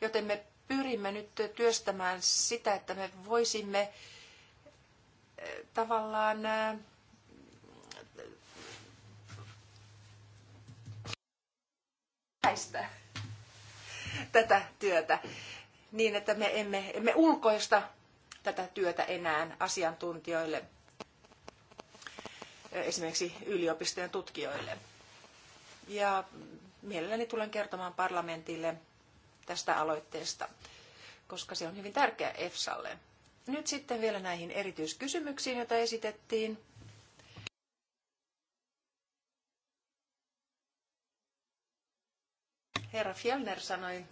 Joten me pyrimme nyt työstämään sitä, että me voisimme eh, tavallaan näistä eh, tätä työtä niin, että me emme, emme ulkoista tätä työtä enää asiantuntijoille esimerkiksi yliopistojen tutkijoille. Ja mielelläni tulen kertomaan parlamentille tästä aloitteesta, koska se on hyvin tärkeä EFSAlle. Nyt sitten vielä näihin erityiskysymyksiin, joita esitettiin. Herra Fjellner sanoi,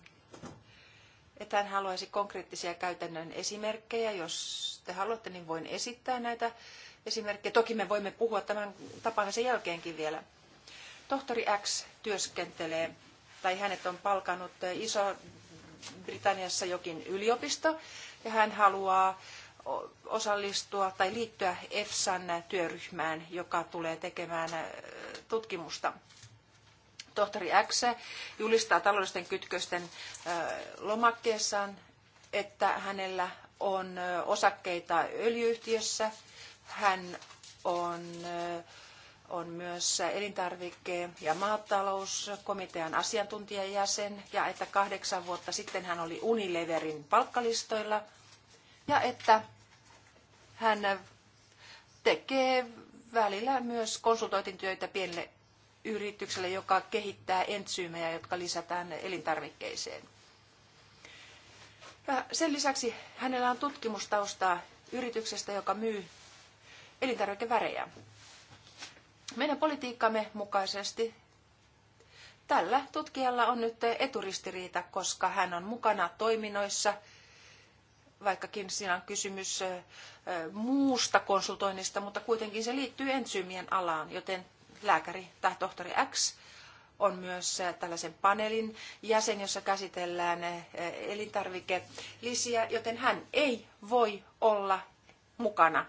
että hän haluaisi konkreettisia käytännön esimerkkejä. Jos te haluatte, niin voin esittää näitä esimerkkejä. Toki me voimme puhua tämän tapaamisen jälkeenkin vielä. Tohtori X työskentelee, tai hänet on palkannut Iso-Britanniassa jokin yliopisto, ja hän haluaa osallistua tai liittyä EFSAn työryhmään, joka tulee tekemään tutkimusta. Tohtori X julistaa taloudellisten kytkösten lomakkeessaan, että hänellä on osakkeita öljyyhtiössä, hän on, on myös elintarvikkeen ja maatalouskomitean asiantuntijajäsen ja että kahdeksan vuotta sitten hän oli Unileverin palkkalistoilla ja että hän tekee välillä myös konsultointityötä pienelle yritykselle, joka kehittää entsyymejä, jotka lisätään elintarvikkeeseen. Ja sen lisäksi hänellä on tutkimustaustaa yrityksestä, joka myy elintarvikevärejä. Meidän politiikkamme mukaisesti tällä tutkijalla on nyt eturistiriita, koska hän on mukana toiminnoissa, vaikkakin siinä on kysymys muusta konsultoinnista, mutta kuitenkin se liittyy ensyymien alaan, joten lääkäri tai tohtori X on myös tällaisen paneelin jäsen, jossa käsitellään elintarvikelisiä, joten hän ei voi olla mukana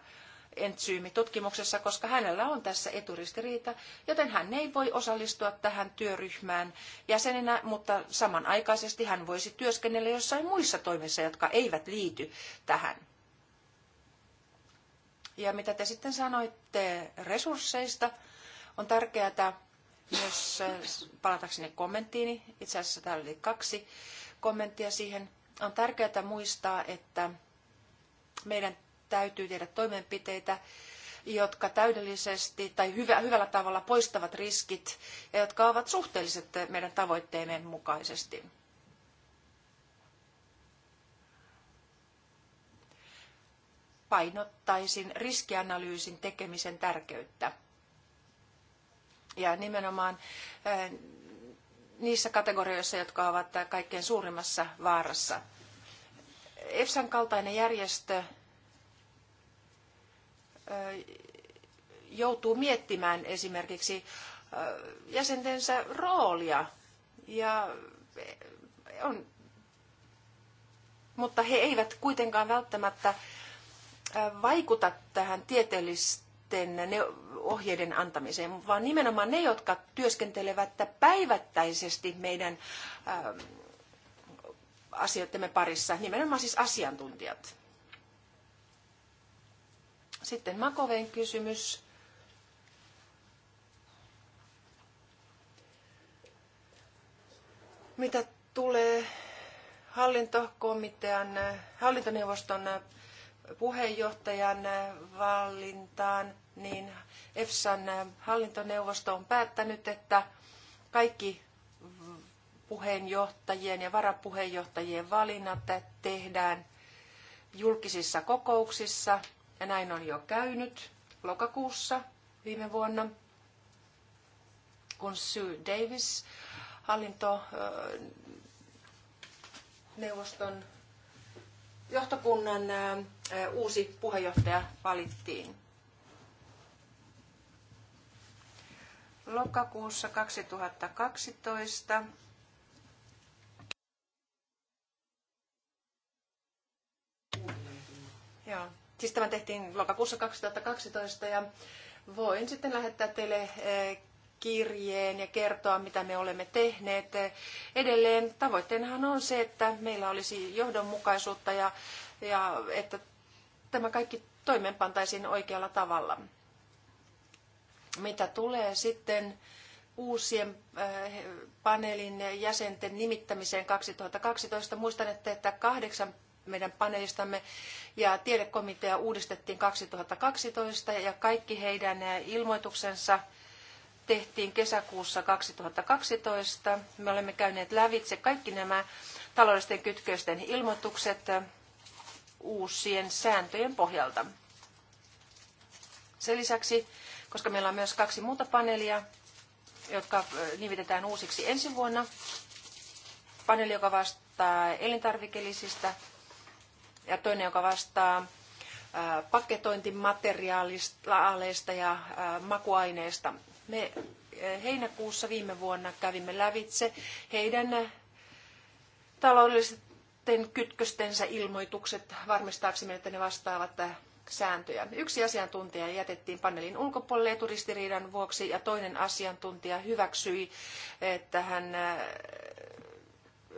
entsyymitutkimuksessa, koska hänellä on tässä eturistiriita, joten hän ei voi osallistua tähän työryhmään jäsenenä, mutta samanaikaisesti hän voisi työskennellä jossain muissa toimissa, jotka eivät liity tähän. Ja mitä te sitten sanoitte resursseista, on tärkeää myös äh, palatakseni kommenttiini, itse asiassa täällä oli kaksi kommenttia siihen, on tärkeää muistaa, että meidän täytyy tehdä toimenpiteitä, jotka täydellisesti tai hyvä, hyvällä tavalla poistavat riskit ja jotka ovat suhteelliset meidän tavoitteemme mukaisesti. Painottaisin riskianalyysin tekemisen tärkeyttä. Ja nimenomaan äh, niissä kategorioissa, jotka ovat kaikkein suurimmassa vaarassa. EFSAn kaltainen järjestö joutuu miettimään esimerkiksi jäsentensä roolia. Ja e, on, mutta he eivät kuitenkaan välttämättä vaikuta tähän tieteellisten ohjeiden antamiseen, vaan nimenomaan ne, jotka työskentelevät päivättäisesti meidän asioittemme parissa, nimenomaan siis asiantuntijat. Sitten Makoveen kysymys. Mitä tulee hallintokomitean, hallintoneuvoston puheenjohtajan valintaan, niin EFSAn hallintoneuvosto on päättänyt, että kaikki puheenjohtajien ja varapuheenjohtajien valinnat tehdään julkisissa kokouksissa – ja näin on jo käynyt lokakuussa viime vuonna, kun Sue Davis, hallintoneuvoston johtokunnan uusi puheenjohtaja valittiin. Lokakuussa 2012 Joo. Siis tämä tehtiin lokakuussa 2012 ja voin sitten lähettää teille eh, kirjeen ja kertoa, mitä me olemme tehneet. Edelleen tavoitteenahan on se, että meillä olisi johdonmukaisuutta ja, ja että tämä kaikki toimeenpantaisiin oikealla tavalla. Mitä tulee sitten uusien eh, paneelin jäsenten nimittämiseen 2012, muistan, että kahdeksan meidän paneelistamme. Ja tiedekomitea uudistettiin 2012 ja kaikki heidän ilmoituksensa tehtiin kesäkuussa 2012. Me olemme käyneet lävitse kaikki nämä taloudellisten kytkösten ilmoitukset uusien sääntöjen pohjalta. Sen lisäksi, koska meillä on myös kaksi muuta paneelia, jotka nimitetään uusiksi ensi vuonna, paneeli, joka vastaa elintarvikelisistä ja toinen, joka vastaa paketointimateriaaleista ja makuaineista. Me heinäkuussa viime vuonna kävimme lävitse heidän taloudellisten kytköstensä ilmoitukset varmistaaksemme, että ne vastaavat sääntöjä. Yksi asiantuntija jätettiin paneelin ulkopuolelle turistiriidan vuoksi ja toinen asiantuntija hyväksyi, että hän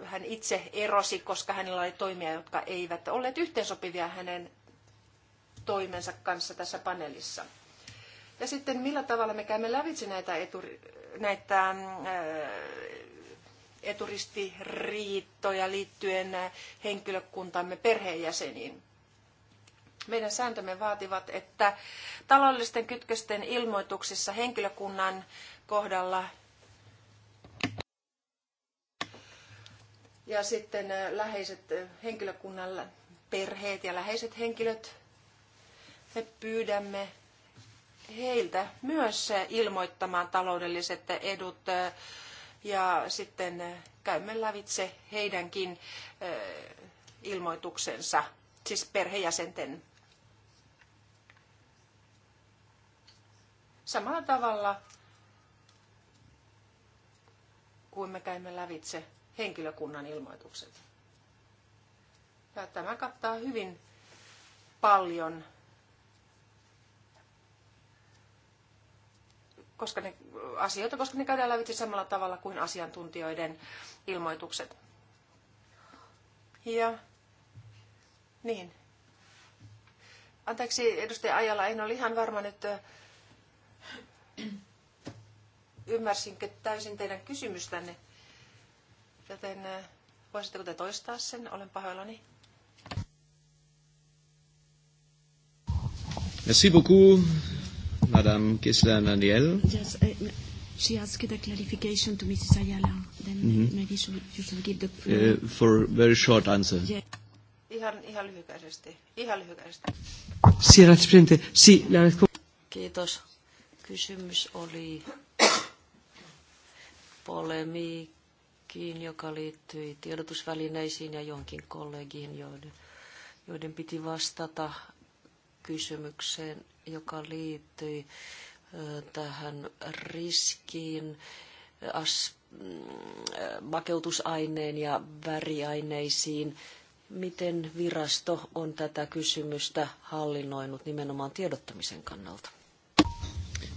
hän itse erosi, koska hänellä oli toimia, jotka eivät olleet yhteensopivia hänen toimensa kanssa tässä paneelissa. Ja sitten millä tavalla me käymme lävitse näitä, eturi, näitä ää, äh, eturistiriittoja liittyen henkilökuntamme perheenjäseniin. Meidän sääntömme vaativat, että taloudellisten kytkösten ilmoituksissa henkilökunnan kohdalla Ja sitten äh, läheiset äh, henkilökunnan perheet ja läheiset henkilöt, me pyydämme heiltä myös äh, ilmoittamaan taloudelliset edut ja sitten käymme lävitse heidänkin ilmoituksensa, siis perhejäsenten. Samalla tavalla kuin me käymme lävitse henkilökunnan ilmoitukset. Ja tämä kattaa hyvin paljon, koska ne, asioita, koska ne käydään lävitse samalla tavalla kuin asiantuntijoiden ilmoitukset. Ja niin. Anteeksi, edustaja Ajala, en ole ihan varma nyt, ymmärsinkö täysin teidän kysymystänne joten voisitteko te toistaa sen? Olen pahoillani. Merci beaucoup, Madame Kessler Daniel. Yes, uh, she asked a clarification to Mrs. Ayala. Then mm-hmm. maybe you should give the... Uh, for very short answer. Yeah. Ihan, ihan lyhykäisesti. Ihan lyhykäisesti. Si, Kiitos. Kysymys oli polemiikka johonkin, joka liittyi tiedotusvälineisiin ja johonkin kollegiin, joiden, joiden piti vastata kysymykseen, joka liittyi tähän riskiin as, mm, makeutusaineen ja väriaineisiin. Miten virasto on tätä kysymystä hallinnoinut nimenomaan tiedottamisen kannalta?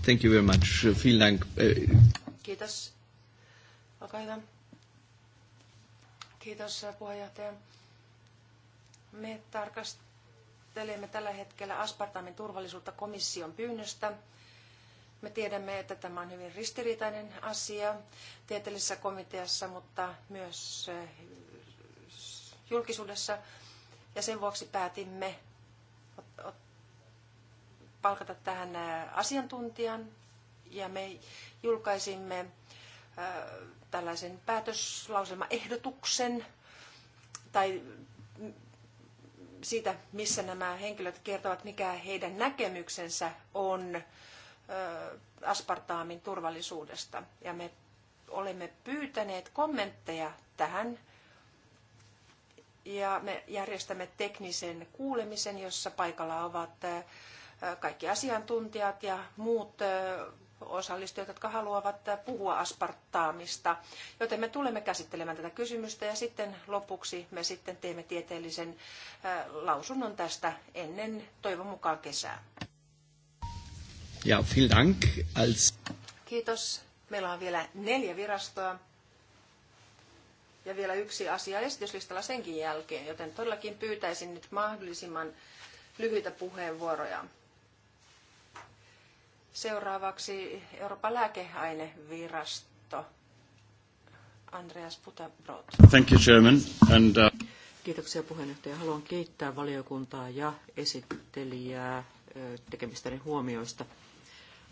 Thank you very much. Vielen Dank. Äh, Kiitos. Olkaa hyvä. Kiitos puheenjohtaja. Me tarkastelemme tällä hetkellä aspartamin turvallisuutta komission pyynnöstä. Me tiedämme, että tämä on hyvin ristiriitainen asia tieteellisessä komiteassa, mutta myös eh, julkisuudessa. Ja sen vuoksi päätimme palkata tähän eh, asiantuntijan ja me julkaisimme eh, tällaisen päätöslauselmaehdotuksen tai siitä, missä nämä henkilöt kertovat, mikä heidän näkemyksensä on aspartaamin turvallisuudesta. Ja me olemme pyytäneet kommentteja tähän ja me järjestämme teknisen kuulemisen, jossa paikalla ovat kaikki asiantuntijat ja muut osallistujat, jotka haluavat puhua aspartaamista. Joten me tulemme käsittelemään tätä kysymystä ja sitten lopuksi me sitten teemme tieteellisen lausunnon tästä ennen toivon mukaan kesää. Ja, vielen Dank. Als... Kiitos. Meillä on vielä neljä virastoa ja vielä yksi asia esityslistalla senkin jälkeen, joten todellakin pyytäisin nyt mahdollisimman lyhyitä puheenvuoroja. Seuraavaksi Euroopan lääkeainevirasto. Andreas Putabrot. Thank you, Chairman. And, uh... Kiitoksia puheenjohtaja. Haluan kiittää valiokuntaa ja esittelijää tekemistäni huomioista.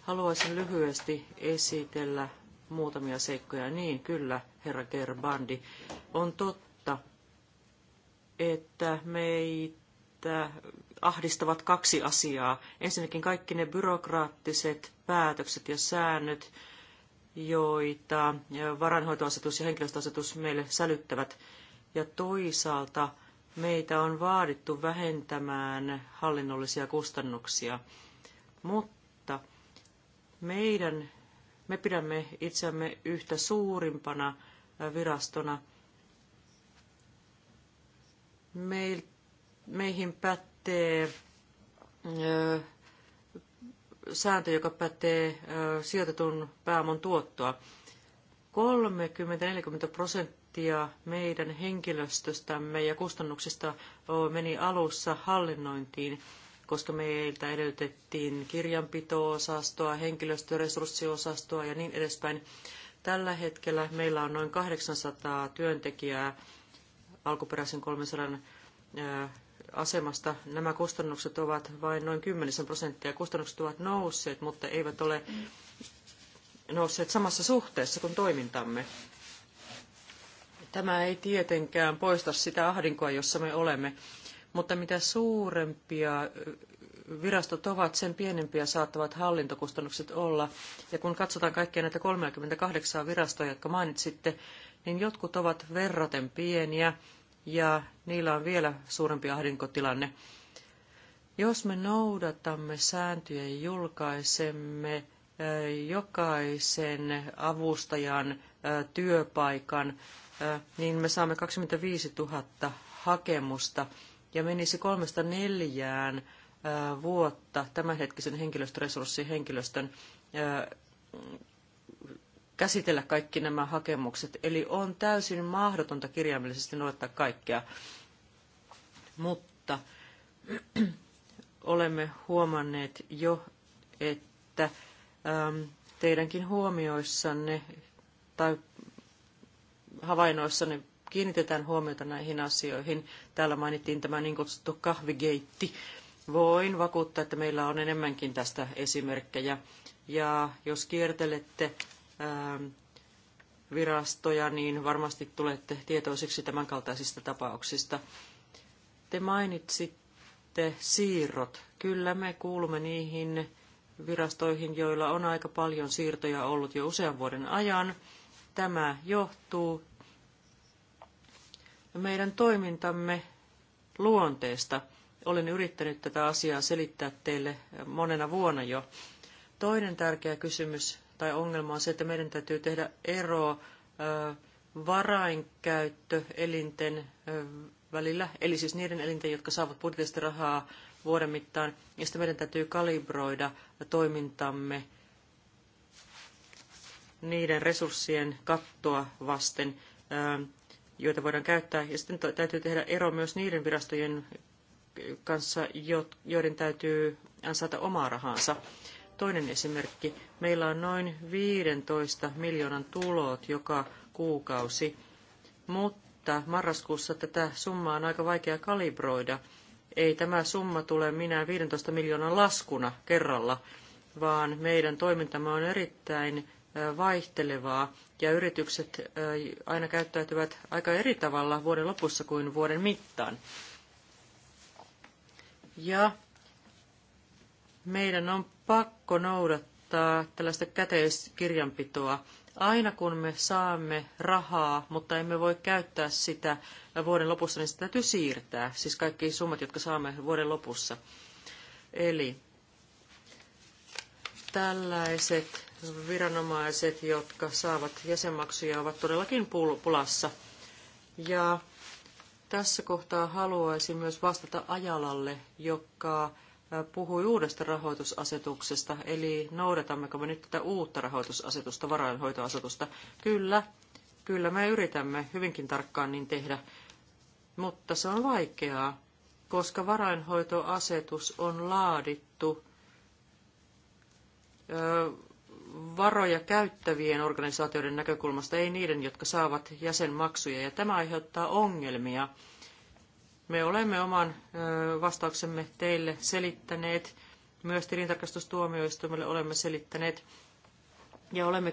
Haluaisin lyhyesti esitellä muutamia seikkoja. Niin, kyllä, herra Gerbandi. On totta, että meitä ahdistavat kaksi asiaa. Ensinnäkin kaikki ne byrokraattiset päätökset ja säännöt, joita varainhoitoasetus ja henkilöstöasetus meille sälyttävät. Ja toisaalta meitä on vaadittu vähentämään hallinnollisia kustannuksia. Mutta meidän, me pidämme itseämme yhtä suurimpana virastona. Meiltä meihin pätee sääntö, joka pätee sijoitetun pääoman tuottoa. 30-40 prosenttia meidän henkilöstöstämme ja kustannuksista meni alussa hallinnointiin, koska meiltä edellytettiin kirjanpito-osastoa, henkilöstöresurssiosastoa ja niin edespäin. Tällä hetkellä meillä on noin 800 työntekijää alkuperäisen 300 asemasta nämä kustannukset ovat vain noin 10 prosenttia. Kustannukset ovat nousseet, mutta eivät ole nousseet samassa suhteessa kuin toimintamme. Tämä ei tietenkään poista sitä ahdinkoa, jossa me olemme, mutta mitä suurempia virastot ovat, sen pienempiä saattavat hallintokustannukset olla. Ja kun katsotaan kaikkia näitä 38 virastoa, jotka mainitsitte, niin jotkut ovat verraten pieniä, ja niillä on vielä suurempi ahdinkotilanne. Jos me noudatamme sääntöjä ja julkaisemme jokaisen avustajan työpaikan, niin me saamme 25 000 hakemusta ja menisi kolmesta neljään vuotta tämänhetkisen henkilöstön käsitellä kaikki nämä hakemukset. Eli on täysin mahdotonta kirjaimellisesti noudattaa kaikkea. Mutta olemme huomanneet jo, että ähm, teidänkin huomioissanne tai havainnoissanne kiinnitetään huomiota näihin asioihin. Täällä mainittiin tämä niin kutsuttu kahvigeitti. Voin vakuuttaa, että meillä on enemmänkin tästä esimerkkejä. Ja jos kiertelette Ähm, virastoja, niin varmasti tulette tietoisiksi tämänkaltaisista tapauksista. Te mainitsitte siirrot. Kyllä me kuulumme niihin virastoihin, joilla on aika paljon siirtoja ollut jo usean vuoden ajan. Tämä johtuu meidän toimintamme luonteesta. Olen yrittänyt tätä asiaa selittää teille monena vuonna jo. Toinen tärkeä kysymys tai ongelma on se, että meidän täytyy tehdä ero varainkäyttöelinten välillä, eli siis niiden elinten, jotka saavat budjetista rahaa vuoden mittaan, ja sitten meidän täytyy kalibroida toimintamme niiden resurssien kattoa vasten, joita voidaan käyttää. Ja sitten täytyy tehdä ero myös niiden virastojen kanssa, joiden täytyy ansaita omaa rahansa. Toinen esimerkki. Meillä on noin 15 miljoonan tulot joka kuukausi, mutta marraskuussa tätä summaa on aika vaikea kalibroida. Ei tämä summa tule minä 15 miljoonan laskuna kerralla, vaan meidän toimintamme on erittäin vaihtelevaa ja yritykset aina käyttäytyvät aika eri tavalla vuoden lopussa kuin vuoden mittaan. Ja meidän on pakko noudattaa tällaista käteiskirjanpitoa. Aina kun me saamme rahaa, mutta emme voi käyttää sitä vuoden lopussa, niin sitä täytyy siirtää. Siis kaikki summat, jotka saamme vuoden lopussa. Eli tällaiset viranomaiset, jotka saavat jäsenmaksuja, ovat todellakin pulassa. Ja tässä kohtaa haluaisin myös vastata Ajalalle, joka puhui uudesta rahoitusasetuksesta, eli noudatammeko me nyt tätä uutta rahoitusasetusta, varainhoitoasetusta. Kyllä, kyllä me yritämme hyvinkin tarkkaan niin tehdä, mutta se on vaikeaa, koska varainhoitoasetus on laadittu varoja käyttävien organisaatioiden näkökulmasta, ei niiden, jotka saavat jäsenmaksuja, ja tämä aiheuttaa ongelmia me olemme oman vastauksemme teille selittäneet, myös tilintarkastustuomioistuimelle olemme selittäneet ja olemme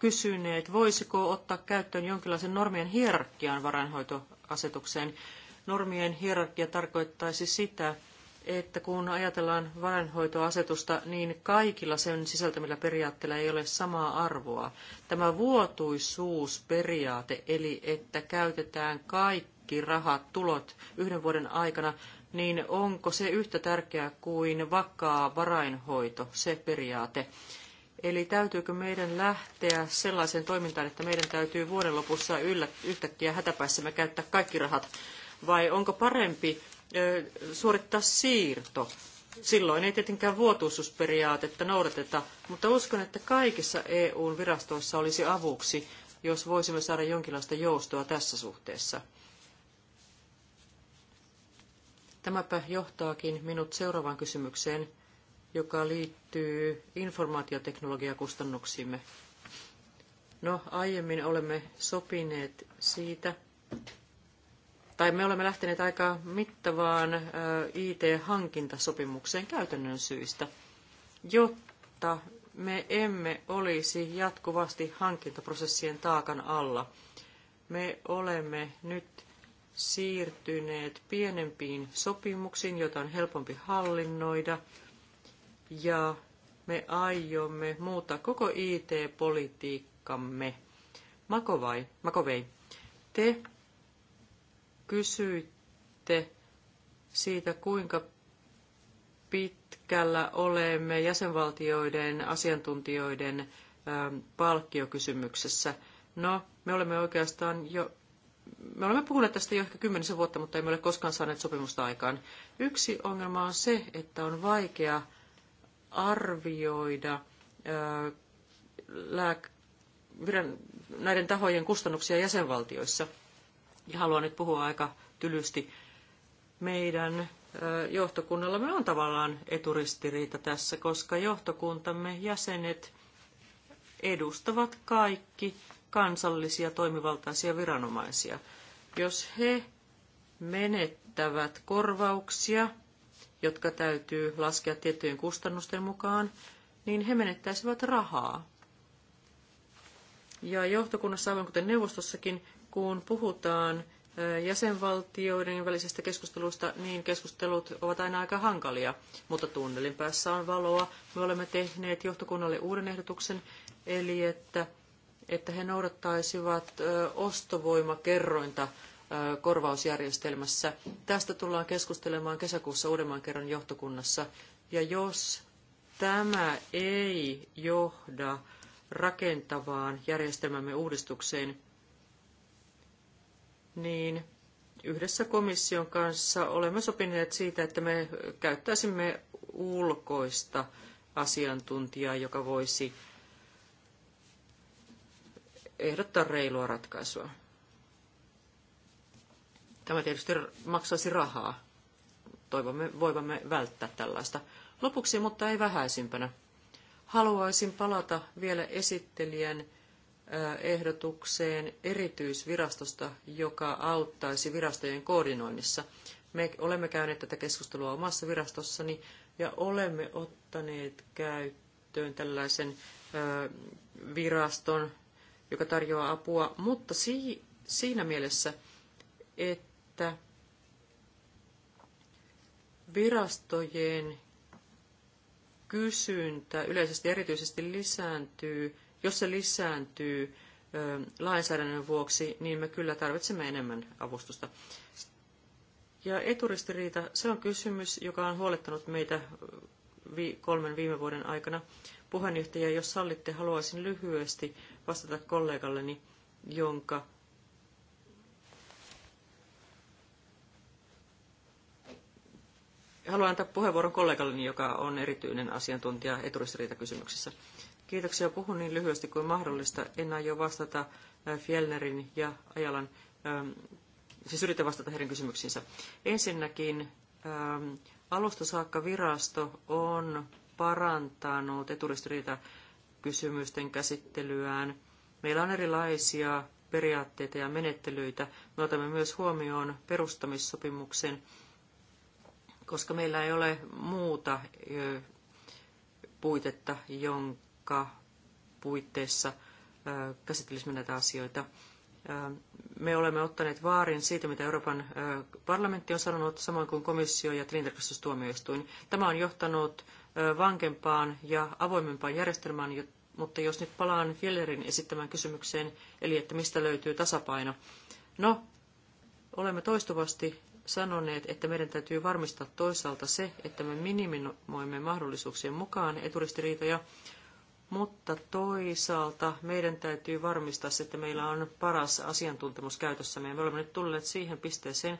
kysyneet, voisiko ottaa käyttöön jonkinlaisen normien hierarkian varainhoitoasetukseen. Normien hierarkia tarkoittaisi sitä, että kun ajatellaan varainhoitoasetusta, niin kaikilla sen sisältämillä periaatteilla ei ole samaa arvoa. Tämä vuotuisuusperiaate, eli että käytetään kaikki kaikki rahat, tulot yhden vuoden aikana, niin onko se yhtä tärkeää kuin vakaa varainhoito, se periaate? Eli täytyykö meidän lähteä sellaiseen toimintaan, että meidän täytyy vuoden lopussa yllä, yhtäkkiä hätäpäissämme käyttää kaikki rahat, vai onko parempi ö, suorittaa siirto? Silloin ei tietenkään vuotuisuusperiaatetta noudateta, mutta uskon, että kaikissa EUn virastoissa olisi avuksi, jos voisimme saada jonkinlaista joustoa tässä suhteessa. Tämäpä johtaakin minut seuraavaan kysymykseen, joka liittyy informaatioteknologiakustannuksiimme. No, aiemmin olemme sopineet siitä, tai me olemme lähteneet aika mittavaan IT-hankintasopimukseen käytännön syistä, jotta me emme olisi jatkuvasti hankintaprosessien taakan alla. Me olemme nyt siirtyneet pienempiin sopimuksiin, joita on helpompi hallinnoida. Ja me aiomme muuttaa koko IT-politiikkamme. Makovai, Makovei, te kysyitte siitä, kuinka pitkällä olemme jäsenvaltioiden asiantuntijoiden palkkiokysymyksessä. No, me olemme oikeastaan jo me olemme puhuneet tästä jo ehkä kymmenisen vuotta, mutta emme ole koskaan saaneet sopimusta aikaan. Yksi ongelma on se, että on vaikea arvioida näiden tahojen kustannuksia jäsenvaltioissa. Ja haluan nyt puhua aika tylysti. Meidän johtokunnallamme on tavallaan eturistiriita tässä, koska johtokuntamme jäsenet edustavat kaikki kansallisia toimivaltaisia viranomaisia. Jos he menettävät korvauksia, jotka täytyy laskea tiettyjen kustannusten mukaan, niin he menettäisivät rahaa. Ja johtokunnassa, aivan kuten neuvostossakin, kun puhutaan jäsenvaltioiden välisistä keskusteluista, niin keskustelut ovat aina aika hankalia, mutta tunnelin päässä on valoa. Me olemme tehneet johtokunnalle uuden ehdotuksen, eli että että he noudattaisivat ostovoimakerrointa korvausjärjestelmässä. Tästä tullaan keskustelemaan kesäkuussa uudemman kerran johtokunnassa. Ja jos tämä ei johda rakentavaan järjestelmämme uudistukseen, niin yhdessä komission kanssa olemme sopineet siitä, että me käyttäisimme ulkoista asiantuntijaa, joka voisi ehdottaa reilua ratkaisua. Tämä tietysti maksaisi rahaa. Toivomme voivamme välttää tällaista. Lopuksi, mutta ei vähäisimpänä, haluaisin palata vielä esittelijän ehdotukseen erityisvirastosta, joka auttaisi virastojen koordinoinnissa. Me olemme käyneet tätä keskustelua omassa virastossani ja olemme ottaneet käyttöön tällaisen viraston, joka tarjoaa apua, mutta si- siinä mielessä, että virastojen kysyntä yleisesti erityisesti lisääntyy, jos se lisääntyy lainsäädännön vuoksi, niin me kyllä tarvitsemme enemmän avustusta. Ja eturistiriita, se on kysymys, joka on huolettanut meitä kolmen viime vuoden aikana. Puheenjohtaja, jos sallitte, haluaisin lyhyesti vastata kollegalleni, jonka Haluan antaa puheenvuoron kollegalleni, joka on erityinen asiantuntija eturistiriitakysymyksissä. Kiitoksia. Puhun niin lyhyesti kuin mahdollista. En aio vastata äh, Fjellnerin ja Ajalan, ähm, siis yritän vastata heidän kysymyksiinsä. Ensinnäkin ähm, alusta saakka virasto on parantanut eturistiriitakysymyksiä kysymysten käsittelyään. Meillä on erilaisia periaatteita ja menettelyitä. Me otamme myös huomioon perustamissopimuksen, koska meillä ei ole muuta puitetta, jonka puitteissa käsittelisimme näitä asioita. Me olemme ottaneet vaarin siitä, mitä Euroopan parlamentti on sanonut, samoin kuin komissio ja tilintarkastustuomioistuin. Tämä on johtanut vankempaan ja avoimempaan järjestelmään, mutta jos nyt palaan Fjellerin esittämään kysymykseen, eli että mistä löytyy tasapaino. No, olemme toistuvasti sanoneet, että meidän täytyy varmistaa toisaalta se, että me minimoimme mahdollisuuksien mukaan eturistiriitoja, mutta toisaalta meidän täytyy varmistaa, että meillä on paras asiantuntemus käytössämme. Me olemme nyt tulleet siihen pisteeseen,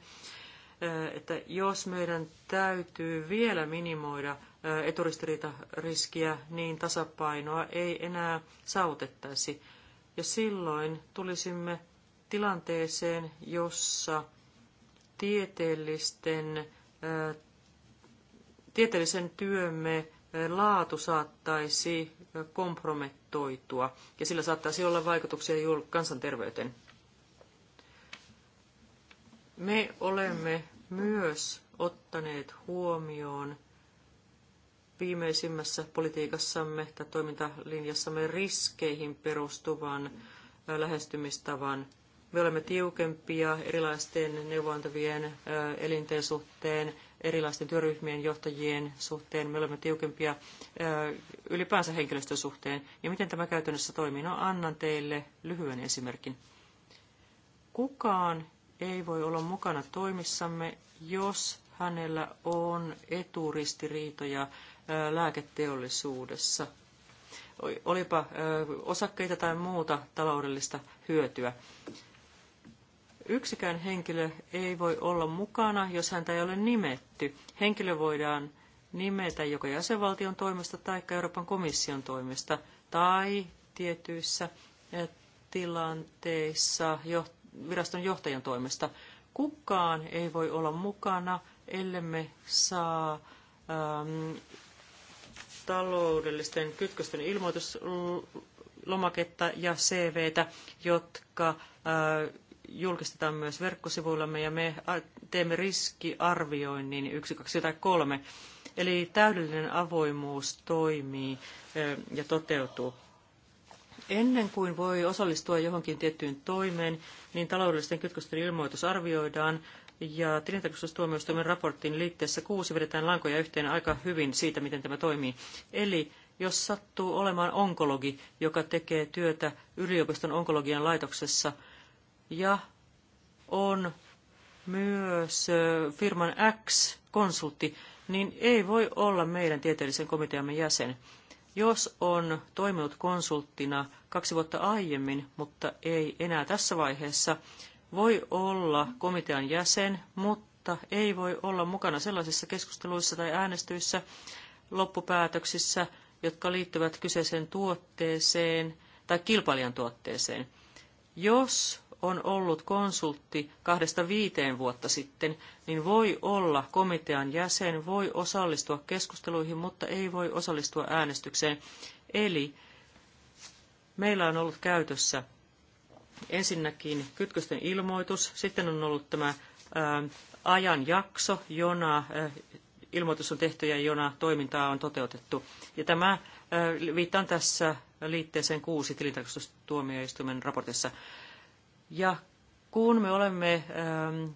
että jos meidän täytyy vielä minimoida eturistiriitariskiä, niin tasapainoa ei enää saavutettaisi. Ja silloin tulisimme tilanteeseen, jossa tieteellisten, tieteellisen työmme laatu saattaisi kompromettoitua ja sillä saattaisi olla vaikutuksia kansanterveyteen. Me olemme myös ottaneet huomioon viimeisimmässä politiikassamme tai toimintalinjassamme riskeihin perustuvan lähestymistavan. Me olemme tiukempia erilaisten neuvontavien elinten suhteen, erilaisten työryhmien johtajien suhteen, me olemme tiukempia ylipäänsä henkilöstön suhteen. Ja miten tämä käytännössä toimii? No annan teille lyhyen esimerkin. Kukaan ei voi olla mukana toimissamme, jos hänellä on eturistiriitoja lääketeollisuudessa. Olipa osakkeita tai muuta taloudellista hyötyä. Yksikään henkilö ei voi olla mukana, jos häntä ei ole nimetty. Henkilö voidaan nimetä joko jäsenvaltion toimesta tai Euroopan komission toimesta tai tietyissä eh, tilanteissa viraston johtajan toimesta. Kukaan ei voi olla mukana, ellemme saa ähm, taloudellisten kytkösten ilmoituslomaketta ja CVtä, jotka äh, julkistetaan myös verkkosivuillamme ja me teemme riskiarvioinnin 1, 2 tai 3. Eli täydellinen avoimuus toimii ja toteutuu. Ennen kuin voi osallistua johonkin tiettyyn toimeen, niin taloudellisten kytkösten ilmoitus arvioidaan ja tilintarkastustuomioistuimen raportin liitteessä kuusi vedetään lankoja yhteen aika hyvin siitä, miten tämä toimii. Eli jos sattuu olemaan onkologi, joka tekee työtä yliopiston onkologian laitoksessa – ja on myös firman X-konsultti, niin ei voi olla meidän tieteellisen komiteamme jäsen. Jos on toiminut konsulttina kaksi vuotta aiemmin, mutta ei enää tässä vaiheessa, voi olla komitean jäsen, mutta ei voi olla mukana sellaisissa keskusteluissa tai äänestyissä, loppupäätöksissä, jotka liittyvät kyseiseen tuotteeseen tai kilpailijan tuotteeseen. Jos on ollut konsultti kahdesta viiteen vuotta sitten, niin voi olla komitean jäsen, voi osallistua keskusteluihin, mutta ei voi osallistua äänestykseen. Eli meillä on ollut käytössä ensinnäkin kytkösten ilmoitus, sitten on ollut tämä ää, ähm, ajanjakso, jona ää, äh, ilmoitus on tehty ja jona toimintaa on toteutettu. Ja tämä ää, äh, viittaan tässä liitteeseen kuusi tilintarkastustuomioistuimen raportissa. Ja kun me olemme ähm,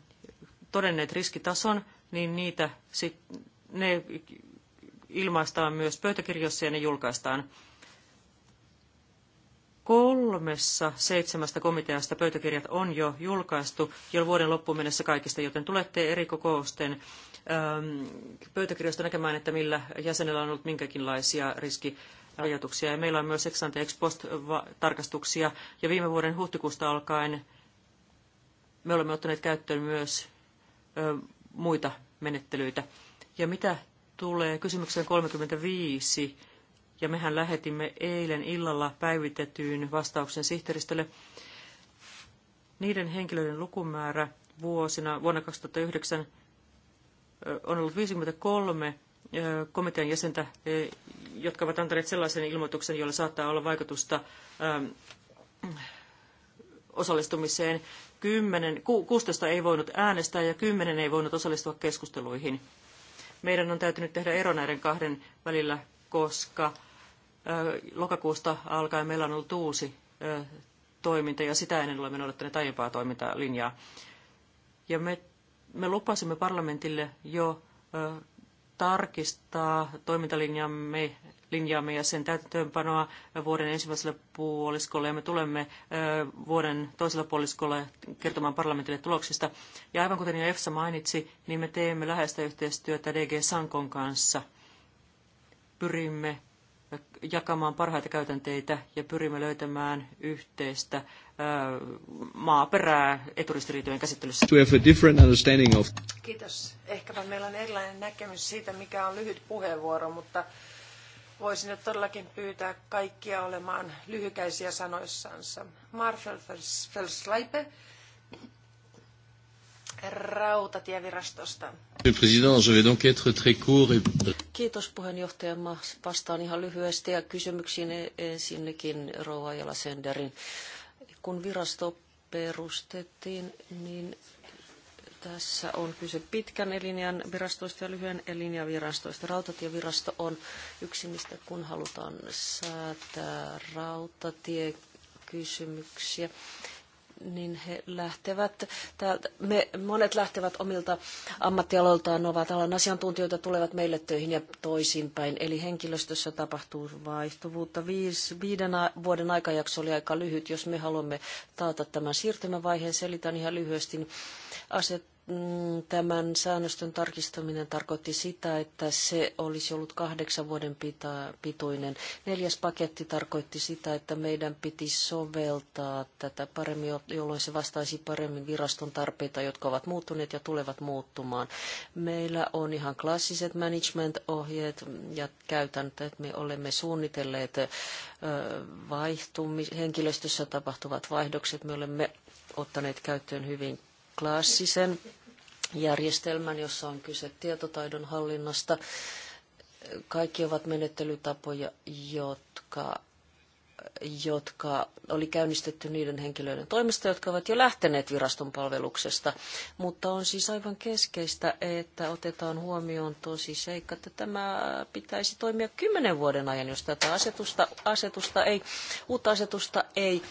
todenneet riskitason, niin niitä sit, ne ilmaistaan myös pöytäkirjoissa ja ne julkaistaan. Kolmessa seitsemästä komiteasta pöytäkirjat on jo julkaistu jo vuoden loppuun mennessä kaikista, joten tulette eri kokousten ähm, pöytäkirjoista näkemään, että millä jäsenellä on ollut minkäkinlaisia riski rajoituksia. Ja meillä on myös ex ante ex post tarkastuksia. Ja viime vuoden huhtikuusta alkaen me olemme ottaneet käyttöön myös ö, muita menettelyitä. Ja mitä tulee kysymykseen 35, ja mehän lähetimme eilen illalla päivitettyyn vastauksen sihteeristölle, niiden henkilöiden lukumäärä vuosina, vuonna 2009 on ollut 53 komitean jäsentä, jotka ovat antaneet sellaisen ilmoituksen, jolla saattaa olla vaikutusta osallistumiseen. 10, 16 ei voinut äänestää ja 10 ei voinut osallistua keskusteluihin. Meidän on täytynyt tehdä ero näiden kahden välillä, koska lokakuusta alkaen meillä on ollut uusi toiminta ja sitä ennen olemme noudattaneet aiempaa toimintalinjaa. Ja me, me lupasimme parlamentille jo tarkistaa toimintalinjamme linjaamme ja sen täytäntöönpanoa vuoden ensimmäisellä puoliskolla ja me tulemme vuoden toisella puoliskolla kertomaan parlamentille tuloksista. Ja aivan kuten jo EFSA mainitsi, niin me teemme läheistä yhteistyötä DG Sankon kanssa. Pyrimme jakamaan parhaita käytänteitä ja pyrimme löytämään yhteistä maaperää eturistiriitojen käsittelyssä. To have a different understanding of... Kiitos. Ehkäpä meillä on erilainen näkemys siitä, mikä on lyhyt puheenvuoro, mutta voisin nyt todellakin pyytää kaikkia olemaan lyhykäisiä sanoissansa. Marfel Felslaipe, rautatievirastosta. Kiitos puheenjohtaja. Mä vastaan ihan lyhyesti ja kysymyksiin ensinnäkin Rouva Jala Senderin kun virasto perustettiin, niin tässä on kyse pitkän elinjan virastoista ja lyhyen elinjan virastoista. Rautatievirasto on yksi, mistä kun halutaan säätää rautatiekysymyksiä. kysymyksiä niin he lähtevät täältä. Me, monet lähtevät omilta ammattialoiltaan, ovat alan asiantuntijoita, tulevat meille töihin ja toisinpäin. Eli henkilöstössä tapahtuu vaihtuvuutta. Viis, viiden vuoden aikajakso oli aika lyhyt, jos me haluamme taata tämän siirtymävaiheen. Selitän ihan lyhyesti. Aset, Mm, tämän säännöstön tarkistaminen tarkoitti sitä, että se olisi ollut kahdeksan vuoden pituinen. Neljäs paketti tarkoitti sitä, että meidän piti soveltaa tätä paremmin, jolloin se vastaisi paremmin viraston tarpeita, jotka ovat muuttuneet ja tulevat muuttumaan. Meillä on ihan klassiset management-ohjeet ja käytäntö, että me olemme suunnitelleet vaihtumis- henkilöstössä tapahtuvat vaihdokset. Me olemme ottaneet käyttöön hyvin klassisen järjestelmän, jossa on kyse tietotaidon hallinnasta. Kaikki ovat menettelytapoja, jotka, jotka oli käynnistetty niiden henkilöiden toimesta, jotka ovat jo lähteneet viraston palveluksesta. Mutta on siis aivan keskeistä, että otetaan huomioon tosi seikka, että tämä pitäisi toimia kymmenen vuoden ajan, jos tätä asetusta, asetusta ei, uutta asetusta ei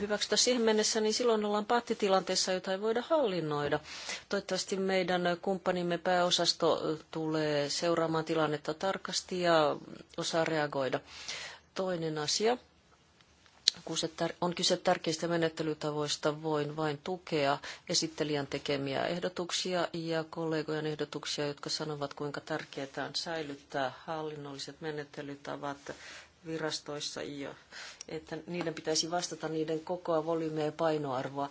hyväksytä siihen mennessä, niin silloin ollaan pattitilanteessa, jota ei voida hallinnoida. Toivottavasti meidän kumppanimme pääosasto tulee seuraamaan tilannetta tarkasti ja osaa reagoida. Toinen asia, kun on kyse tärkeistä menettelytavoista, voin vain tukea esittelijän tekemiä ehdotuksia ja kollegojen ehdotuksia, jotka sanovat, kuinka tärkeää on säilyttää hallinnolliset menettelytavat virastoissa ja että niiden pitäisi vastata niiden kokoa, volyymeja ja painoarvoa.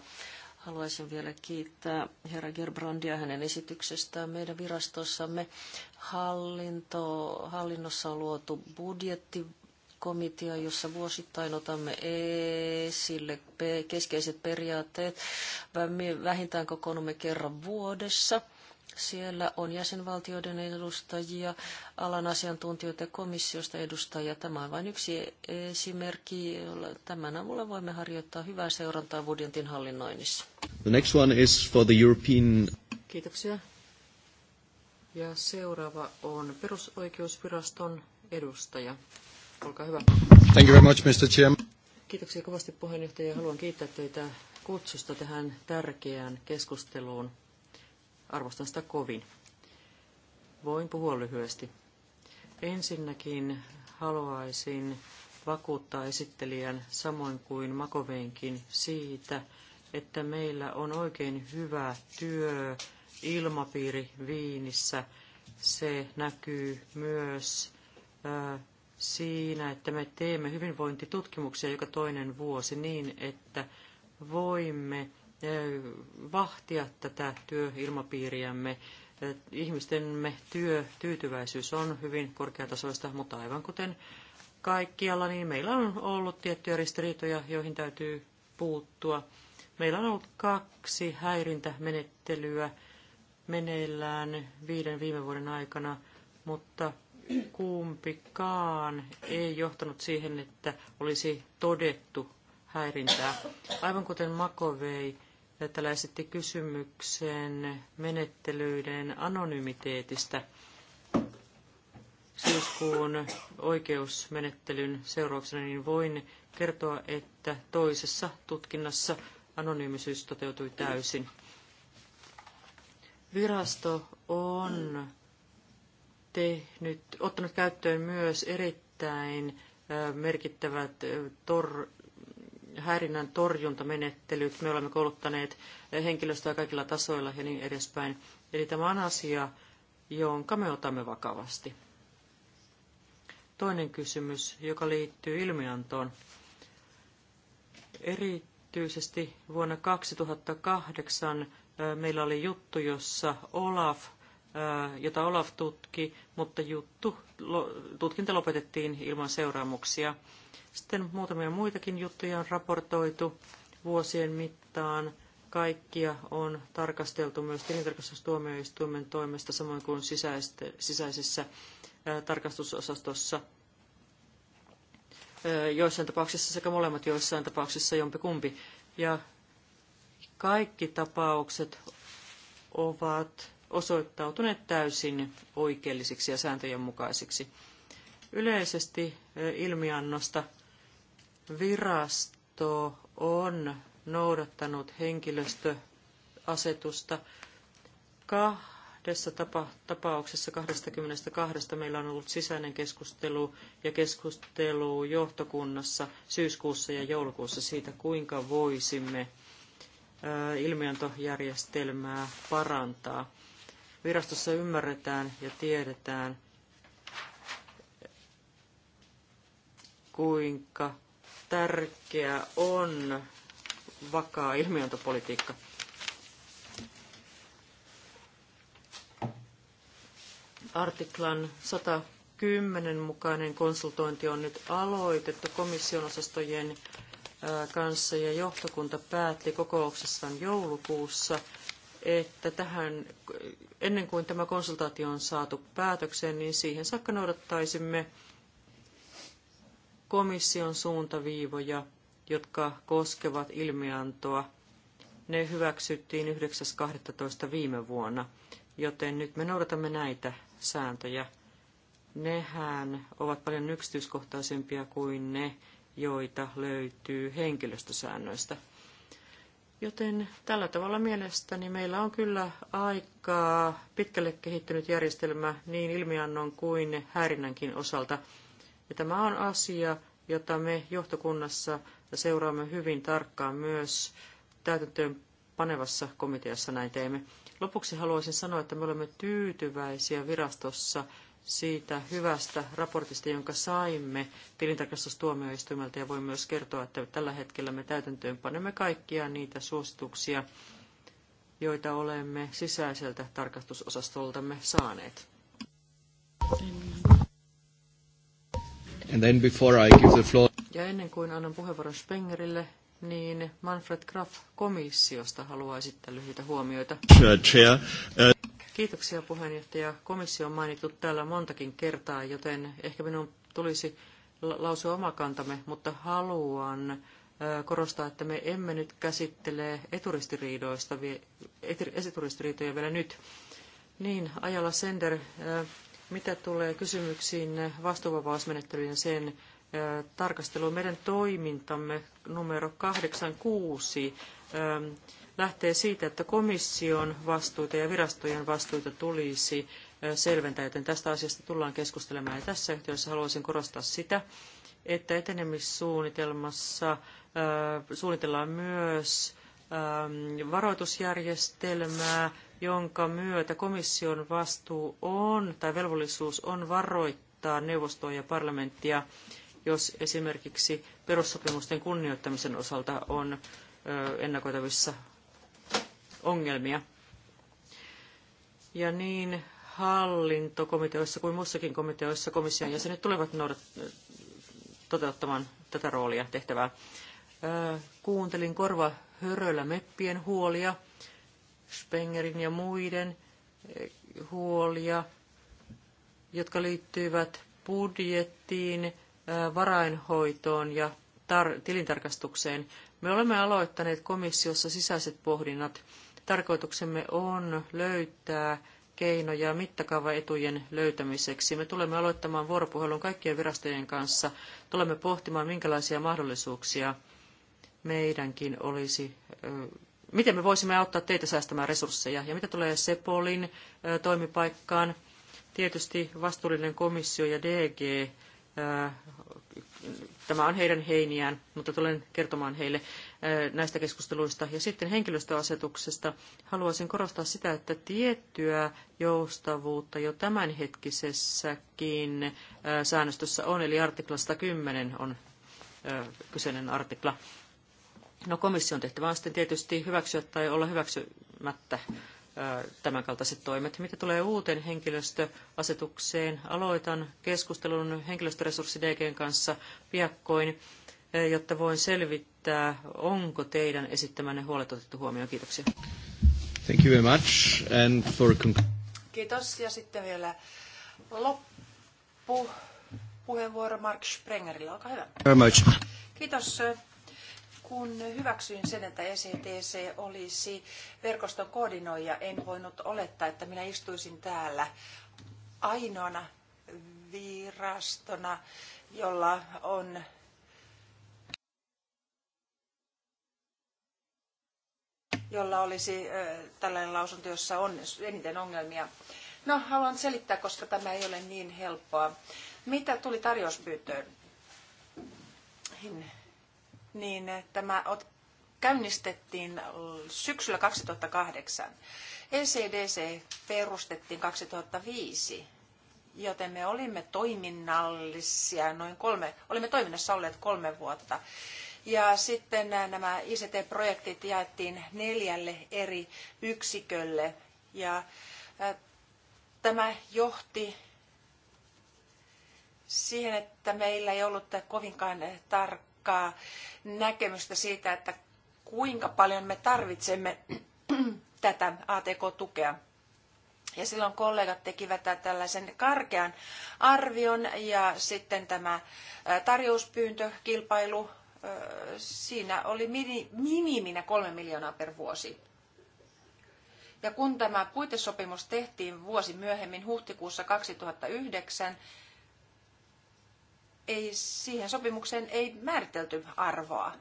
Haluaisin vielä kiittää herra Gerbrandia hänen esityksestään. Meidän virastossamme hallinto, hallinnossa on luotu budjetti, komitea, jossa vuosittain otamme esille keskeiset periaatteet. Vähintään kokoonnumme kerran vuodessa – siellä on jäsenvaltioiden edustajia, alan asiantuntijoita komissiosta edustajia. Tämä on vain yksi esimerkki. Tämän avulla voimme harjoittaa hyvää seurantaa budjetin hallinnoinnissa. The next one is for the European... Kiitoksia. Ja seuraava on perusoikeusviraston edustaja. Olkaa hyvä. Thank you very much, Mr. Chairman. Kiitoksia kovasti puheenjohtaja. Haluan kiittää teitä kutsusta tähän tärkeään keskusteluun. Arvostan sitä kovin. Voin puhua lyhyesti. Ensinnäkin haluaisin vakuuttaa esittelijän samoin kuin Makoveinkin siitä, että meillä on oikein hyvä työ ilmapiiri Viinissä. Se näkyy myös siinä, että me teemme hyvinvointitutkimuksia joka toinen vuosi niin, että voimme vahtia tätä työilmapiiriämme. Ihmistemme työtyytyväisyys on hyvin korkeatasoista, mutta aivan kuten kaikkialla, niin meillä on ollut tiettyjä ristiriitoja, joihin täytyy puuttua. Meillä on ollut kaksi häirintämenettelyä meneillään viiden viime vuoden aikana, mutta kumpikaan ei johtanut siihen, että olisi todettu häirintää. Aivan kuten Makovei Täällä esitti kysymyksen menettelyiden anonymiteetistä syyskuun oikeusmenettelyn seurauksena, niin voin kertoa, että toisessa tutkinnassa anonyymisyys toteutui täysin. Virasto on tehnyt, ottanut käyttöön myös erittäin merkittävät tor, häirinnän torjuntamenettelyt, me olemme kouluttaneet henkilöstöä kaikilla tasoilla ja niin edespäin. Eli tämä on asia, jonka me otamme vakavasti. Toinen kysymys, joka liittyy ilmiantoon. Erityisesti vuonna 2008 meillä oli juttu, jossa Olaf jota Olaf tutki, mutta juttu, tutkinta lopetettiin ilman seuraamuksia. Sitten muutamia muitakin juttuja on raportoitu vuosien mittaan. Kaikkia on tarkasteltu myös tilintarkastustuomioistuimen toimesta, samoin kuin sisäisessä tarkastusosastossa. Joissain tapauksissa sekä molemmat, joissain tapauksissa jompikumpi. Ja kaikki tapaukset ovat osoittautuneet täysin oikeellisiksi ja sääntöjen mukaisiksi. Yleisesti ilmiannosta virasto on noudattanut henkilöstöasetusta kahdessa tapa, tapauksessa 22. Meillä on ollut sisäinen keskustelu ja keskustelu johtokunnassa syyskuussa ja joulukuussa siitä, kuinka voisimme ilmiantojärjestelmää parantaa. Virastossa ymmärretään ja tiedetään, kuinka tärkeä on vakaa ilmiöntopolitiikka. Artiklan 110 mukainen konsultointi on nyt aloitettu komission osastojen kanssa ja johtokunta päätti kokouksessaan joulukuussa – että tähän, ennen kuin tämä konsultaatio on saatu päätökseen, niin siihen saakka noudattaisimme komission suuntaviivoja, jotka koskevat ilmiantoa. Ne hyväksyttiin 9.12. viime vuonna, joten nyt me noudatamme näitä sääntöjä. Nehän ovat paljon yksityiskohtaisempia kuin ne, joita löytyy henkilöstösäännöistä. Joten tällä tavalla mielestäni meillä on kyllä aikaa pitkälle kehittynyt järjestelmä niin ilmiannon kuin häirinnänkin osalta. Ja tämä on asia, jota me johtokunnassa seuraamme hyvin tarkkaan myös täytäntöön panevassa komiteassa näin teemme. Lopuksi haluaisin sanoa, että me olemme tyytyväisiä virastossa siitä hyvästä raportista, jonka saimme tilintarkastustuomioistuimelta ja voin myös kertoa, että tällä hetkellä me täytäntöön panemme kaikkia niitä suosituksia, joita olemme sisäiseltä tarkastusosastoltamme saaneet. And then before I give the floor... Ja ennen kuin annan puheenvuoron Spengerille, niin Manfred Graf komissiosta haluaa esittää lyhyitä huomioita. Chair, uh... Kiitoksia puheenjohtaja. Komissio on mainittu täällä montakin kertaa, joten ehkä minun tulisi lausua oma kantamme, mutta haluan korostaa, että me emme nyt käsittele eturistiriidoista, eturistiriitoja vielä nyt. Niin, Ajala Sender, mitä tulee kysymyksiin vastuuvapausmenettelyyn sen tarkasteluun meidän toimintamme numero 86 lähtee siitä, että komission vastuuta ja virastojen vastuuta tulisi selventää, joten tästä asiasta tullaan keskustelemaan. Ja tässä yhteydessä haluaisin korostaa sitä, että etenemissuunnitelmassa suunnitellaan myös varoitusjärjestelmää, jonka myötä komission vastuu on tai velvollisuus on varoittaa neuvostoa ja parlamenttia, jos esimerkiksi perussopimusten kunnioittamisen osalta on ennakoitavissa ongelmia. Ja niin hallintokomiteoissa kuin muissakin komiteoissa komission jäsenet tulevat noudat- toteuttamaan tätä roolia tehtävää. Kuuntelin korva höröllä meppien huolia, Spengerin ja muiden e, huolia, jotka liittyvät budjettiin, varainhoitoon ja tilintarkastukseen. Me olemme aloittaneet komissiossa sisäiset pohdinnat Tarkoituksemme on löytää keinoja mittakaavaetujen löytämiseksi. Me tulemme aloittamaan vuoropuhelun kaikkien virastojen kanssa. Tulemme pohtimaan, minkälaisia mahdollisuuksia meidänkin olisi, miten me voisimme auttaa teitä säästämään resursseja. Ja mitä tulee Sepolin toimipaikkaan, tietysti vastuullinen komissio ja DG, tämä on heidän heiniään, mutta tulen kertomaan heille näistä keskusteluista. Ja sitten henkilöstöasetuksesta haluaisin korostaa sitä, että tiettyä joustavuutta jo tämänhetkisessäkin säännöstössä on, eli artikla 110 on kyseinen artikla. No komission tehtävä on sitten tietysti hyväksyä tai olla hyväksymättä tämänkaltaiset toimet. Mitä tulee uuteen henkilöstöasetukseen, aloitan keskustelun henkilöstöresurssi DGn kanssa piakkoin jotta voin selvittää, onko teidän esittämänne huolet otettu huomioon. Kiitoksia. Thank you very much. And for Kiitos. Ja sitten vielä loppu puheenvuoro Mark Sprengerille. Olkaa hyvä. Very much. Kiitos. Kun hyväksyin sen, että ECTC olisi verkoston koordinoija, en voinut olettaa, että minä istuisin täällä ainoana virastona, jolla on jolla olisi tällainen lausunto, jossa on eniten ongelmia. No, haluan selittää, koska tämä ei ole niin helppoa. Mitä tuli tarjouspyyntöön? Niin tämä käynnistettiin syksyllä 2008. ECDC perustettiin 2005, joten me olimme toiminnallisia noin kolme, olimme toiminnassa olleet kolme vuotta. Ja sitten äh, nämä ICT-projektit jaettiin neljälle eri yksikölle. Ja äh, tämä johti siihen, että meillä ei ollut kovinkaan äh, tarkkaa näkemystä siitä, että kuinka paljon me tarvitsemme tätä ATK-tukea. Ja silloin kollegat tekivät tällaisen karkean arvion ja sitten tämä tarjouspyyntökilpailu siinä oli miniminä kolme miljoonaa per vuosi. Ja kun tämä puitesopimus tehtiin vuosi myöhemmin huhtikuussa 2009, ei, siihen sopimukseen ei määritelty arvoa.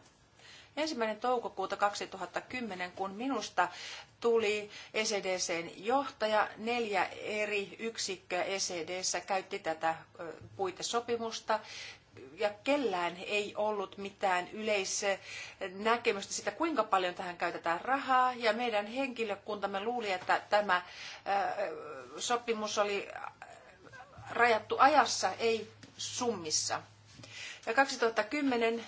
Ensimmäinen toukokuuta 2010, kun minusta tuli ECDCn johtaja, neljä eri yksikköä ECDssä käytti tätä puitesopimusta ja kellään ei ollut mitään yleisnäkemystä sitä, kuinka paljon tähän käytetään rahaa. Ja meidän henkilökuntamme luuli, että tämä äh, sopimus oli rajattu ajassa, ei summissa. Ja 2010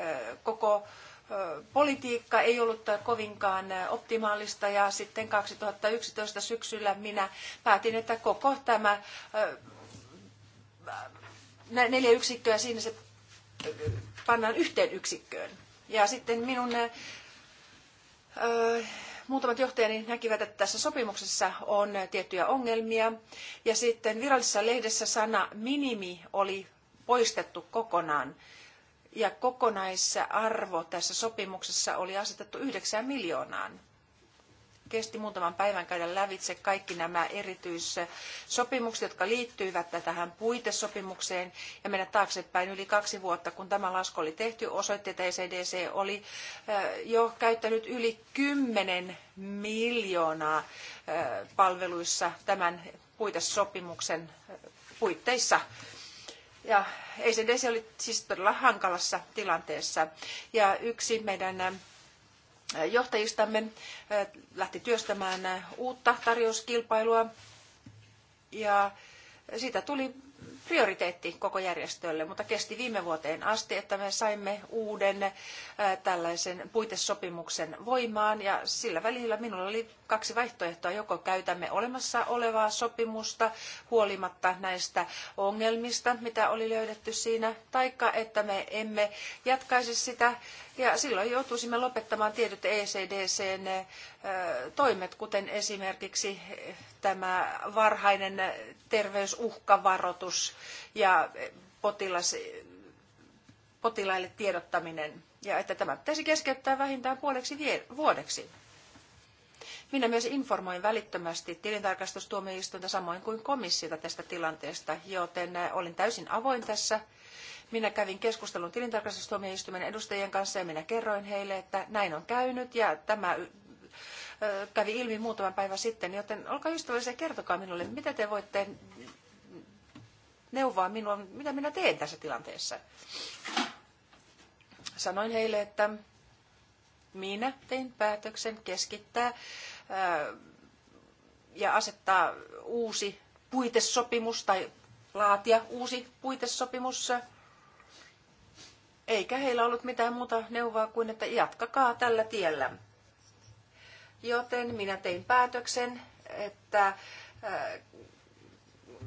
äh, koko äh, politiikka ei ollut kovinkaan optimaalista ja sitten 2011 syksyllä minä päätin, että koko tämä neljä yksikköä siinä se äh, pannaan yhteen yksikköön. Ja sitten minun äh, muutamat johtajani näkivät, että tässä sopimuksessa on tiettyjä ongelmia. Ja sitten virallisessa lehdessä sana minimi oli poistettu kokonaan. Ja kokonaisarvo tässä sopimuksessa oli asetettu 9 miljoonaan kesti muutaman päivän käydä lävitse kaikki nämä erityissopimukset, jotka liittyivät tähän puitesopimukseen ja mennä taaksepäin yli kaksi vuotta, kun tämä lasku oli tehty. Osoitti, että ECDC oli jo käyttänyt yli kymmenen miljoonaa palveluissa tämän puitesopimuksen puitteissa. Ja ECDC oli siis todella hankalassa tilanteessa. Ja yksi meidän johtajistamme eh, lähti työstämään eh, uutta tarjouskilpailua ja siitä tuli prioriteetti koko järjestölle, mutta kesti viime vuoteen asti, että me saimme uuden eh, tällaisen puitesopimuksen voimaan ja sillä välillä minulla oli kaksi vaihtoehtoa. Joko käytämme olemassa olevaa sopimusta huolimatta näistä ongelmista, mitä oli löydetty siinä, taikka että me emme jatkaisi sitä ja silloin joutuisimme lopettamaan tietyt ECDCn toimet, kuten esimerkiksi tämä varhainen terveysuhkavaroitus ja potilas, potilaille tiedottaminen ja että tämä pitäisi keskeyttää vähintään puoleksi vuodeksi. Minä myös informoin välittömästi tilintarkastustuomioistuinta samoin kuin komissiota tästä tilanteesta, joten äh, olin täysin avoin tässä. Minä kävin keskustelun tilintarkastustuomioistuimen edustajien kanssa ja minä kerroin heille, että näin on käynyt ja tämä äh, kävi ilmi muutama päivä sitten, joten olkaa ystävällisiä kertokaa minulle, mitä te voitte neuvoa minua, mitä minä teen tässä tilanteessa. Sanoin heille, että minä tein päätöksen keskittää ja asettaa uusi puitesopimus tai laatia uusi puitesopimus. Eikä heillä ollut mitään muuta neuvoa kuin, että jatkakaa tällä tiellä. Joten minä tein päätöksen, että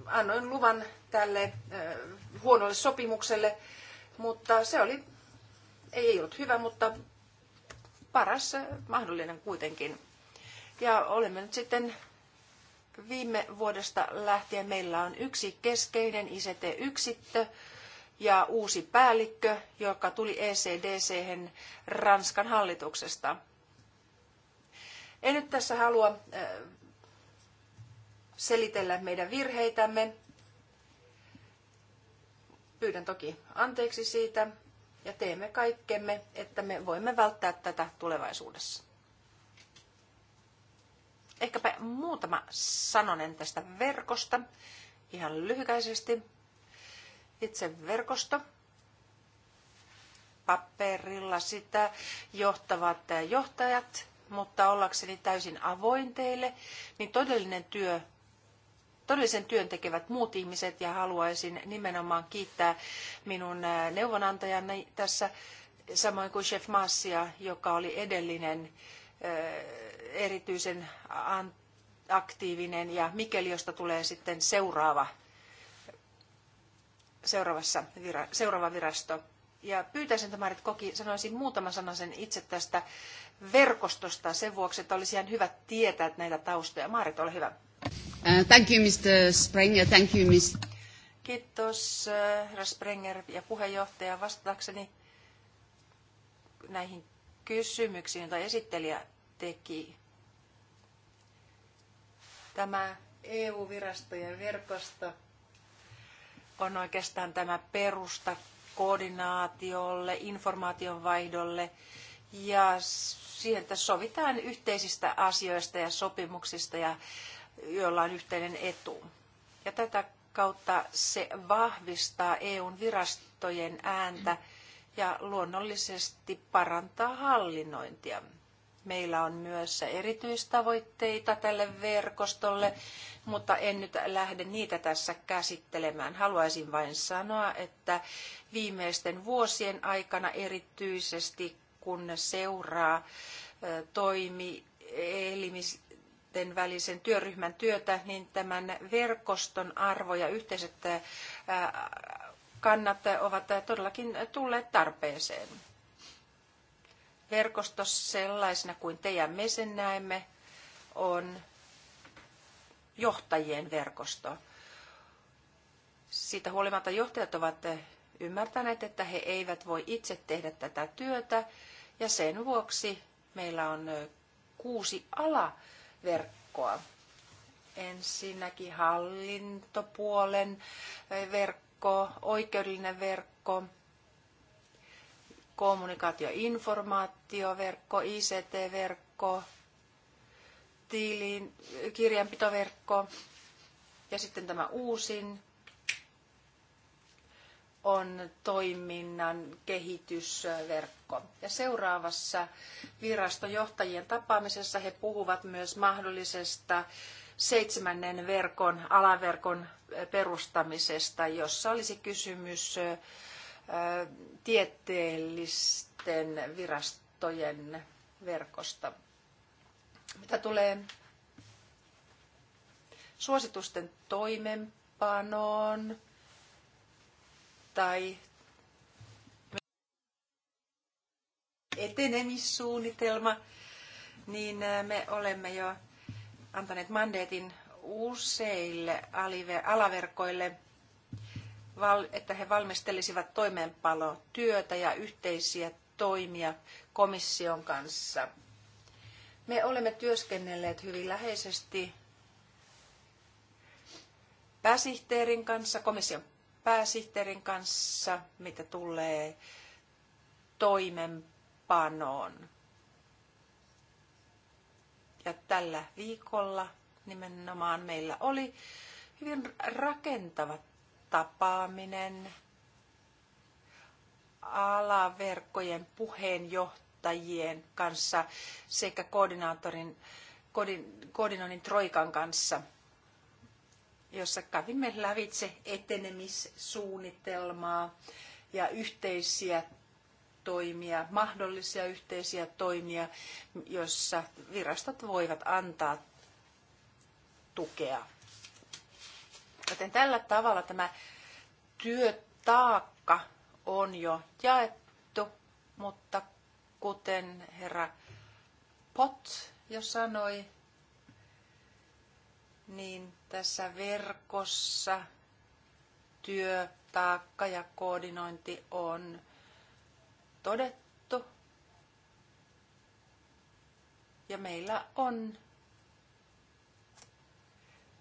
annoin luvan tälle huonolle sopimukselle, mutta se oli, ei ollut hyvä, mutta paras mahdollinen kuitenkin. Ja olemme nyt sitten viime vuodesta lähtien meillä on yksi keskeinen ICT-yksikkö ja uusi päällikkö, joka tuli ECDC Ranskan hallituksesta. En nyt tässä halua äh, selitellä meidän virheitämme. Pyydän toki anteeksi siitä ja teemme kaikkemme, että me voimme välttää tätä tulevaisuudessa ehkäpä muutama sanonen tästä verkosta ihan lyhykäisesti. Itse verkosto. Paperilla sitä johtavat johtajat, mutta ollakseni täysin avoin teille, niin todellinen työ todellisen työn tekevät muut ihmiset ja haluaisin nimenomaan kiittää minun neuvonantajani tässä, samoin kuin Chef Massia, joka oli edellinen erityisen aktiivinen ja Mikeli, josta tulee sitten seuraava, seuraavassa, seuraava virasto. Ja pyytäisin, että Marit Koki sanoisin muutaman sanan sen itse tästä verkostosta sen vuoksi, että olisi ihan hyvä tietää näitä taustoja. Marit, ole hyvä. Uh, thank you, Mr. Sprenger. Thank you, Ms. Kiitos, uh, herra Sprenger ja puheenjohtaja. Vastatakseni näihin kysymyksiin, joita esittelijä teki. Tämä EU-virastojen verkosto on oikeastaan tämä perusta koordinaatiolle, vaihdolle ja sieltä sovitaan yhteisistä asioista ja sopimuksista, ja, joilla on yhteinen etu. Ja tätä kautta se vahvistaa EUn virastojen ääntä ja luonnollisesti parantaa hallinnointia. Meillä on myös erityistavoitteita tälle verkostolle, mutta en nyt lähde niitä tässä käsittelemään. Haluaisin vain sanoa, että viimeisten vuosien aikana erityisesti kun seuraa toimielimisten välisen työryhmän työtä, niin tämän verkoston arvo ja yhteiset kannat ovat todellakin tulleet tarpeeseen verkosto sellaisena kuin te ja me sen näemme, on johtajien verkosto. Siitä huolimatta johtajat ovat ymmärtäneet, että he eivät voi itse tehdä tätä työtä, ja sen vuoksi meillä on kuusi alaverkkoa. Ensinnäkin hallintopuolen verkko, oikeudellinen verkko, kommunikaatio, informaatioverkko, ICT-verkko, tiiliin kirjanpitoverkko ja sitten tämä uusin on toiminnan kehitysverkko. Ja seuraavassa virastojohtajien tapaamisessa he puhuvat myös mahdollisesta seitsemännen verkon, alaverkon perustamisesta, jossa olisi kysymys tieteellisten virastojen verkosta. Mitä tulee suositusten toimenpanoon tai etenemissuunnitelma, niin me olemme jo antaneet mandeetin useille alaverkoille että he valmistelisivat toimeenpalotyötä ja yhteisiä toimia komission kanssa. Me olemme työskennelleet hyvin läheisesti pääsihteerin kanssa, komission pääsihteerin kanssa, mitä tulee toimenpanoon. Ja tällä viikolla nimenomaan meillä oli hyvin rakentavat tapaaminen alaverkkojen puheenjohtajien kanssa sekä koordinaattorin, koordin, koordinoinnin Troikan kanssa, jossa kävimme lävitse etenemissuunnitelmaa ja yhteisiä toimia, mahdollisia yhteisiä toimia, joissa virastot voivat antaa tukea Joten tällä tavalla tämä työtaakka on jo jaettu, mutta kuten herra Pot jo sanoi, niin tässä verkossa työtaakka ja koordinointi on todettu. Ja meillä on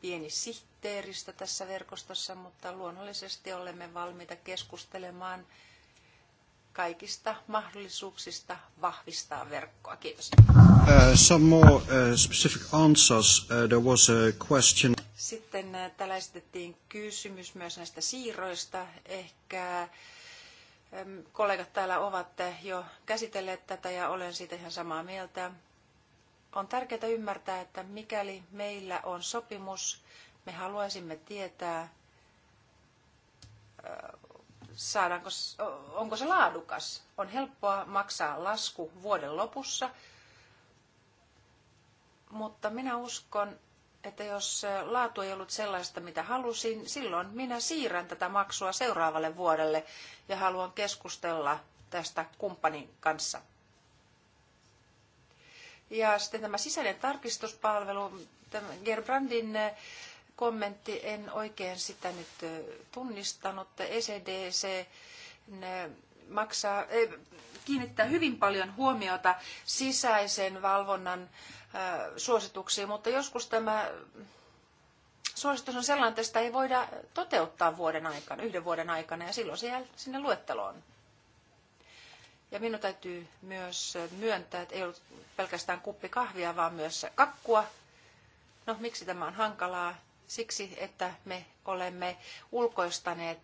pieni sihti sihteeristä tässä verkostossa, mutta luonnollisesti olemme valmiita keskustelemaan kaikista mahdollisuuksista vahvistaa verkkoa. Kiitos. Uh, some more uh, specific answers. Uh, there was a question. Sitten uh, täällä esitettiin kysymys myös näistä siirroista. Ehkä um, kollegat täällä ovat uh, jo käsitelleet tätä ja olen siitä ihan samaa mieltä. On tärkeää ymmärtää, että mikäli meillä on sopimus, me haluaisimme tietää, saadaanko, onko se laadukas. On helppoa maksaa lasku vuoden lopussa, mutta minä uskon, että jos laatu ei ollut sellaista, mitä halusin, silloin minä siirrän tätä maksua seuraavalle vuodelle ja haluan keskustella tästä kumppanin kanssa. Ja sitten tämä sisäinen tarkistuspalvelu, Gerbrandin kommentti, en oikein sitä nyt tunnistanut. ECDC maksaa, e, kiinnittää hyvin paljon huomiota sisäisen valvonnan suosituksiin, mutta joskus tämä suositus on sellainen, että sitä ei voida toteuttaa vuoden aikana, yhden vuoden aikana, ja silloin se jää sinne luetteloon. Ja minun täytyy myös myöntää, että ei ollut pelkästään kuppi kahvia, vaan myös kakkua. No, miksi tämä on hankalaa? siksi, että me olemme ulkoistaneet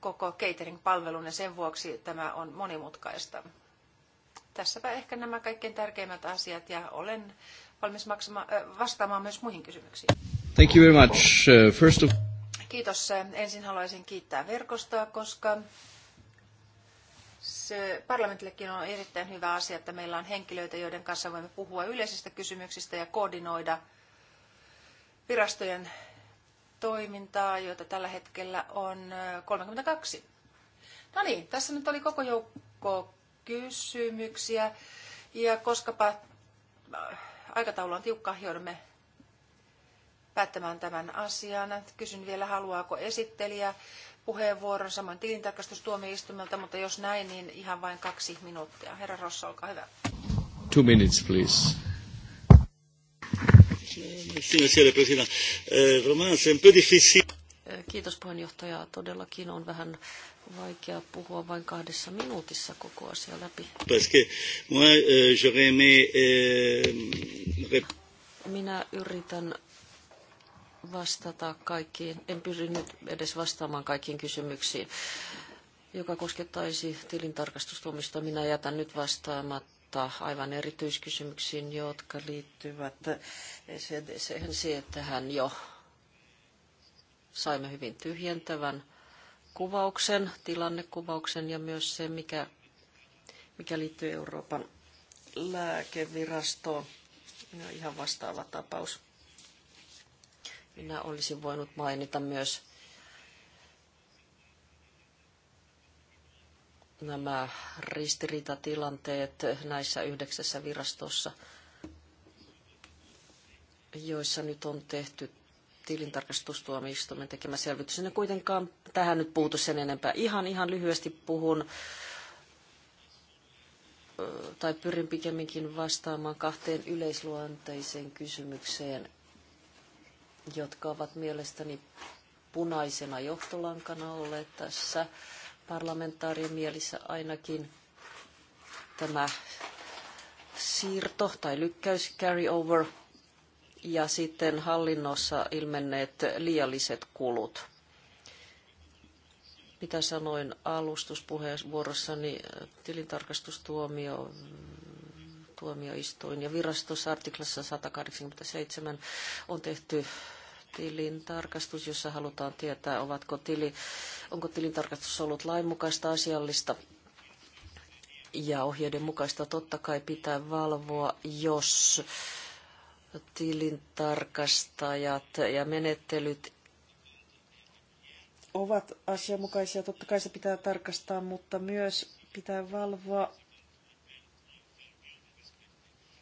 koko catering-palvelun ja sen vuoksi tämä on monimutkaista. Tässäpä ehkä nämä kaikkein tärkeimmät asiat ja olen valmis maksama, vastaamaan myös muihin kysymyksiin. Thank you very much. Uh, first of... Kiitos. Ensin haluaisin kiittää verkostoa, koska se parlamentillekin on erittäin hyvä asia, että meillä on henkilöitä, joiden kanssa voimme puhua yleisistä kysymyksistä ja koordinoida – virastojen toimintaa, joita tällä hetkellä on 32. No niin, tässä nyt oli koko joukko kysymyksiä. Ja koskapa äh, aikataulu on tiukka, joudumme päättämään tämän asian. Kysyn vielä, haluaako esittelijä puheenvuoron saman tilintarkastustuomioistumelta, mutta jos näin, niin ihan vain kaksi minuuttia. Herra Rossa, olkaa hyvä. Two minutes, please. Eh, eh, kiitos puheenjohtaja. Todellakin on vähän vaikea puhua vain kahdessa minuutissa koko asia läpi. Eh, Minä yritän vastata kaikkiin, en pyri nyt edes vastaamaan kaikkiin kysymyksiin, joka koskettaisi tilintarkastustuomista. Minä jätän nyt vastaamatta puuttua aivan erityiskysymyksiin, jotka liittyvät siihen, että hän jo saimme hyvin tyhjentävän kuvauksen, tilannekuvauksen ja myös se, mikä, mikä liittyy Euroopan lääkevirastoon. Ja ihan vastaava tapaus. Minä olisin voinut mainita myös nämä ristiriitatilanteet näissä yhdeksässä virastossa, joissa nyt on tehty tilintarkastustuomioistuimen tekemä selvitys. En kuitenkaan tähän nyt puutu sen enempää. Ihan, ihan lyhyesti puhun tai pyrin pikemminkin vastaamaan kahteen yleisluonteiseen kysymykseen, jotka ovat mielestäni punaisena johtolankana olleet tässä parlamentaarien mielissä ainakin tämä siirto tai lykkäys, carry over, ja sitten hallinnossa ilmenneet liialliset kulut. Mitä sanoin alustuspuheenvuorossani, tilintarkastustuomio tuomioistuin ja virastossa artiklassa 187 on tehty tilintarkastus, jossa halutaan tietää, ovatko tili, onko tilintarkastus ollut lainmukaista, asiallista ja ohjeiden mukaista. Totta kai pitää valvoa, jos tilintarkastajat ja menettelyt ovat asianmukaisia. Totta kai se pitää tarkastaa, mutta myös pitää valvoa,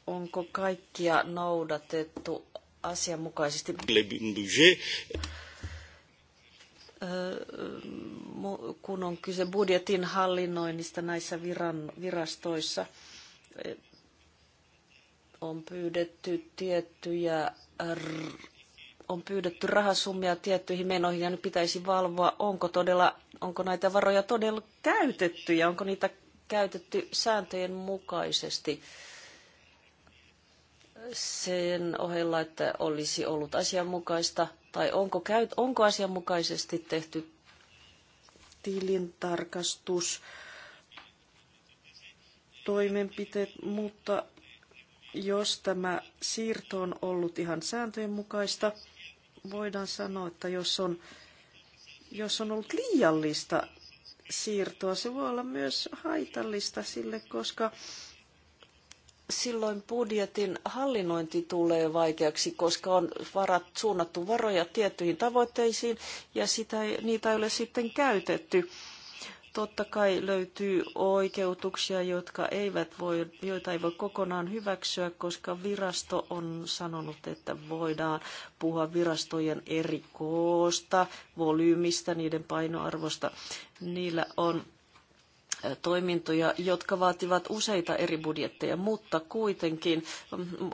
onko kaikkia noudatettu asianmukaisesti. Kun on kyse budjetin hallinnoinnista näissä viran, virastoissa, on pyydetty tiettyjä on pyydetty rahasummia tiettyihin menoihin ja nyt pitäisi valvoa, onko, todella, onko näitä varoja todella käytetty ja onko niitä käytetty sääntöjen mukaisesti sen ohella, että olisi ollut asianmukaista, tai onko, käyt onko asianmukaisesti tehty tilintarkastus, toimenpiteet, mutta jos tämä siirto on ollut ihan sääntöjen mukaista, voidaan sanoa, että jos on, jos on ollut liiallista siirtoa, se voi olla myös haitallista sille, koska silloin budjetin hallinnointi tulee vaikeaksi, koska on varat, suunnattu varoja tiettyihin tavoitteisiin ja sitä, niitä ei ole sitten käytetty. Totta kai löytyy oikeutuksia, jotka eivät voi, joita ei voi kokonaan hyväksyä, koska virasto on sanonut, että voidaan puhua virastojen eri koosta, volyymista, niiden painoarvosta. Niillä on toimintoja, jotka vaativat useita eri budjetteja, mutta kuitenkin... Mm, mm,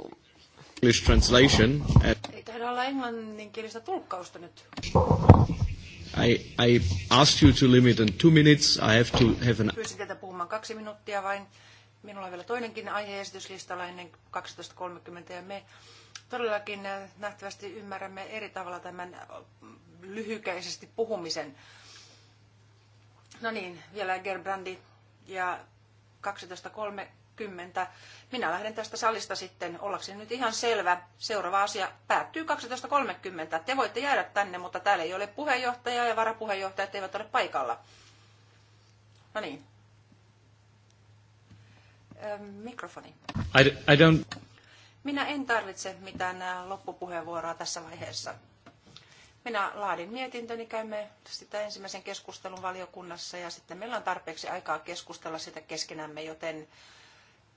English translation. Eh, Ei taida olla englanninkielistä tulkkausta nyt. I, I asked you to limit in two minutes. I have to have an... Pyysin teitä puhumaan kaksi minuuttia vain. Minulla on vielä toinenkin aiheesityslistalla ennen 12.30 ja me todellakin eh, nähtävästi ymmärrämme eri tavalla tämän mm, lyhykäisesti puhumisen. No niin, vielä Gerbrandi ja 12.30. Minä lähden tästä salista sitten, ollakseni nyt ihan selvä. Seuraava asia päättyy 12.30. Te voitte jäädä tänne, mutta täällä ei ole puheenjohtaja ja varapuheenjohtajat eivät ole paikalla. No niin. Mikrofoni. I, I don't... Minä en tarvitse mitään loppupuheenvuoroa tässä vaiheessa. Minä laadin mietintöni, käymme sitä ensimmäisen keskustelun valiokunnassa ja sitten meillä on tarpeeksi aikaa keskustella sitä keskenämme, joten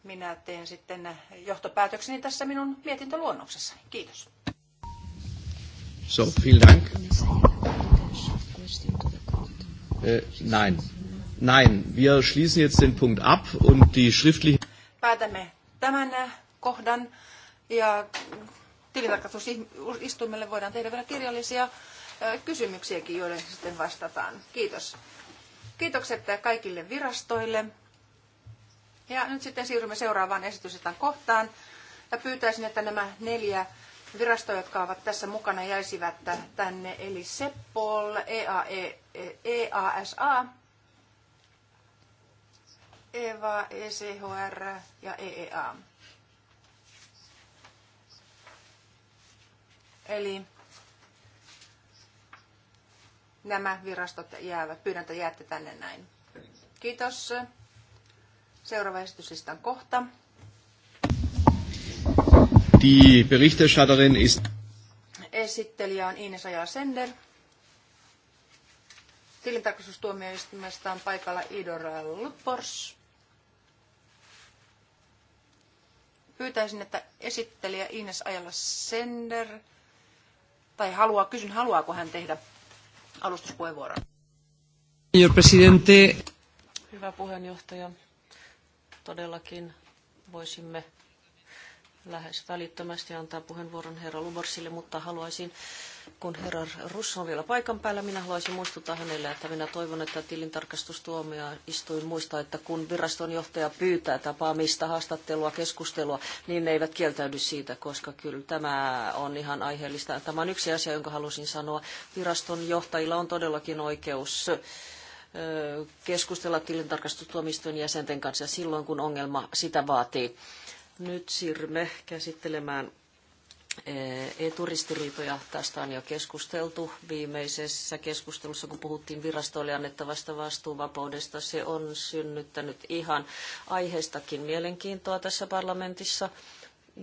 minä teen sitten johtopäätökseni tässä minun mietintöluonnoksessani. Kiitos. So, vielen Dank. Äh, nein. Nein, wir schließen jetzt den Punkt ab und die schriftliche... Päätämme tämän kohdan ja tilintarkastusistuimelle voidaan tehdä vielä kirjallisia kysymyksiäkin, joille sitten vastataan. Kiitos. Kiitokset kaikille virastoille. Ja nyt sitten siirrymme seuraavaan esitysjätän kohtaan. Ja pyytäisin, että nämä neljä virastoja, jotka ovat tässä mukana, jäisivät tänne, eli Seppol, EAE, EASA, EVA, ECHR ja EEA. Eli nämä virastot jäävät. Pyydän, että jäätte tänne näin. Kiitos. Seuraava esityslistan kohta. Die Berichterstatterin ist... Esittelijä on Ines Aja Sender. Tilintarkastustuomioistumista on paikalla Idor Lupors. Pyytäisin, että esittelijä Ines Ajala Sender tai haluaa, kysyn, haluaako hän tehdä alustuspuheenvuoron. Señor presidente. Hyvä puheenjohtaja. Todellakin voisimme lähes välittömästi antaa puheenvuoron herra Luborsille, mutta haluaisin, kun herra Russo on vielä paikan päällä, minä haluaisin muistuttaa hänelle, että minä toivon, että tilintarkastustuomio istuin muistaa, että kun viraston johtaja pyytää tapaamista, haastattelua, keskustelua, niin ne eivät kieltäydy siitä, koska kyllä tämä on ihan aiheellista. Tämä on yksi asia, jonka halusin sanoa. Viraston johtajilla on todellakin oikeus keskustella tilintarkastustuomistojen jäsenten kanssa silloin, kun ongelma sitä vaatii. Nyt siirrymme käsittelemään eh, eturistiriitoja. Tästä on jo keskusteltu viimeisessä keskustelussa, kun puhuttiin virastoille annettavasta vastuuvapaudesta. Se on synnyttänyt ihan aiheestakin mielenkiintoa tässä parlamentissa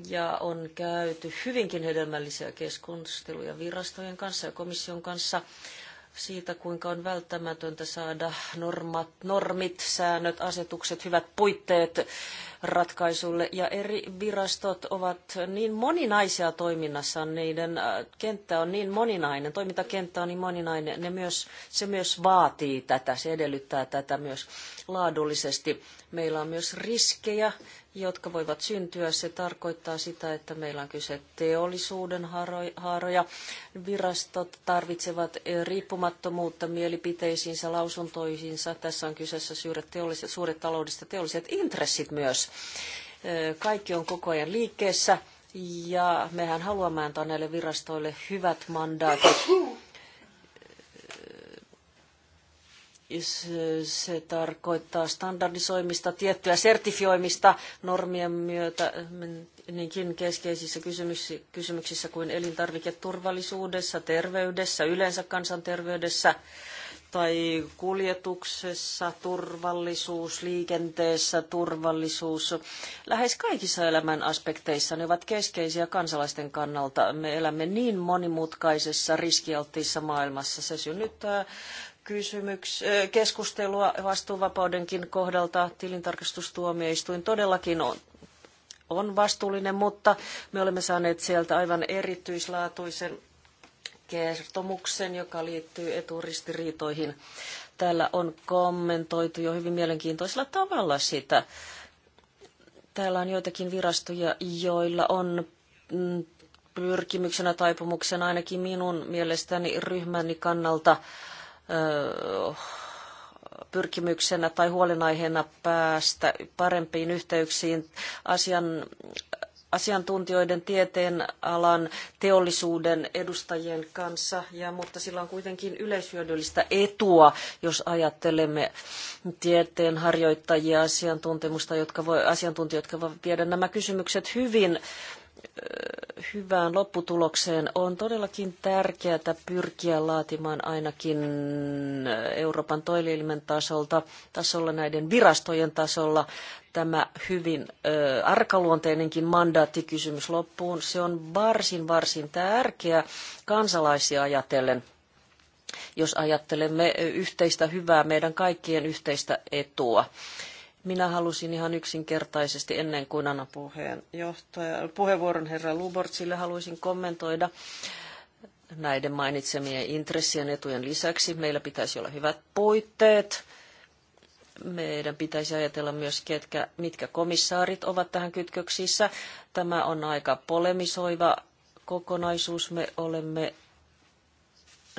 ja on käyty hyvinkin hedelmällisiä keskusteluja virastojen kanssa ja komission kanssa siitä, kuinka on välttämätöntä saada normat, normit, säännöt, asetukset, hyvät puitteet ratkaisulle. Ja eri virastot ovat niin moninaisia toiminnassa, niiden äh, kenttä on niin moninainen, toimintakenttä on niin moninainen, ne myös, se myös vaatii tätä, se edellyttää tätä myös laadullisesti. Meillä on myös riskejä, jotka voivat syntyä. Se tarkoittaa sitä, että meillä on kyse teollisuuden haaroja. Virastot tarvitsevat riippumattomuutta mielipiteisiinsä, lausuntoihinsa. Tässä on kyseessä suuret, teolliset, suuret taloudelliset teolliset intressit myös. Kaikki on koko ajan liikkeessä ja mehän haluamme antaa näille virastoille hyvät mandaatit. Se tarkoittaa standardisoimista, tiettyä sertifioimista normien myötä niinkin keskeisissä kysymyksissä kuin elintarviketurvallisuudessa, terveydessä, yleensä kansanterveydessä – tai kuljetuksessa, turvallisuus, liikenteessä, turvallisuus. Lähes kaikissa elämän aspekteissa ne ovat keskeisiä kansalaisten kannalta. Me elämme niin monimutkaisessa, riskialttiissa maailmassa. Se synnyttää kysymyks, äh, keskustelua vastuuvapaudenkin kohdalta. Tilintarkastustuomioistuin todellakin on on vastuullinen, mutta me olemme saaneet sieltä aivan erityislaatuisen kertomuksen, joka liittyy eturistiriitoihin. Täällä on kommentoitu jo hyvin mielenkiintoisella tavalla sitä. Täällä on joitakin virastoja, joilla on mm, pyrkimyksenä, taipumuksena ainakin minun mielestäni ryhmäni kannalta pyrkimyksenä tai huolenaiheena päästä parempiin yhteyksiin asian asiantuntijoiden, tieteen alan, teollisuuden edustajien kanssa, ja, mutta sillä on kuitenkin yleishyödyllistä etua, jos ajattelemme tieteen harjoittajia, asiantuntemusta, jotka voi, asiantuntijoita, jotka voivat viedä nämä kysymykset hyvin hyvään lopputulokseen on todellakin tärkeää pyrkiä laatimaan ainakin Euroopan toilielimen tasolta, tasolla näiden virastojen tasolla tämä hyvin ö, arkaluonteinenkin mandaattikysymys loppuun. Se on varsin, varsin tärkeä kansalaisia ajatellen, jos ajattelemme yhteistä hyvää, meidän kaikkien yhteistä etua. Minä halusin ihan yksinkertaisesti ennen kuin annan puheenjohtaja, puheenvuoron herra Lubortsille, haluaisin kommentoida näiden mainitsemien intressien etujen lisäksi. Meillä pitäisi olla hyvät puitteet meidän pitäisi ajatella myös, ketkä, mitkä komissaarit ovat tähän kytköksissä. Tämä on aika polemisoiva kokonaisuus. Me olemme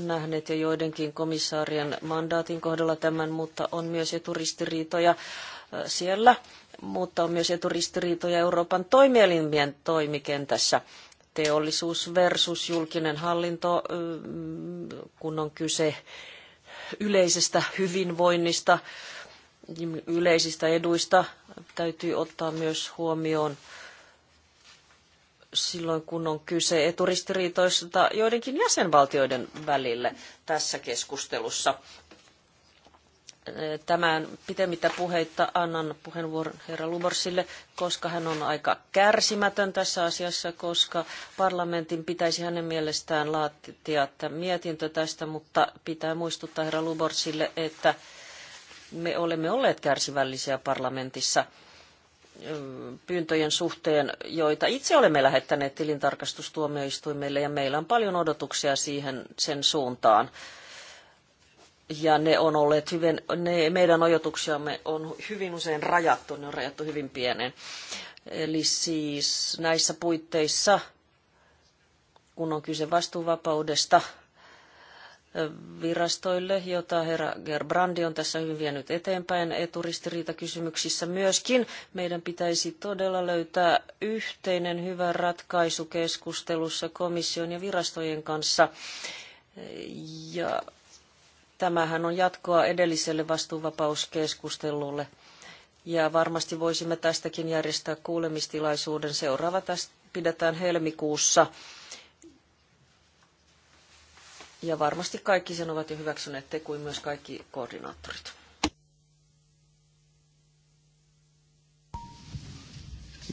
nähneet jo joidenkin komissaarien mandaatin kohdalla tämän, mutta on myös eturistiriitoja äh, siellä, mutta on myös eturistiriitoja Euroopan toimielimien toimikentässä teollisuus versus julkinen hallinto, äh, kun on kyse yleisestä hyvinvoinnista, yleisistä eduista täytyy ottaa myös huomioon silloin, kun on kyse eturistiriitoista joidenkin jäsenvaltioiden välille tässä keskustelussa. Tämän pitemmittä puheitta annan puheenvuoron herra Luborsille, koska hän on aika kärsimätön tässä asiassa, koska parlamentin pitäisi hänen mielestään laatia mietintö tästä, mutta pitää muistuttaa herra Luborsille, että me olemme olleet kärsivällisiä parlamentissa pyyntöjen suhteen, joita itse olemme lähettäneet tilintarkastustuomioistuimelle ja meillä on paljon odotuksia siihen sen suuntaan. Ja ne on olleet hyvin, ne, meidän odotuksiamme on hyvin usein rajattu, ne on rajattu hyvin pienen. Eli siis näissä puitteissa, kun on kyse vastuuvapaudesta, virastoille, jota herra Gerbrandi on tässä hyvin vienyt eteenpäin eturistiriitakysymyksissä myöskin. Meidän pitäisi todella löytää yhteinen hyvä ratkaisu keskustelussa komission ja virastojen kanssa. Ja tämähän on jatkoa edelliselle vastuuvapauskeskustelulle. Ja varmasti voisimme tästäkin järjestää kuulemistilaisuuden. Seuraava tästä pidetään helmikuussa. Ja varmasti kaikki sen ovat jo hyväksyneet, te kuin myös kaikki koordinaattorit.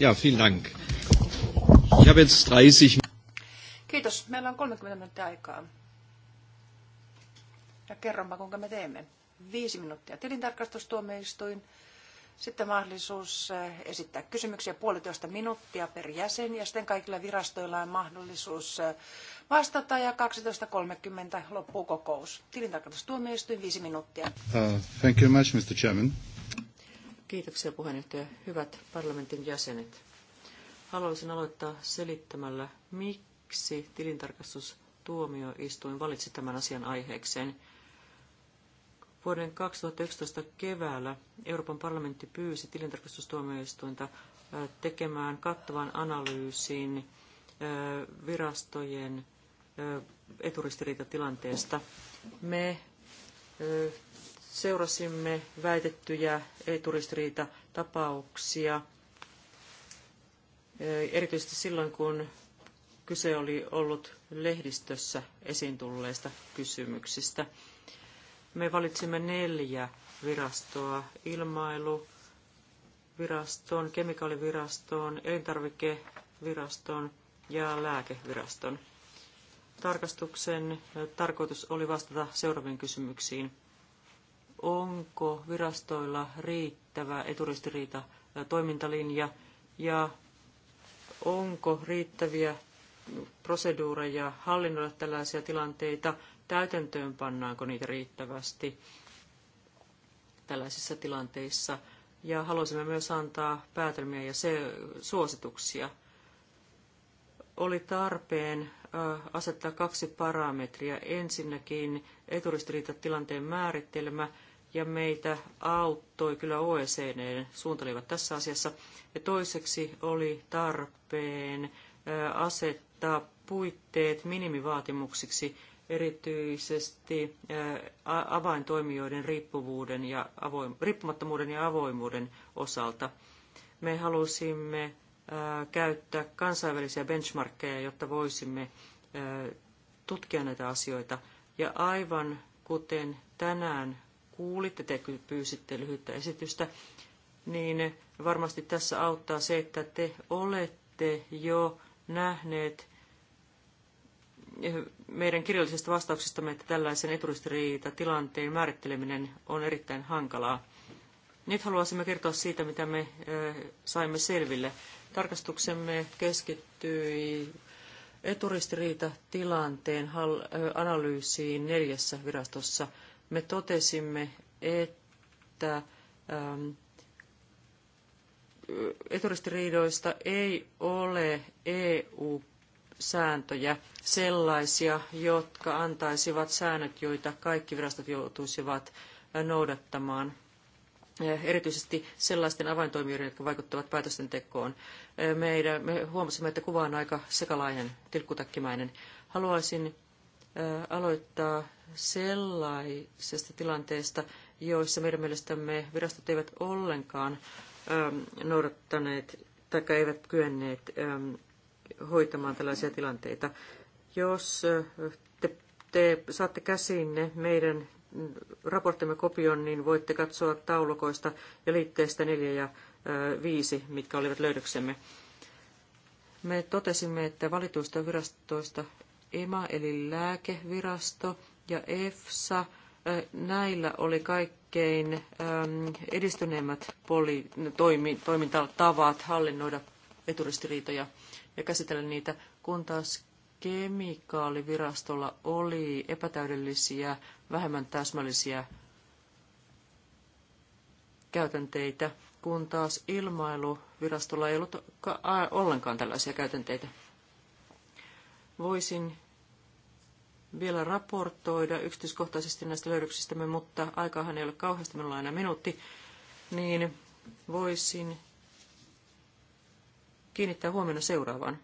Ja, vielen Dank. Ich habe jetzt 30 Kiitos. Meillä on 30 minuuttia aikaa. Ja kerronpa, kuinka me teemme. Viisi minuuttia tilintarkastustuomioistuin, sitten mahdollisuus eh, esittää kysymyksiä puolitoista minuuttia per jäsen ja sitten kaikilla virastoilla on mahdollisuus eh, vastata ja 12.30 loppuu kokous. Tilintarkastustuomioistuin viisi minuuttia. Uh, thank you much, Mr. Chairman. Kiitoksia puheenjohtaja. Hyvät parlamentin jäsenet. Haluaisin aloittaa selittämällä, miksi tilintarkastustuomioistuin valitsi tämän asian aiheekseen – Vuoden 2011 keväällä Euroopan parlamentti pyysi tilintarkastustuomioistuinta tekemään kattavan analyysin virastojen eturistiriitatilanteesta. Me seurasimme väitettyjä eturistiriitatapauksia, erityisesti silloin, kun kyse oli ollut lehdistössä esiin tulleista kysymyksistä. Me valitsimme neljä virastoa, ilmailuviraston, kemikaaliviraston, elintarvikeviraston ja lääkeviraston. Tarkastuksen tarkoitus oli vastata seuraaviin kysymyksiin. Onko virastoilla riittävä eturistiriita toimintalinja ja onko riittäviä proseduureja hallinnoida tällaisia tilanteita – täytäntöön pannaanko niitä riittävästi tällaisissa tilanteissa. Ja halusimme myös antaa päätelmiä ja se, suosituksia. Oli tarpeen asettaa kaksi parametria. Ensinnäkin eturistiriitatilanteen määritelmä, ja meitä auttoi kyllä OECD suuntaliivat tässä asiassa. Ja toiseksi oli tarpeen asettaa puitteet minimivaatimuksiksi erityisesti avaintoimijoiden riippuvuuden ja avoim- riippumattomuuden ja avoimuuden osalta. Me halusimme käyttää kansainvälisiä benchmarkkeja, jotta voisimme tutkia näitä asioita. Ja aivan kuten tänään kuulitte, te pyysitte lyhyttä esitystä, niin varmasti tässä auttaa se, että te olette jo nähneet meidän kirjallisista vastauksistamme, että tällaisen eturistiriitatilanteen määritteleminen on erittäin hankalaa. Nyt haluaisimme kertoa siitä, mitä me saimme selville. Tarkastuksemme keskittyi eturistiriitatilanteen analyysiin neljässä virastossa. Me totesimme, että eturistiriidoista ei ole EU sääntöjä, sellaisia, jotka antaisivat säännöt, joita kaikki virastot joutuisivat noudattamaan erityisesti sellaisten avaintoimijoiden, jotka vaikuttavat päätösten tekoon. Meidän, me huomasimme, että kuva on aika sekalainen, tilkkutakkimainen. Haluaisin aloittaa sellaisesta tilanteesta, joissa meidän mielestämme virastot eivät ollenkaan noudattaneet tai eivät kyenneet hoitamaan tällaisia tilanteita. Jos te, te saatte käsinne meidän raporttimme kopion, niin voitte katsoa taulukoista ja liitteestä 4 ja 5, mitkä olivat löydöksemme. Me totesimme, että valituista virastoista EMA eli lääkevirasto ja EFSA, näillä oli kaikkein edistyneimmät poli- toimintatavat hallinnoida eturistiriitoja ja käsitellä niitä, kun taas kemikaalivirastolla oli epätäydellisiä, vähemmän täsmällisiä käytänteitä, kun taas ilmailuvirastolla ei ollut ollenkaan tällaisia käytänteitä. Voisin vielä raportoida yksityiskohtaisesti näistä löydöksistämme, mutta aikaahan ei ole kauheasti, minulla on aina minuutti, niin voisin kiinnittää huomiota seuraavaan.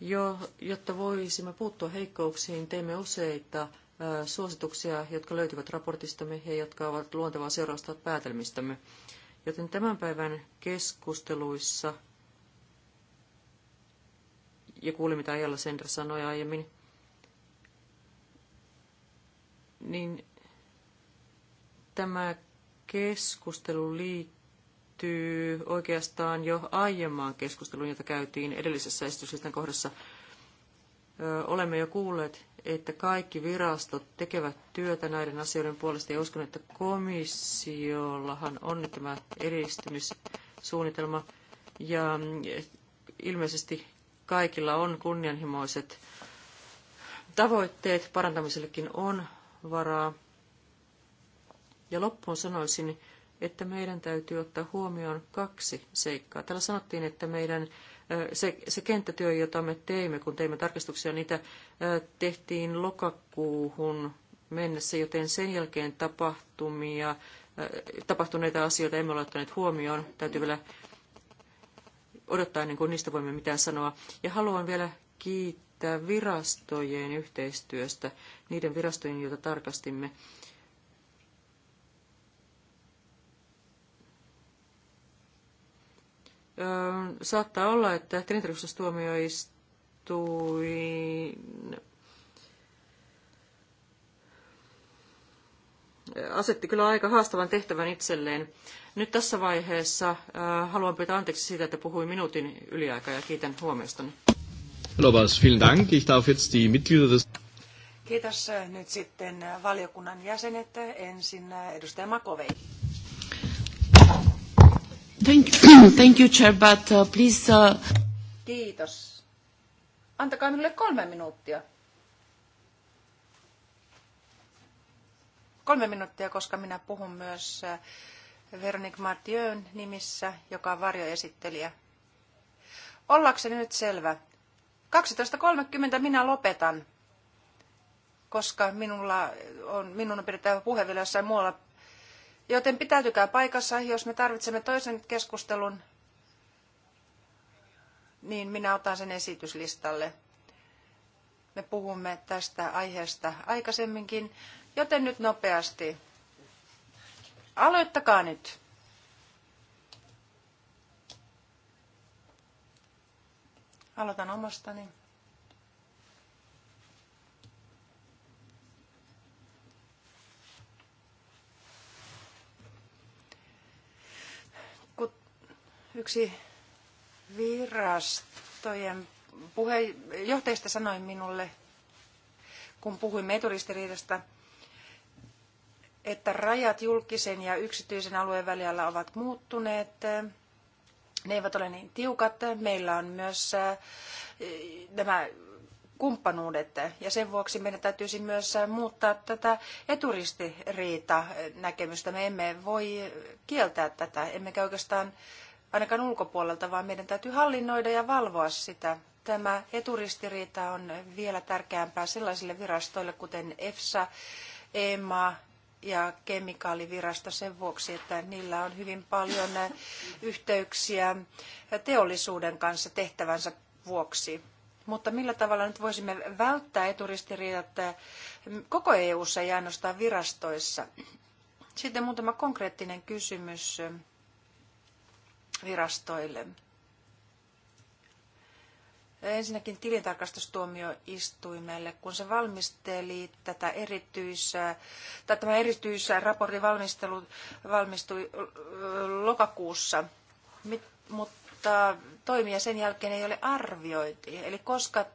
Jo, jotta voisimme puuttua heikkouksiin, teimme useita suosituksia, jotka löytyvät raportistamme ja jotka ovat luontevaa seurausta päätelmistämme. Joten tämän päivän keskusteluissa, ja kuulin mitä Ajalla Sendra sanoi aiemmin, niin tämä keskustelu liittyy liittyy oikeastaan jo aiemmaan keskusteluun, jota käytiin edellisessä esityslistan kohdassa. Olemme jo kuulleet, että kaikki virastot tekevät työtä näiden asioiden puolesta ja uskon, että komissiollahan on nyt tämä edistymissuunnitelma ja mm, ilmeisesti kaikilla on kunnianhimoiset tavoitteet, parantamisellekin on varaa. Ja loppuun sanoisin, että meidän täytyy ottaa huomioon kaksi seikkaa. Täällä sanottiin, että meidän se, se kenttätyö, jota me teimme, kun teimme tarkistuksia, niitä tehtiin lokakuuhun mennessä, joten sen jälkeen tapahtumia, tapahtuneita asioita emme ole ottaneet huomioon. Täytyy vielä odottaa, ennen niin kuin niistä voimme mitään sanoa. Ja haluan vielä kiittää virastojen yhteistyöstä, niiden virastojen, joita tarkastimme. saattaa olla, että tilintarkastustuomioistuin asetti kyllä aika haastavan tehtävän itselleen. Nyt tässä vaiheessa haluan pyytää anteeksi siitä, että puhuin minuutin yliaikaa ja kiitän huomiostani. Lovas, vielen Kiitos äh, nyt sitten äh, valiokunnan jäsenet. Ensin äh, edustaja Makovei. Thank, you, thank you, Chair, but uh, please... Uh... Kiitos. Antakaa minulle kolme minuuttia. Kolme minuuttia, koska minä puhun myös äh, Veronique Martiön nimissä, joka on varjoesittelijä. Ollakseni nyt selvä. 12.30 minä lopetan, koska minulla on, minun on pidettävä puhe vielä jossain muualla Joten pitäytykää paikassa, jos me tarvitsemme toisen keskustelun, niin minä otan sen esityslistalle. Me puhumme tästä aiheesta aikaisemminkin, joten nyt nopeasti. Aloittakaa nyt. Aloitan omastani. Yksi virastojen puhe, johtajista sanoi minulle, kun puhuimme eturistiriidasta, että rajat julkisen ja yksityisen alueen välillä ovat muuttuneet. Ne eivät ole niin tiukat. Meillä on myös äh, nämä kumppanuudet ja sen vuoksi meidän täytyisi myös muuttaa tätä eturistiriita-näkemystä. Me emme voi kieltää tätä, emmekä oikeastaan ainakaan ulkopuolelta, vaan meidän täytyy hallinnoida ja valvoa sitä. Tämä eturistiriita on vielä tärkeämpää sellaisille virastoille, kuten EFSA, EMA ja kemikaalivirasto sen vuoksi, että niillä on hyvin paljon yhteyksiä teollisuuden kanssa tehtävänsä vuoksi. Mutta millä tavalla nyt voisimme välttää eturistiriidat koko EU-ssa ja ainoastaan virastoissa? Sitten muutama konkreettinen kysymys virastoille. Ensinnäkin tilintarkastustuomioistuimelle, kun se valmisteli tätä erityisää, tai tämä erityisraportin valmistelu valmistui lokakuussa, mutta toimia sen jälkeen ei ole arvioitu. Eli koska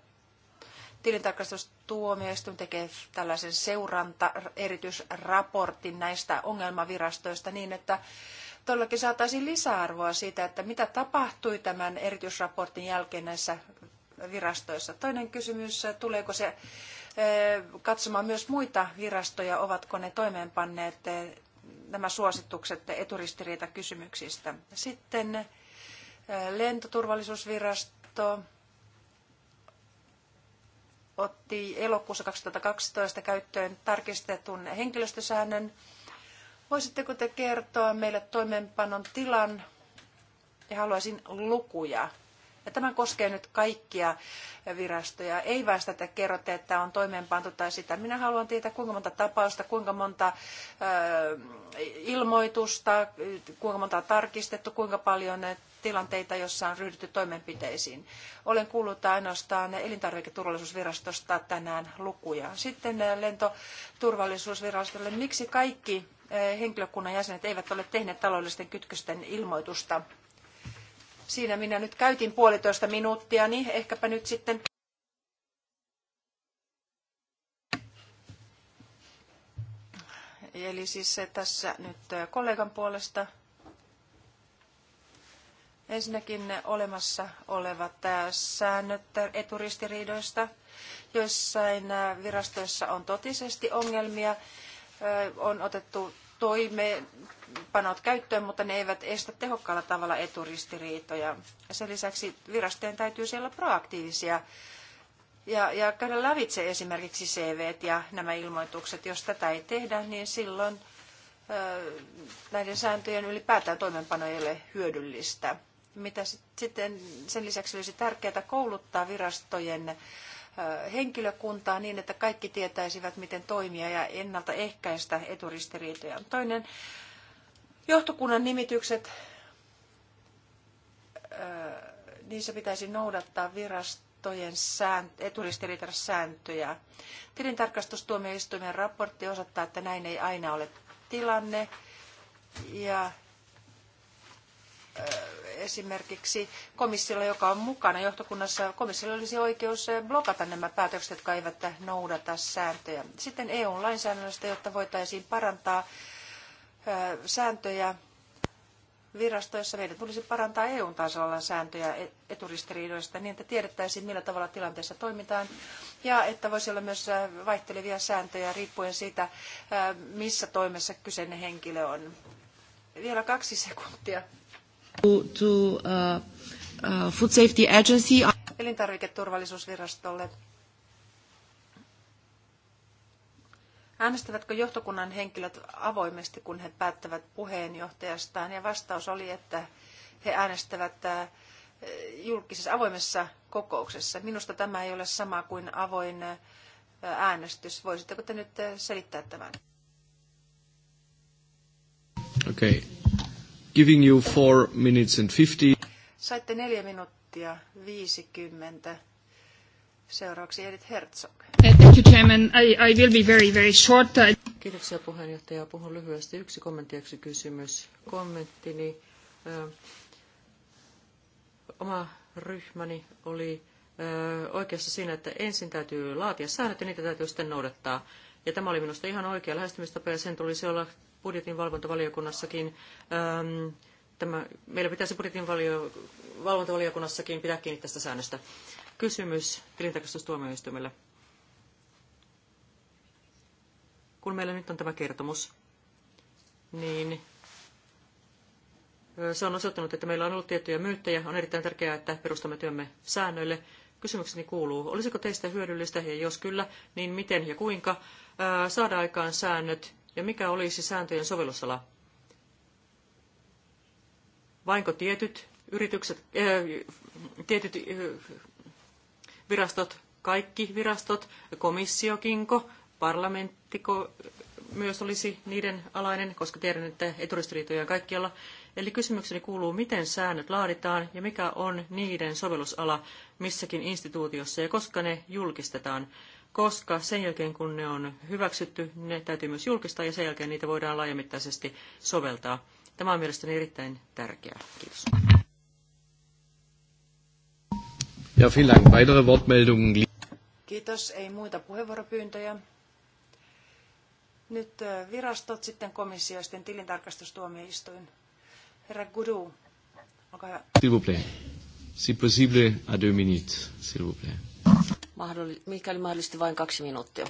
tilintarkastustuomioistuin tekee tällaisen seuranta erityisraportin näistä ongelmavirastoista niin, että todellakin saataisiin lisäarvoa siitä, että mitä tapahtui tämän erityisraportin jälkeen näissä virastoissa. Toinen kysymys, tuleeko se eh, katsomaan myös muita virastoja, ovatko ne toimeenpanneet eh, nämä suositukset eturistiriitakysymyksistä. Sitten eh, lentoturvallisuusvirasto otti elokuussa 2012 käyttöön tarkistetun henkilöstösäännön, Voisitteko te kertoa meille toimenpanon tilan ja haluaisin lukuja. Ja tämä koskee nyt kaikkia virastoja. Ei vain sitä, että kerrotte, että on toimeenpantu tai sitä. Minä haluan tietää, kuinka monta tapausta, kuinka monta ö, ilmoitusta, kuinka monta on tarkistettu, kuinka paljon tilanteita, joissa on ryhdytty toimenpiteisiin. Olen kuullut ainoastaan elintarviketurvallisuusvirastosta tänään lukuja. Sitten lentoturvallisuusvirastolle, miksi kaikki Eh, henkilökunnan jäsenet eivät ole tehneet taloudellisten kytkösten ilmoitusta. Siinä minä nyt käytin puolitoista minuuttia, niin ehkäpä nyt sitten Eli siis tässä nyt eh, kollegan puolesta ensinnäkin ne olemassa olevat eh, säännöt eturistiriidoista. Joissain virastoissa on totisesti ongelmia on otettu toimeenpanot käyttöön, mutta ne eivät estä tehokkaalla tavalla eturistiriitoja. Sen lisäksi virastojen täytyy siellä olla proaktiivisia ja, ja käydä lävitse esimerkiksi CV ja nämä ilmoitukset. Jos tätä ei tehdä, niin silloin näiden sääntöjen ylipäätään toimenpano ei ole hyödyllistä. Mitä sitten sen lisäksi olisi tärkeää kouluttaa virastojen henkilökuntaa niin, että kaikki tietäisivät, miten toimia ja ennaltaehkäistä eturistiriitoja. Toinen johtokunnan nimitykset, niissä pitäisi noudattaa virastojen eturistiriitasääntöjä. Tilintarkastustuomioistuimen raportti osoittaa, että näin ei aina ole tilanne. Ja esimerkiksi komissiolla, joka on mukana johtokunnassa, komissiolla olisi oikeus blokata nämä päätökset, jotka eivät noudata sääntöjä. Sitten EU-lainsäädännöstä, jotta voitaisiin parantaa sääntöjä virastoissa, meidän tulisi parantaa EU-tasolla sääntöjä e-, eturistiriidoista niin, että tiedettäisiin, millä tavalla tilanteessa toimitaan ja että voisi olla myös vaihtelevia sääntöjä riippuen siitä, missä toimessa kyseinen henkilö on. Vielä kaksi sekuntia to, uh, uh, Food Safety Agency. Elintarviketurvallisuusvirastolle. Äänestävätkö johtokunnan henkilöt avoimesti, kun he päättävät puheenjohtajastaan? Ja vastaus oli, että he äänestävät äh, julkisessa avoimessa kokouksessa. Minusta tämä ei ole sama kuin avoin äh, äänestys. Voisitteko te nyt äh, selittää tämän? Okay giving you four minutes and fifty. Saitte neljä minuuttia viisikymmentä Seuraavaksi Edith Herzog. Uh, thank you, Chairman. I, I will be very, very short. Kiitoksia puheenjohtaja. Puhun lyhyesti. Yksi kommentti ja yksi kysymys. Kommenttini. Ö, uh, oma ryhmäni oli ö, uh, oikeassa siinä, että ensin täytyy laatia säännöt ja niitä täytyy sitten noudattaa. Ja tämä oli minusta ihan oikea lähestymistapa ja sen tulisi olla budjetin valvontavaliokunnassakin ähm, tämä, meillä pitäisi budjetin valio, valvontavaliokunnassakin pitää kiinni tästä säännöstä. Kysymys tilintarkastustuomioistuimelle. Kun meillä nyt on tämä kertomus, niin se on osoittanut, että meillä on ollut tiettyjä myyttejä. On erittäin tärkeää, että perustamme työmme säännöille. Kysymykseni kuuluu, olisiko teistä hyödyllistä, ja jos kyllä, niin miten ja kuinka saada aikaan säännöt, ja mikä olisi sääntöjen sovellusala? Vainko tietyt yritykset, äh, tietyt äh, virastot, kaikki virastot, komissiokinko, parlamenttiko myös olisi niiden alainen, koska tiedän, että eturistiriitoja on kaikkialla. Eli kysymykseni kuuluu, miten säännöt laaditaan ja mikä on niiden sovellusala missäkin instituutiossa ja koska ne julkistetaan koska sen jälkeen kun ne on hyväksytty, ne täytyy myös julkistaa ja sen jälkeen niitä voidaan laajamittaisesti soveltaa. Tämä on mielestäni erittäin tärkeää. Kiitos. Ja vielen Weitere Wortmeldungen. Kiitos. Ei muita puheenvuoropyyntöjä. Nyt virastot, sitten komissio, sitten tilintarkastustuomioistuin. Herra Gudu, olkaa hyvä. S'il vous plaît. Si possible, à deux minutes, s'il vous plaît mikäli mahdollisesti vain kaksi minuuttia.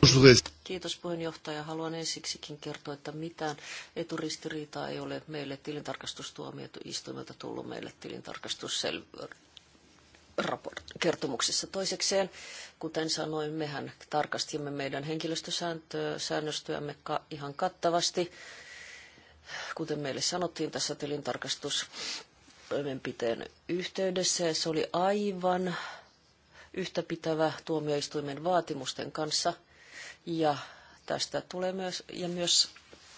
Kiitos puheenjohtaja. Haluan ensiksikin kertoa, että mitään eturistiriitaa ei ole meille tilintarkastustuomioistuimelta tullut meille tilintarkastussel- kertomuksessa. Toisekseen, kuten sanoin, mehän tarkastimme meidän henkilöstösäännöstöämme ka- ihan kattavasti. Kuten meille sanottiin tässä tilintarkastus yhteydessä, se oli aivan yhtäpitävä tuomioistuimen vaatimusten kanssa. Ja tästä tulee myös, ja myös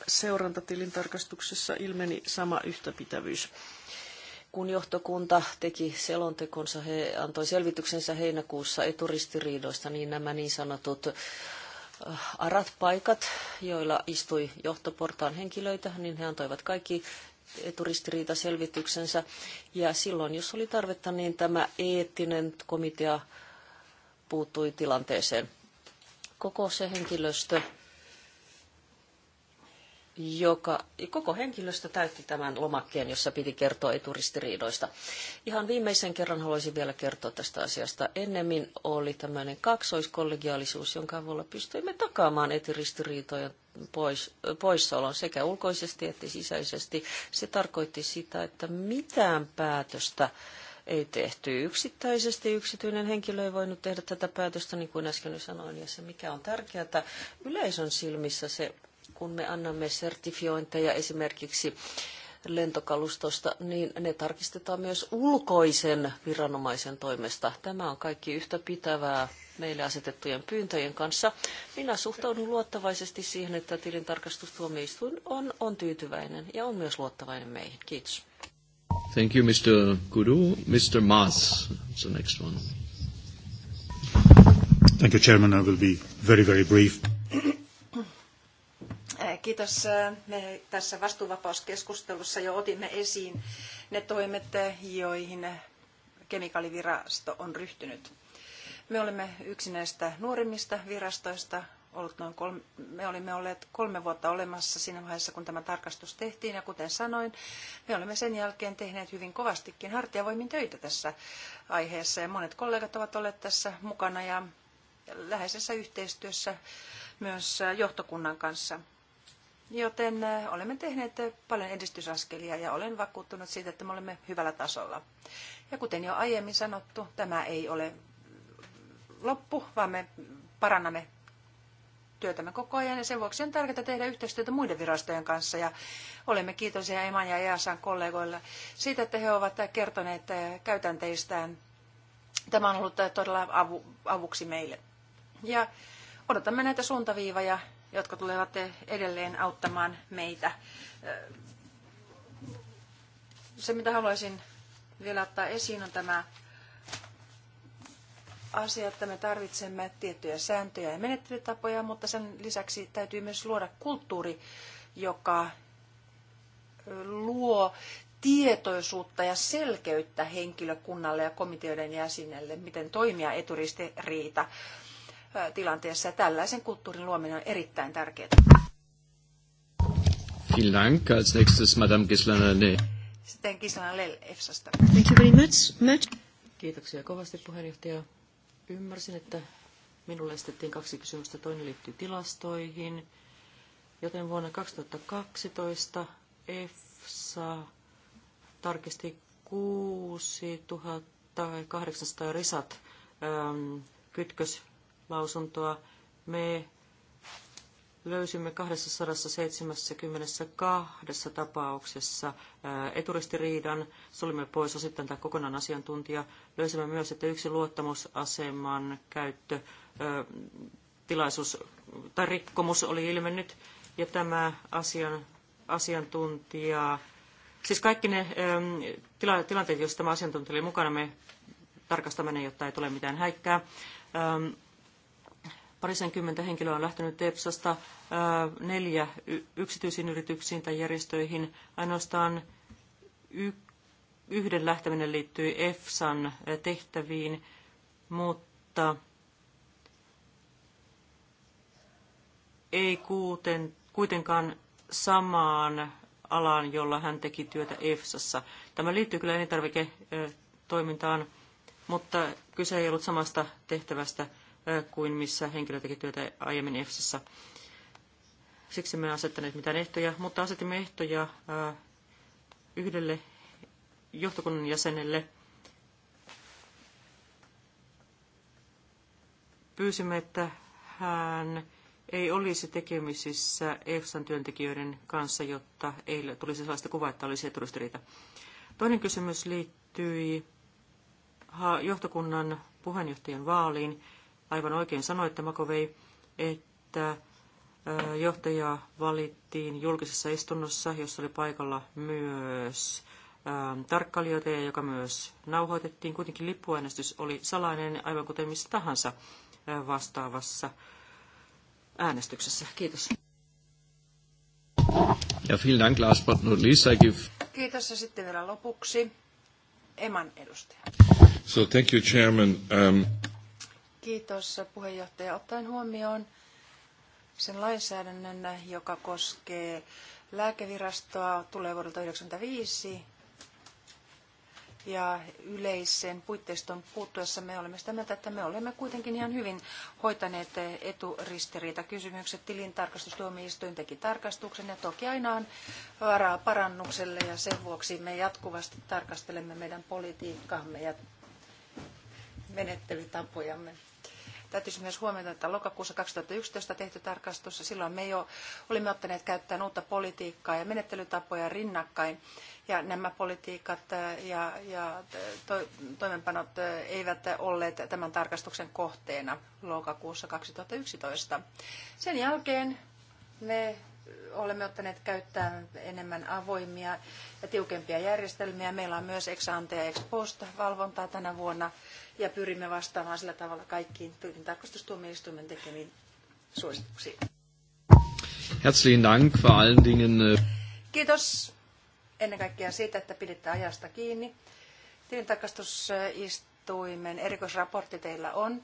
seurantatilintarkastuksessa ilmeni sama yhtäpitävyys. Kun johtokunta teki selontekonsa, he antoi selvityksensä heinäkuussa eturistiriidoista, niin nämä niin sanotut äh, arat paikat, joilla istui johtoportaan henkilöitä, niin he antoivat kaikki eturistiriitaselvityksensä. Ja silloin, jos oli tarvetta, niin tämä eettinen komitea puuttui tilanteeseen. Koko se henkilöstö, joka koko henkilöstö täytti tämän lomakkeen, jossa piti kertoa eturistiriidoista. Ihan viimeisen kerran haluaisin vielä kertoa tästä asiasta. Ennemmin oli tämmöinen kaksoiskollegiaalisuus, jonka avulla pystyimme takaamaan eturistiriitojen pois, poissaolon sekä ulkoisesti että sisäisesti. Se tarkoitti sitä, että mitään päätöstä ei tehty yksittäisesti. Yksityinen henkilö ei voinut tehdä tätä päätöstä, niin kuin äsken sanoin, ja se mikä on tärkeää, yleisön silmissä se kun me annamme sertifiointeja esimerkiksi lentokalustosta, niin ne tarkistetaan myös ulkoisen viranomaisen toimesta. Tämä on kaikki yhtä pitävää meille asetettujen pyyntöjen kanssa. Minä suhtaudun luottavaisesti siihen, että tilintarkastustuomioistuin on, on tyytyväinen ja on myös luottavainen meihin. Kiitos. Thank you, Mr. Kudu. Mr. Maas, the next one. Thank you, Chairman. I will be very, very brief. Kiitos. Me tässä vastuuvapauskeskustelussa jo otimme esiin ne toimet, joihin kemikaalivirasto on ryhtynyt. Me olemme yksi näistä nuorimmista virastoista. Ollut noin kolme, me olimme olleet kolme vuotta olemassa siinä vaiheessa, kun tämä tarkastus tehtiin. Ja kuten sanoin, me olemme sen jälkeen tehneet hyvin kovastikin hartiavoimin töitä tässä aiheessa. Ja monet kollegat ovat olleet tässä mukana ja läheisessä yhteistyössä myös johtokunnan kanssa. Joten äh, olemme tehneet äh, paljon edistysaskelia ja olen vakuuttunut siitä, että me olemme hyvällä tasolla. Ja kuten jo aiemmin sanottu, tämä ei ole loppu, vaan me parannamme työtämme koko ajan ja sen vuoksi on tärkeää tehdä yhteistyötä muiden virastojen kanssa ja olemme kiitollisia Eman ja EASan kollegoille siitä, että he ovat kertoneet äh, käytänteistään. Tämä on ollut todella avu, avuksi meille. Ja odotamme näitä suuntaviivoja jotka tulevat edelleen auttamaan meitä. Se, mitä haluaisin vielä ottaa esiin, on tämä asia, että me tarvitsemme tiettyjä sääntöjä ja menettelytapoja, mutta sen lisäksi täytyy myös luoda kulttuuri, joka luo tietoisuutta ja selkeyttä henkilökunnalle ja komiteoiden jäsenelle, miten toimia eturistiriita tilanteessa. Ja tällaisen kulttuurin luominen on erittäin tärkeää. Vielen Dank. Als nächstes Madame Gislana Sitten Gislana Lell EFSAsta. Thank you very much. much. Kiitoksia kovasti puheenjohtaja. Ymmärsin, että minulle esitettiin kaksi kysymystä. Toinen liittyy tilastoihin. Joten vuonna 2012 EFSA tarkisti 6800 risat kytkös lausuntoa. Me löysimme 272 tapauksessa eturistiriidan, solimme pois osittain tämä kokonaan asiantuntija. Löysimme myös, että yksi luottamusaseman käyttö, tilaisuus tai rikkomus oli ilmennyt, ja tämä asian, asiantuntija, siis kaikki ne tila, tilanteet, joissa tämä asiantuntija oli mukana, me tarkastamme ne, jotta ei tule mitään häikkää parisenkymmentä henkilöä on lähtenyt Tepsasta neljä yksityisiin yrityksiin tai järjestöihin. Ainoastaan yhden lähteminen liittyy EFSAn tehtäviin, mutta ei kuuten, kuitenkaan samaan alaan, jolla hän teki työtä EFSassa. Tämä liittyy kyllä elintarviketoimintaan, mutta kyse ei ollut samasta tehtävästä kuin missä henkilö teki työtä aiemmin EFSissä. Siksi me asettaneet mitään ehtoja, mutta asetimme ehtoja äh, yhdelle johtokunnan jäsenelle. Pyysimme, että hän ei olisi tekemisissä EFSAn työntekijöiden kanssa, jotta ei tulisi sellaista kuvaa, että olisi eturistiriita. Toinen kysymys liittyi johtokunnan puheenjohtajan vaaliin aivan oikein sanoitte, Makovei, että johtaja valittiin julkisessa istunnossa, jossa oli paikalla myös tarkkailijoita, joka myös nauhoitettiin. Kuitenkin lippuäänestys oli salainen, aivan kuten missä tahansa vastaavassa äänestyksessä. Kiitos. Ja vielen Dank, last but not least, I give... Kiitos ja sitten vielä lopuksi Eman edustaja. So thank you, Chairman. Um... Kiitos puheenjohtaja. Ottaen huomioon sen lainsäädännön, joka koskee lääkevirastoa, tulee vuodelta 1995 ja yleisen puitteiston puuttuessa me olemme sitä mieltä, että me olemme kuitenkin ihan hyvin hoitaneet eturistiriitakysymykset. Tilintarkastustuomioistuin teki tarkastuksen ja toki aina on varaa parannukselle ja sen vuoksi me jatkuvasti tarkastelemme meidän politiikkaamme ja menettelytapojamme. Täytyisi myös huomioida, että lokakuussa 2011 tehty tarkastus, silloin me jo olimme ottaneet käyttöön uutta politiikkaa ja menettelytapoja rinnakkain. Ja nämä politiikat äh, ja, ja to, toimenpanot äh, eivät olleet tämän tarkastuksen kohteena lokakuussa 2011. Sen jälkeen me olemme ottaneet käyttää enemmän avoimia ja tiukempia järjestelmiä. Meillä on myös ex ante ja ex post valvontaa tänä vuonna ja pyrimme vastaamaan sillä tavalla kaikkiin tilintarkastustuomioistuimen tekemiin suosituksiin. Herzlichen Dank vor allen Dingen. Äh, Kiitos ennen kaikkea siitä, että piditte ajasta kiinni. Tilintarkastusistuimen erikoisraportti teillä on.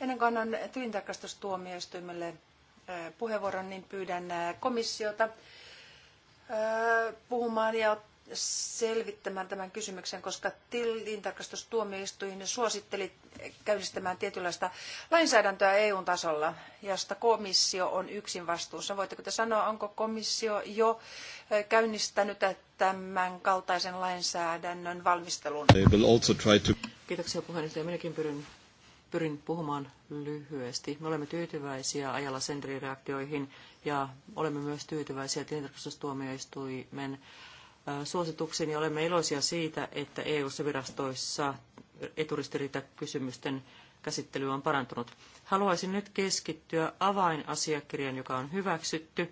Ennen kuin annan tilintarkastustuomioistuimelle puheenvuoron, niin pyydän komissiota puhumaan ja selvittämään tämän kysymyksen, koska tilintarkastustuomioistuin suositteli käynnistämään tietynlaista lainsäädäntöä EU-tasolla, josta komissio on yksin vastuussa. Voitteko te sanoa, onko komissio jo käynnistänyt tämän kaltaisen lainsäädännön valmistelun? Kiitoksia puheenjohtaja. Minäkin pyrin Pyrin puhumaan lyhyesti. Me olemme tyytyväisiä ajalla sendrireaktioihin ja olemme myös tyytyväisiä tilintarkastustuomioistuimen suosituksiin ja olemme iloisia siitä, että EU-virastoissa eturistiriitakysymysten käsittely on parantunut. Haluaisin nyt keskittyä avainasiakirjaan, joka on hyväksytty.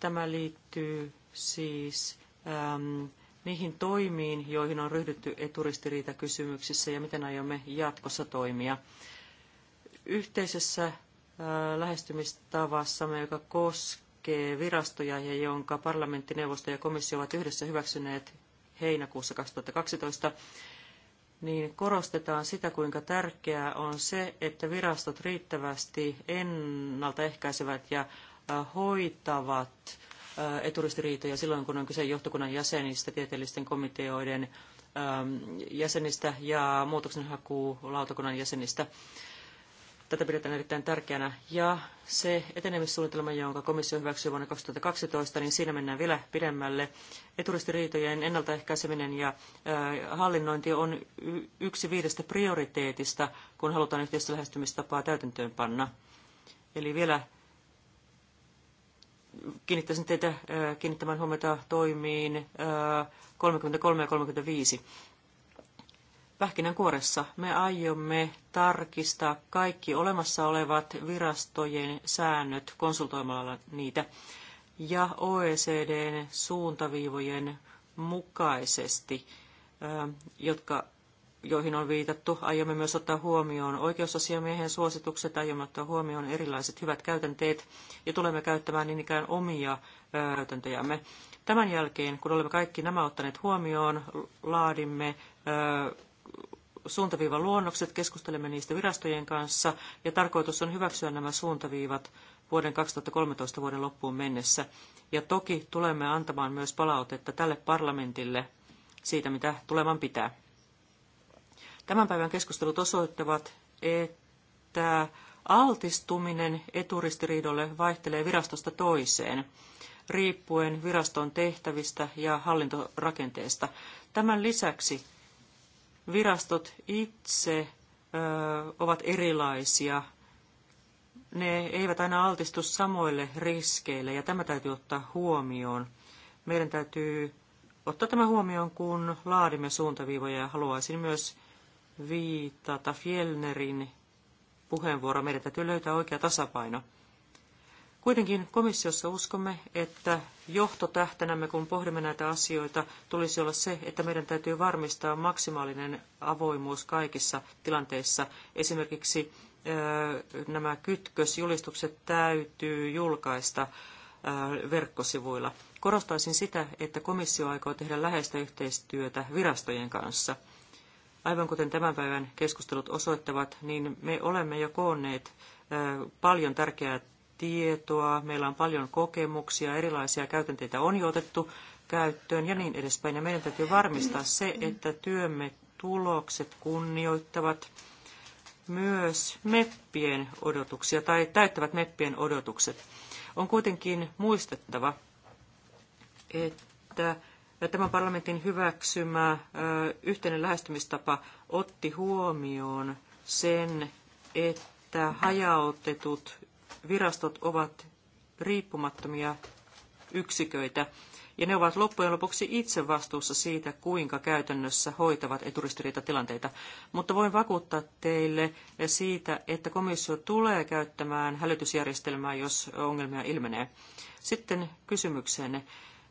Tämä liittyy siis ähm, niihin toimiin, joihin on ryhdytty eturistiriitakysymyksissä ja miten aiomme jatkossa toimia. Yhteisessä lähestymistavassamme, joka koskee virastoja ja jonka parlamenttineuvosto ja komissio ovat yhdessä hyväksyneet heinäkuussa 2012, niin korostetaan sitä, kuinka tärkeää on se, että virastot riittävästi ennaltaehkäisevät ja hoitavat eturistiriitoja silloin, kun on kyse johtokunnan jäsenistä, tieteellisten komiteoiden jäsenistä ja muutoksenhakulautakunnan jäsenistä. Tätä pidetään erittäin tärkeänä. Ja se etenemissuunnitelma, jonka komissio hyväksyi vuonna 2012, niin siinä mennään vielä pidemmälle. Eturistiriitojen ennaltaehkäiseminen ja hallinnointi on yksi viidestä prioriteetista, kun halutaan yhteistä lähestymistapaa täytäntöönpanna. Eli vielä kiinnittäisin teitä kiinnittämään huomiota toimiin 33 ja 35. Pähkinänkuoressa me aiomme tarkistaa kaikki olemassa olevat virastojen säännöt konsultoimalla niitä ja OECDn suuntaviivojen mukaisesti, jotka joihin on viitattu. Aiomme myös ottaa huomioon oikeusasiamiehen suositukset, aiomme ottaa huomioon erilaiset hyvät käytänteet ja tulemme käyttämään niin ikään omia käytäntöjämme. Tämän jälkeen, kun olemme kaikki nämä ottaneet huomioon, laadimme suuntaviivan luonnokset, keskustelemme niistä virastojen kanssa ja tarkoitus on hyväksyä nämä suuntaviivat vuoden 2013 vuoden loppuun mennessä. Ja toki tulemme antamaan myös palautetta tälle parlamentille siitä, mitä tuleman pitää. Tämän päivän keskustelut osoittavat, että altistuminen eturistiriidolle vaihtelee virastosta toiseen, riippuen viraston tehtävistä ja hallintorakenteesta. Tämän lisäksi virastot itse ö, ovat erilaisia. Ne eivät aina altistu samoille riskeille, ja tämä täytyy ottaa huomioon. Meidän täytyy ottaa tämä huomioon, kun laadimme suuntaviivoja, ja haluaisin myös viitata Fjellnerin puheenvuoroon. Meidän täytyy löytää oikea tasapaino. Kuitenkin komissiossa uskomme, että johtotähtänämme, kun pohdimme näitä asioita, tulisi olla se, että meidän täytyy varmistaa maksimaalinen avoimuus kaikissa tilanteissa. Esimerkiksi nämä kytkösjulistukset täytyy julkaista verkkosivuilla. Korostaisin sitä, että komissio aikoo tehdä läheistä yhteistyötä virastojen kanssa – Aivan kuten tämän päivän keskustelut osoittavat, niin me olemme jo koonneet paljon tärkeää tietoa, meillä on paljon kokemuksia, erilaisia käytänteitä on jo otettu käyttöön ja niin edespäin. Ja meidän täytyy varmistaa se, että työmme tulokset kunnioittavat myös meppien odotuksia tai täyttävät meppien odotukset. On kuitenkin muistettava, että tämän parlamentin hyväksymä yhteinen lähestymistapa otti huomioon sen, että hajautetut virastot ovat riippumattomia yksiköitä, ja ne ovat loppujen lopuksi itse vastuussa siitä, kuinka käytännössä hoitavat eturistiriitatilanteita. Mutta voin vakuuttaa teille siitä, että komissio tulee käyttämään hälytysjärjestelmää, jos ongelmia ilmenee. Sitten kysymykseenne.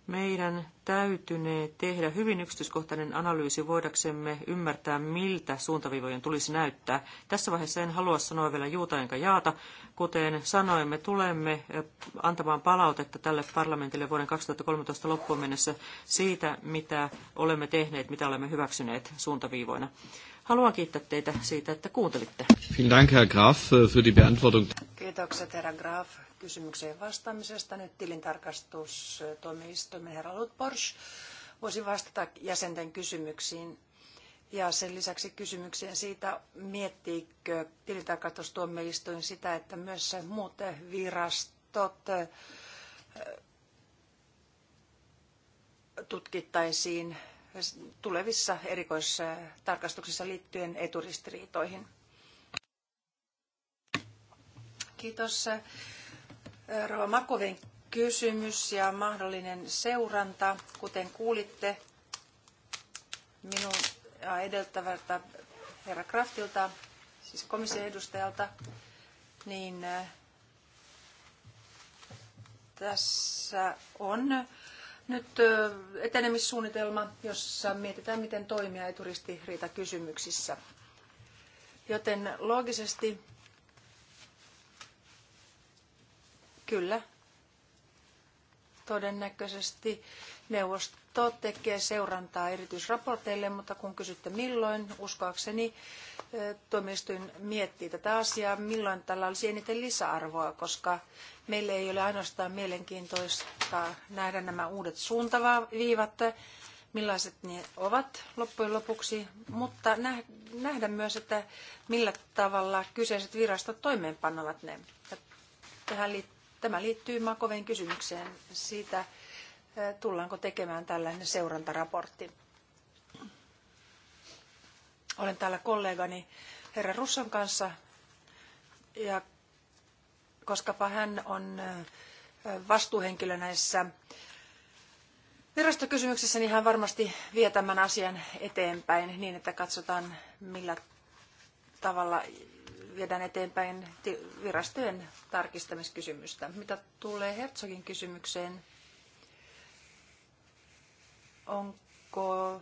Meidän täytynee tehdä hyvin yksityiskohtainen analyysi voidaksemme ymmärtää, miltä suuntaviivojen tulisi näyttää. Tässä vaiheessa en halua sanoa vielä juuta enkä jaata. Kuten sanoimme, tulemme eh, antamaan palautetta tälle parlamentille vuoden 2013 loppuun mennessä siitä, mitä olemme tehneet, mitä olemme hyväksyneet suuntaviivoina. Haluan kiittää teitä siitä, että kuuntelitte. Dank, Herr Graf, äh, für die Beantwortung. Kiitokset, herra Graf, kysymykseen vastaamisesta. Nyt tilintarkastustoimistomme herra Lutborsch voisi vastata jäsenten kysymyksiin. Ja sen lisäksi kysymykseen siitä, miettiikö tilintarkastustuomioistuin sitä, että myös muut virastot äh, tutkittaisiin tulevissa erikoistarkastuksissa liittyen eturistiriitoihin. Kiitos. Rova Makoven kysymys ja mahdollinen seuranta. Kuten kuulitte minun edeltävältä herra Kraftilta, siis komission edustajalta, niin äh, tässä on nyt etenemissuunnitelma, jossa mietitään, miten toimia kysymyksissä. Joten loogisesti kyllä, todennäköisesti neuvosto tekee seurantaa erityisraporteille, mutta kun kysytte milloin, uskoakseni tuomioistuin miettii tätä asiaa, milloin tällä olisi eniten lisäarvoa, koska meille ei ole ainoastaan mielenkiintoista nähdä nämä uudet suuntaviivat, millaiset ne ovat loppujen lopuksi, mutta nähdä myös, että millä tavalla kyseiset virastot toimeenpanovat ne. Tähän tämä liittyy Makoveen kysymykseen siitä, tullaanko tekemään tällainen seurantaraportti. Olen täällä kollegani herra Russon kanssa ja koskapa hän on vastuuhenkilö näissä virastokysymyksissä, niin hän varmasti vie tämän asian eteenpäin niin, että katsotaan millä tavalla viedään eteenpäin virastojen tarkistamiskysymystä. Mitä tulee Herzogin kysymykseen, onko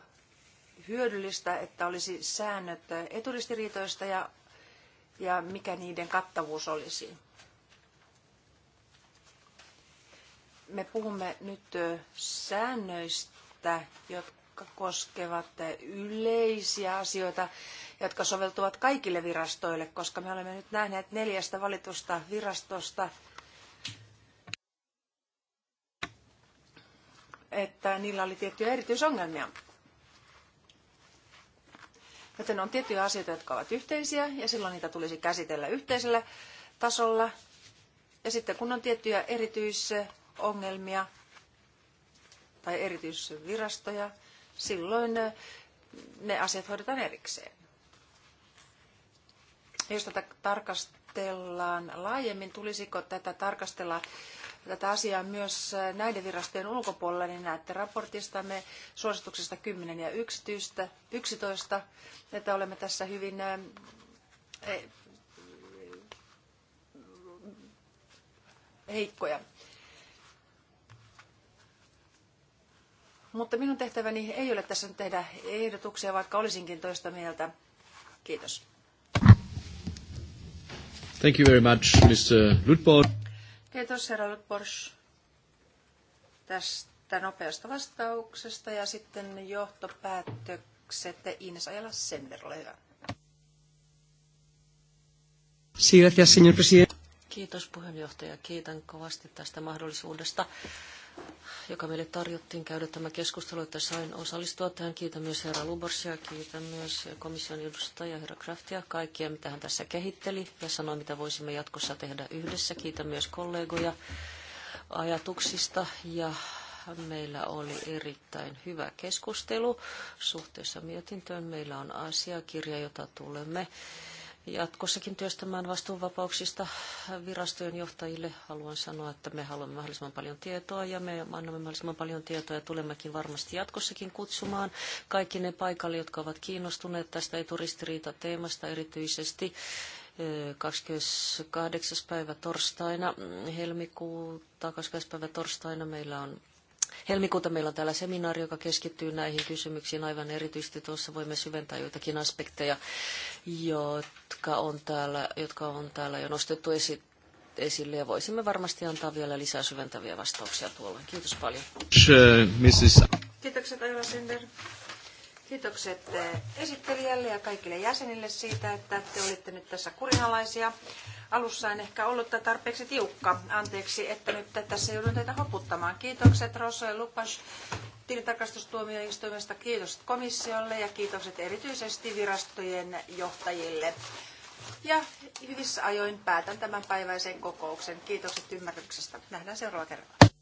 hyödyllistä, että olisi säännöt eturistiriitoista ja, ja mikä niiden kattavuus olisi. Me puhumme nyt säännöistä, jotka koskevat yleisiä asioita, jotka soveltuvat kaikille virastoille, koska me olemme nyt nähneet neljästä valitusta virastosta että niillä oli tiettyjä erityisongelmia. Joten on tiettyjä asioita, jotka ovat yhteisiä ja silloin niitä tulisi käsitellä yhteisellä tasolla. Ja sitten kun on tiettyjä erityisongelmia tai erityisvirastoja, silloin ne asiat hoidetaan erikseen. Jos tätä tarkastellaan laajemmin, tulisiko tätä tarkastella tätä asiaa myös äh, näiden virastojen ulkopuolella, niin näette raportistamme suosituksista 10 ja 11, 11 että olemme tässä hyvin äh, eh, heikkoja. Mutta minun tehtäväni ei ole tässä nyt tehdä ehdotuksia, vaikka olisinkin toista mieltä. Kiitos. Thank you very much, Mr. Lutborg. Kiitos herra Porsche tästä nopeasta vastauksesta ja sitten johtopäätökset. Ines Ajala Sender, ole hyvä. Kiitos puheenjohtaja. Kiitän kovasti tästä mahdollisuudesta joka meille tarjottiin käydä tämä keskustelu, että sain osallistua tähän. Kiitän myös herra Lubarsia, kiitän myös komission edustajia, herra Kraftia, kaikkia mitä hän tässä kehitteli ja sanoi, mitä voisimme jatkossa tehdä yhdessä. Kiitän myös kollegoja ajatuksista ja meillä oli erittäin hyvä keskustelu suhteessa mietintöön. Meillä on asiakirja, jota tulemme jatkossakin työstämään vastuunvapauksista virastojen johtajille. Haluan sanoa, että me haluamme mahdollisimman paljon tietoa ja me annamme mahdollisimman paljon tietoa ja tulemmekin varmasti jatkossakin kutsumaan kaikki ne paikalle, jotka ovat kiinnostuneet tästä eturistiriitateemasta erityisesti. 28. Eh, päivä torstaina, mm, helmikuuta 20. päivä torstaina meillä on Helmikuuta meillä on täällä seminaari, joka keskittyy näihin kysymyksiin aivan erityisesti. Tuossa voimme syventää joitakin aspekteja, jotka on täällä, jotka on täällä jo nostettu esi- esille ja voisimme varmasti antaa vielä lisää syventäviä vastauksia tuolloin. Kiitos paljon. Kiitokset Aila Sender. Kiitokset eh, esittelijälle ja kaikille jäsenille siitä, että te olitte nyt tässä kurinalaisia alussa en ehkä ollut tarpeeksi tiukka. Anteeksi, että nyt tässä joudun teitä hoputtamaan. Kiitokset Rosso ja Lupas tilintarkastustuomioistuimesta, kiitos komissiolle ja kiitokset erityisesti virastojen johtajille. Ja hyvissä ajoin päätän tämän päiväisen kokouksen. Kiitokset ymmärryksestä. Nähdään seuraavalla kerralla.